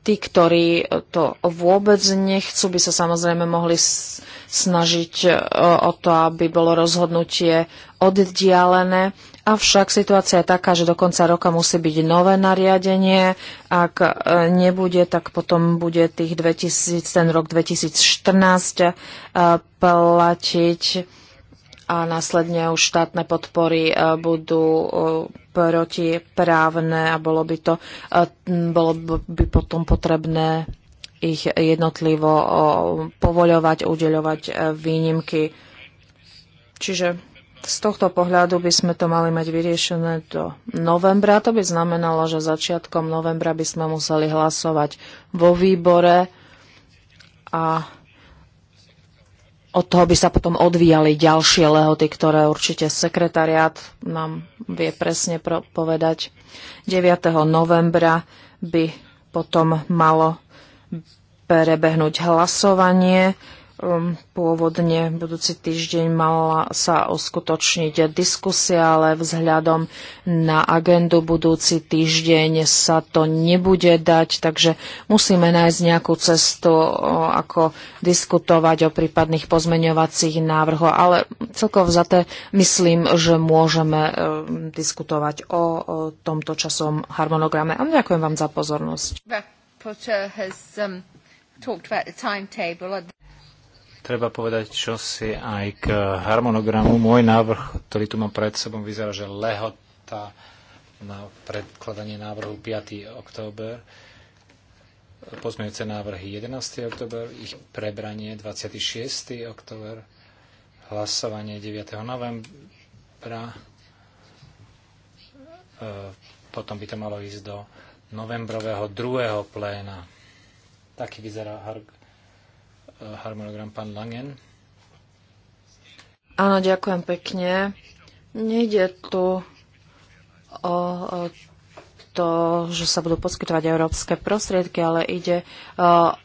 Tí, ktorí to vôbec nechcú, by sa samozrejme mohli snažiť e, o to, aby bolo rozhodnutie oddialené. Avšak situácia je taká, že do konca roka musí byť nové nariadenie. Ak e, nebude, tak potom bude tých 2000, ten rok 2014 platiť a následne už štátne podpory e, budú e, protiprávne a bolo by, to, e, bolo by potom potrebné ich jednotlivo povoľovať, udeľovať výnimky. Čiže z tohto pohľadu by sme to mali mať vyriešené do novembra. To by znamenalo, že začiatkom novembra by sme museli hlasovať vo výbore a od toho by sa potom odvíjali ďalšie lehoty, ktoré určite sekretariát nám vie presne povedať. 9. novembra by potom malo prebehnúť hlasovanie. Ehm, pôvodne budúci týždeň mala sa uskutočniť diskusia, ale vzhľadom na agendu budúci týždeň sa to nebude dať, takže musíme nájsť nejakú cestu, ako diskutovať o prípadných pozmeňovacích návrhoch, ale celkovo za to myslím, že môžeme ehm, diskutovať o tomto časom harmonograme. A ďakujem vám za pozornosť. Ehm, talked about the timetable. Treba povedať, čo si aj k harmonogramu. Môj návrh, ktorý tu mám pred sebou, vyzerá, že lehota na predkladanie návrhu 5. október, pozmeňujúce návrhy 11. október, ich prebranie 26. október, hlasovanie 9. novembra, e, potom by to malo ísť do novembrového druhého pléna. Taký vyzerá harmonogram harmonogram pán Langen. Áno, ďakujem pekne. Nejde tu o to, že sa budú poskytovať európske prostriedky, ale ide e,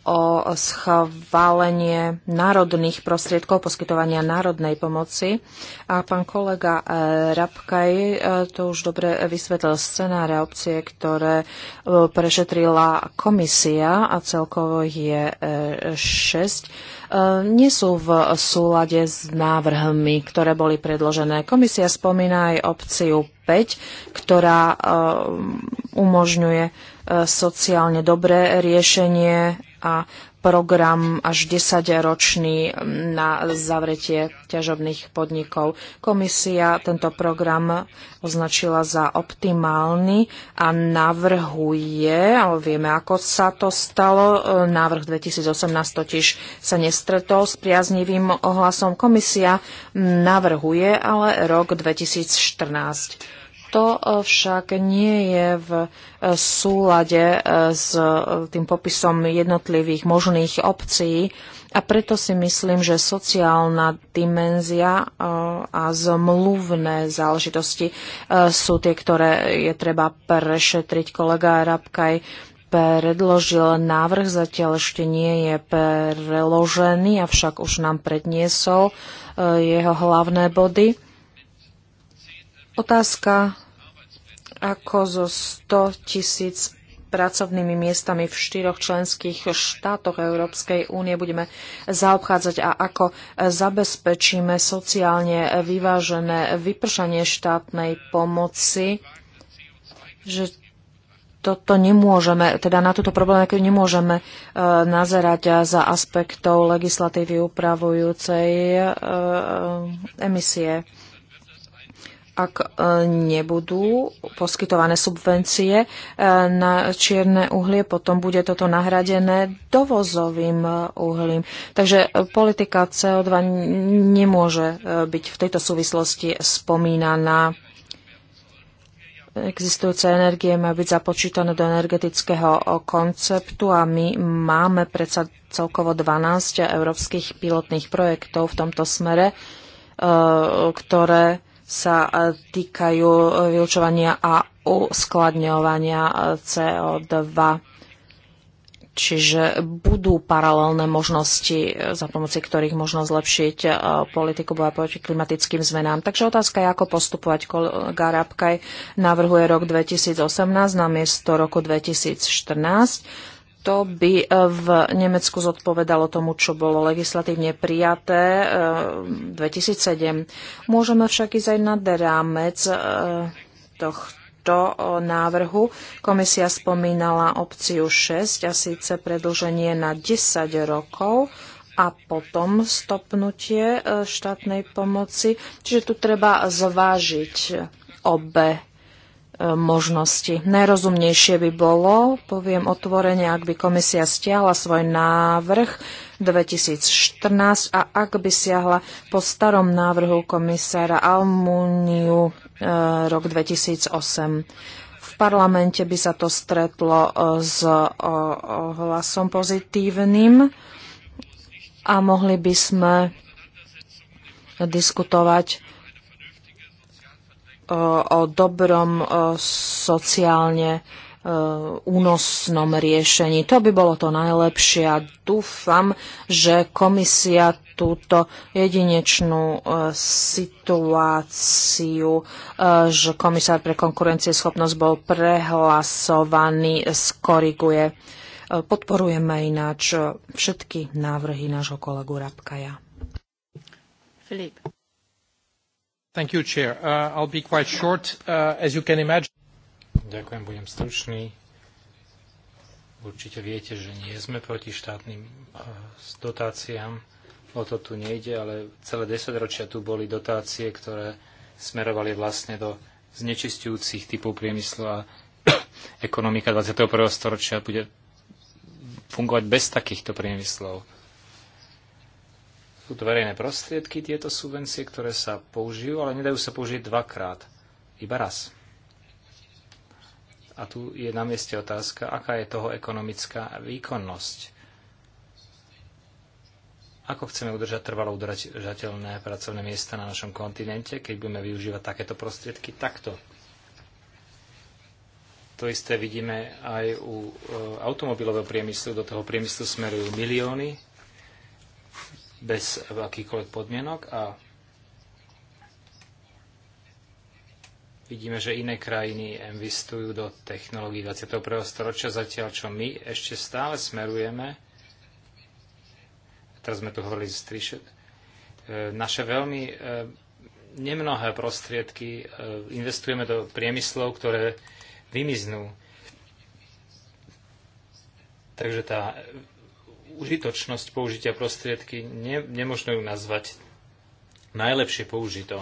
o schválenie národných prostriedkov, poskytovania národnej pomoci. A pán kolega e, Rabkaj e, to už dobre vysvetlil scenáre opcie, ktoré prešetrila komisia a celkovo je 6 E, nie sú v súlade s návrhmi, ktoré boli predložené. Komisia spomína aj opciu 5, ktorá e, umožňuje e, sociálne dobré riešenie a program až 10-ročný mm, na zavretie ťažobných podnikov. Komisia tento program označila za optimálny a navrhuje, ale vieme, ako sa to stalo, e, návrh 2018 totiž sa nestretol s priaznivým ohlasom. Komisia navrhuje ale rok 2014. To eh, však nie je v eh, súlade eh, s tým popisom jednotlivých možných obcí a preto si myslím, že sociálna dimenzia a zmluvné záležitosti sú tie, ktoré je treba prešetriť. Kolega Rabkaj predložil návrh, zatiaľ ešte nie je preložený, avšak už nám predniesol jeho hlavné body. Otázka, ako zo 100 tisíc pracovnými miestami v štyroch členských štátoch Európskej únie budeme zaobchádzať a ako zabezpečíme sociálne vyvážené vypršanie štátnej pomoci, že toto nemôžeme, teda na túto problematiku nemôžeme e, nazerať za aspektov legislatívy upravujúcej e, e, emisie ak e, nebudú poskytované subvencie e, na čierne uhlie, potom bude toto nahradené dovozovým e, uhlím. Takže politika CO2 nemôže byť v tejto súvislosti spomínaná. Existujúce energie majú byť započítané do energetického konceptu a my máme predsa celkovo 12 európskych pilotných projektov v tomto smere, ktoré sa e, týkajú e, vyučovania a uskladňovania e, CO2. Čiže budú paralelné možnosti, za pomoci ktorých možno zlepšiť politiku boja proti klimatickým zmenám. Takže otázka je, ako postupovať. Kolega Rabkaj navrhuje rok 2018 na miesto roku 2014 to by e, v Nemecku zodpovedalo tomu, čo bolo legislatívne prijaté 2007. E, Môžeme však ísť aj nad rámec e, tohto návrhu. Komisia spomínala opciu 6 a síce predlženie na 10 rokov a potom stopnutie štátnej pomoci. Čiže tu treba zvážiť obe možnosti. Najrozumnejšie by bolo, poviem otvorene, ak by komisia stiahla svoj návrh 2014 a ak by siahla po starom návrhu komisára Almuniu e, rok 2008. V parlamente by sa to stretlo e, s hlasom pozitívnym a mohli by sme diskutovať o dobrom sociálne únosnom riešení. To by bolo to najlepšie a dúfam, že komisia túto jedinečnú e, situáciu, e, že komisár pre konkurencieschopnosť bol prehlasovaný, skoriguje. E, podporujeme ináč všetky návrhy nášho kolegu Rabkaja. Filip. Thank you, Chair. Uh, I'll be quite short. Uh, as you can imagine... Ďakujem, budem stručný. Určite viete, že nie sme proti štátnym uh, dotáciám. O to tu nejde, ale celé desaťročia tu boli dotácie, ktoré smerovali vlastne do znečistujúcich typov priemyslu a ekonomika 21. storočia bude fungovať bez takýchto priemyslov sú to verejné prostriedky, tieto subvencie, ktoré sa použijú, ale nedajú sa použiť dvakrát, iba raz. A tu je na mieste otázka, aká je toho ekonomická výkonnosť. Ako chceme udržať trvalo udržateľné pracovné miesta na našom kontinente, keď budeme využívať takéto prostriedky takto? To isté vidíme aj u e, automobilového priemyslu. Do toho priemyslu smerujú milióny bez akýchkoľvek podmienok a vidíme, že iné krajiny investujú do technológií 21. storočia, zatiaľ čo my ešte stále smerujeme, teraz sme tu hovorili z Trišet, e, naše veľmi e, nemnohé prostriedky e, investujeme do priemyslov, ktoré vymiznú. Takže tá užitočnosť použitia prostriedky ne, nemožno ju nazvať najlepšie použitou.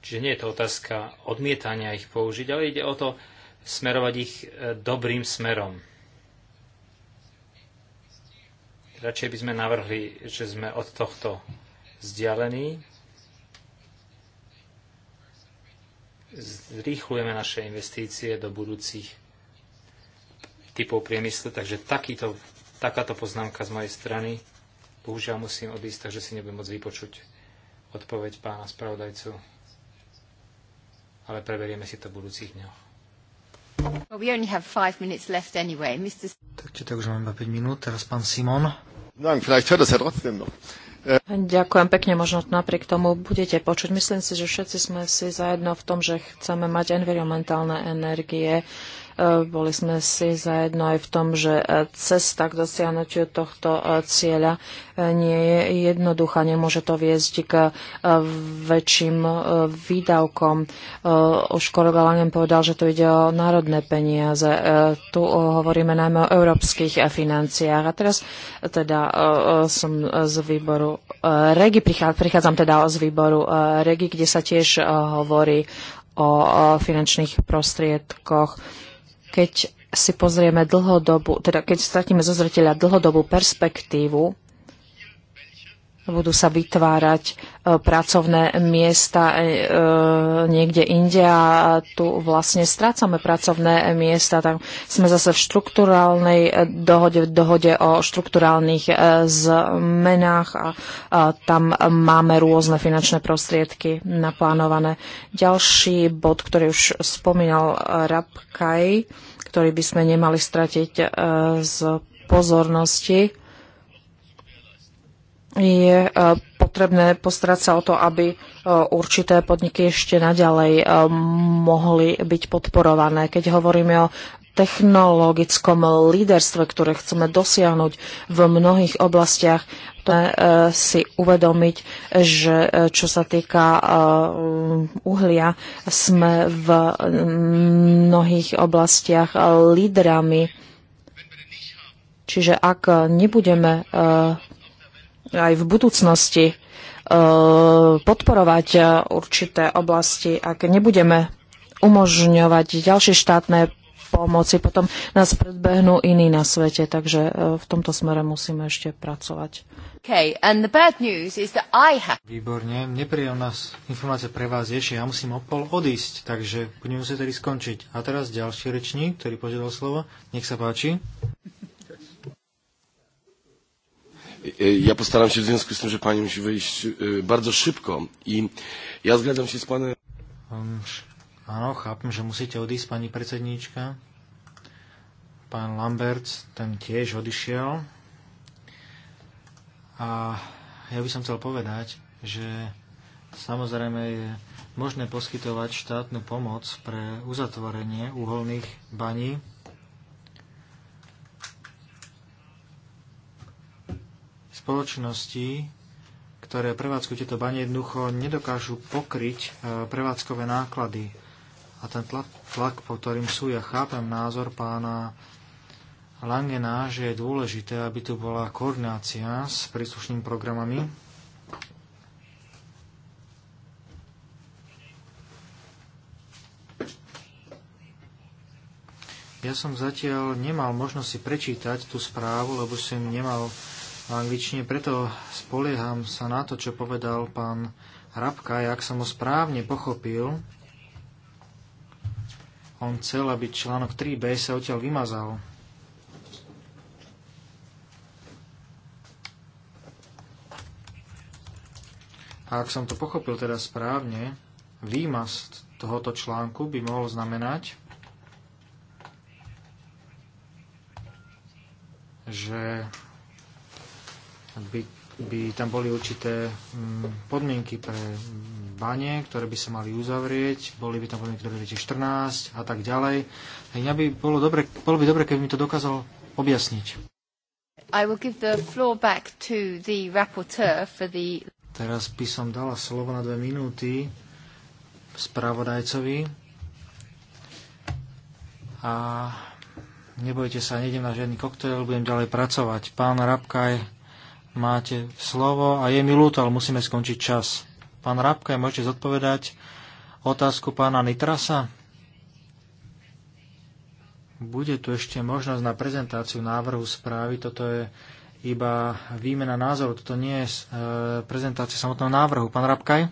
Čiže nie je to otázka odmietania ich použiť, ale ide o to smerovať ich e, dobrým smerom. Radšej by sme navrhli, že sme od tohto vzdialení. Zrýchlujeme naše investície do budúcich typov priemyslu, takže takýto, takáto poznámka z mojej strany. Bohužiaľ musím odísť, takže si nebudem môcť vypočuť odpoveď pána spravodajcu, ale preberieme si to v budúcich dňoch. Well, we only have five minutes left anyway. Mr. Takže tak už máme 5 minút, teraz pán Simon. Nein, vielleicht hört das ja trotzdem noch. Äh, Ďakujem pekne, možno napriek tomu budete počuť. Myslím si, že všetci sme si zajedno v tom, že chceme mať environmentálne energie Eh, boli sme si zajedno aj v tom, že eh, cesta k dosiahnutiu tohto eh, cieľa nie je jednoduchá. Nemôže to viesť k väčším výdavkom. Už kolega Langen povedal, že to ide o národné peniaze. Tu hovoríme najmä o európskych financiách. A teraz teda som z výboru REGI, prichádzam teda z výboru REGI, kde sa tiež hovorí o finančných prostriedkoch keď si pozrieme dlhodobu, teda keď stratíme zo zreteľa dlhodobú perspektívu, budú sa vytvárať e, pracovné miesta e, e, niekde inde a tu vlastne strácame pracovné miesta. Tam sme zase v štruktúrálnej dohode, v dohode o štruktúrálnych zmenách a tam máme rôzne finančné prostriedky naplánované. Ďalší bod, ktorý už spomínal Rabkaj, ktorý by sme nemali stratiť e, z pozornosti. Je e, potrebné postarať sa o to, aby e, určité podniky ešte naďalej mohli byť podporované. Keď hovoríme o technologickom líderstve, ktoré chceme dosiahnuť v mnohých oblastiach, nutné e, si uvedomiť, že e, čo sa týka e, uhlia, sme v mnohých oblastiach lídrami. Čiže ak nebudeme aj v budúcnosti podporovať určité oblasti, ak nebudeme umožňovať ďalšie štátne pomoci. Potom nás predbehnú iní na svete, takže e, v tomto smere musíme ešte pracovať. Okay, and the bad news is that I have... Výborne, nepríjemná informácia pre vás je, že ja musím o pol odísť, takže budeme musieť tedy skončiť. A teraz ďalší rečník, ktorý požiadal slovo. Nech sa páči. E, e, ja postaram się w związku z tym, że pani musi wyjść bardzo szybko i ja zgadzam się z panem. Áno, chápem, že musíte odísť, pani predsedníčka. Pán Lamberts, ten tiež odišiel. A ja by som chcel povedať, že samozrejme je možné poskytovať štátnu pomoc pre uzatvorenie uholných baní. Spoločnosti, ktoré prevádzku tieto bane, jednoducho nedokážu pokryť eh, prevádzkové náklady a ten tlak, tlak, po ktorým sú, ja chápem názor pána Langena, že je dôležité, aby tu bola koordinácia s príslušnými programami. Ja som zatiaľ nemal možnosť si prečítať tú správu, lebo som nemal v angličtine, preto spolieham sa na to, čo povedal pán Hrabka, Ja, ak som ho správne pochopil, on chcel, aby článok 3b sa odtiaľ vymazal. A ak som to pochopil teda správne, výmaz tohoto článku by mohol znamenať, že by, by tam boli určité mm, podmienky pre bane, ktoré by sa mali uzavrieť, boli by tam podmienky do 2014 a tak ďalej. Tak mňa by bolo, dobre, bolo by dobre, keby mi to dokázal objasniť. I will give the floor back to the rapporteur for the... Teraz by som dala slovo na dve minúty spravodajcovi. A nebojte sa, nejdem na žiadny koktejl, budem ďalej pracovať. Pán Rabkaj, máte slovo a je mi ľúto, ale musíme skončiť čas. Pán Rabkaj, môžete zodpovedať otázku pána Nitrasa? Bude tu ešte možnosť na prezentáciu návrhu správy. Toto je iba výmena názorov. Toto nie je e, prezentácia samotného návrhu. Pán Rabkaj?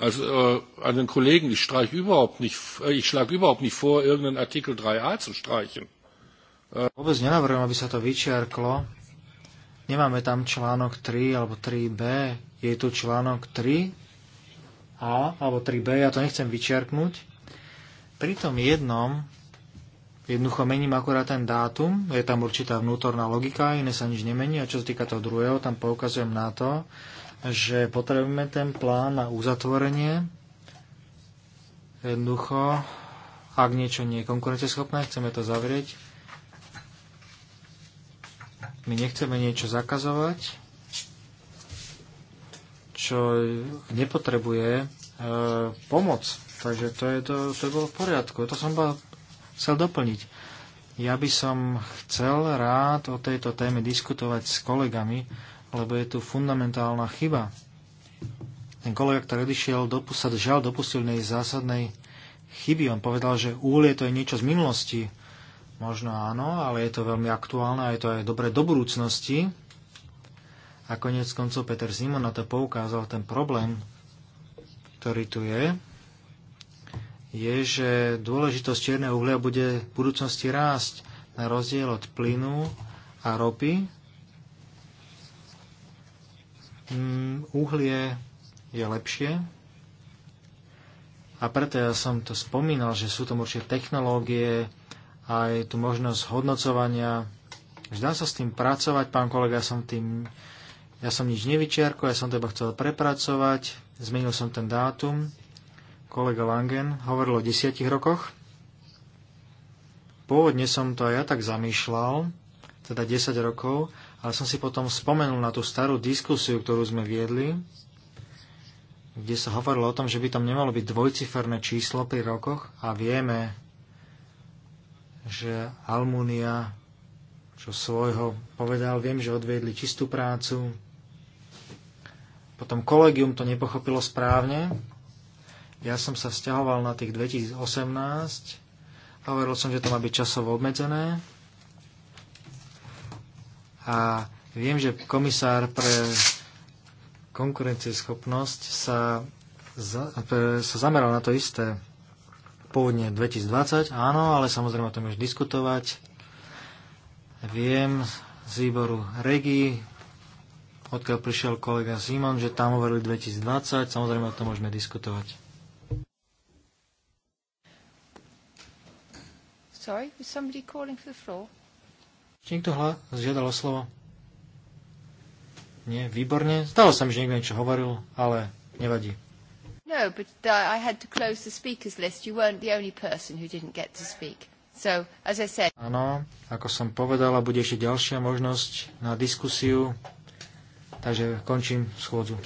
Also äh, an den Kollegen, ich streiche überhaupt nicht, äh, ich schlage überhaupt nicht vor, irgendeinen Artikel 3a zu streichen. Äh, Vôbec nenavrhujem, aby sa to vyčiarklo. Nemáme tam článok 3 alebo 3b je tu článok 3a alebo 3b, ja to nechcem vyčerknúť. Pri tom jednom jednoducho mením akurát ten dátum, je tam určitá vnútorná logika, iné sa nič nemení a čo sa týka toho druhého, tam poukazujem na to, že potrebujeme ten plán na uzatvorenie. Jednoducho, ak niečo nie je konkurenceschopné, chceme to zavrieť. My nechceme niečo zakazovať, čo nepotrebuje e, pomoc. Takže to, je, to, to bolo v poriadku. To som bol, chcel doplniť. Ja by som chcel rád o tejto téme diskutovať s kolegami, lebo je tu fundamentálna chyba. Ten kolega, ktorý odišiel, dopusad, žiaľ dopustil nej zásadnej chyby. On povedal, že úlie to je niečo z minulosti. Možno áno, ale je to veľmi aktuálne a je to aj dobre do budúcnosti a konec koncov Peter Simon na to poukázal ten problém, ktorý tu je, je, že dôležitosť čierneho uhlia bude v budúcnosti rásť na rozdiel od plynu a ropy. Mm, uhlie je lepšie a preto ja som to spomínal, že sú tam určite technológie, aj tu možnosť hodnocovania. Dá sa s tým pracovať, pán kolega, som tým ja som nič nevyčiarkol, ja som to iba chcel prepracovať, zmenil som ten dátum. Kolega Langen hovoril o desiatich rokoch. Pôvodne som to aj ja tak zamýšľal, teda 10 rokov, ale som si potom spomenul na tú starú diskusiu, ktorú sme viedli, kde sa hovorilo o tom, že by tam nemalo byť dvojciferné číslo pri rokoch a vieme, že Almúnia čo svojho povedal, viem, že odviedli čistú prácu, potom kolegium to nepochopilo správne. Ja som sa vzťahoval na tých 2018 hovoril som, že to má byť časovo obmedzené. A viem, že komisár pre konkurencieschopnosť sa, za, sa zameral na to isté pôvodne 2020, áno, ale samozrejme o tom už diskutovať. Viem z výboru REGI, odkiaľ prišiel kolega Simon, že tam hovorili 2020, samozrejme o tom môžeme diskutovať. Sorry, is somebody calling for the floor? Či Niekto hla, žiadal o slovo? Nie, výborne. Stalo sa mi, že niekto niečo hovoril, ale nevadí. No, but uh, I had to close the speakers list. You weren't the only person who didn't get to speak. So, as I said... Áno, ako som povedala, bude ešte ďalšia možnosť na diskusiu Takže končím schôdzu.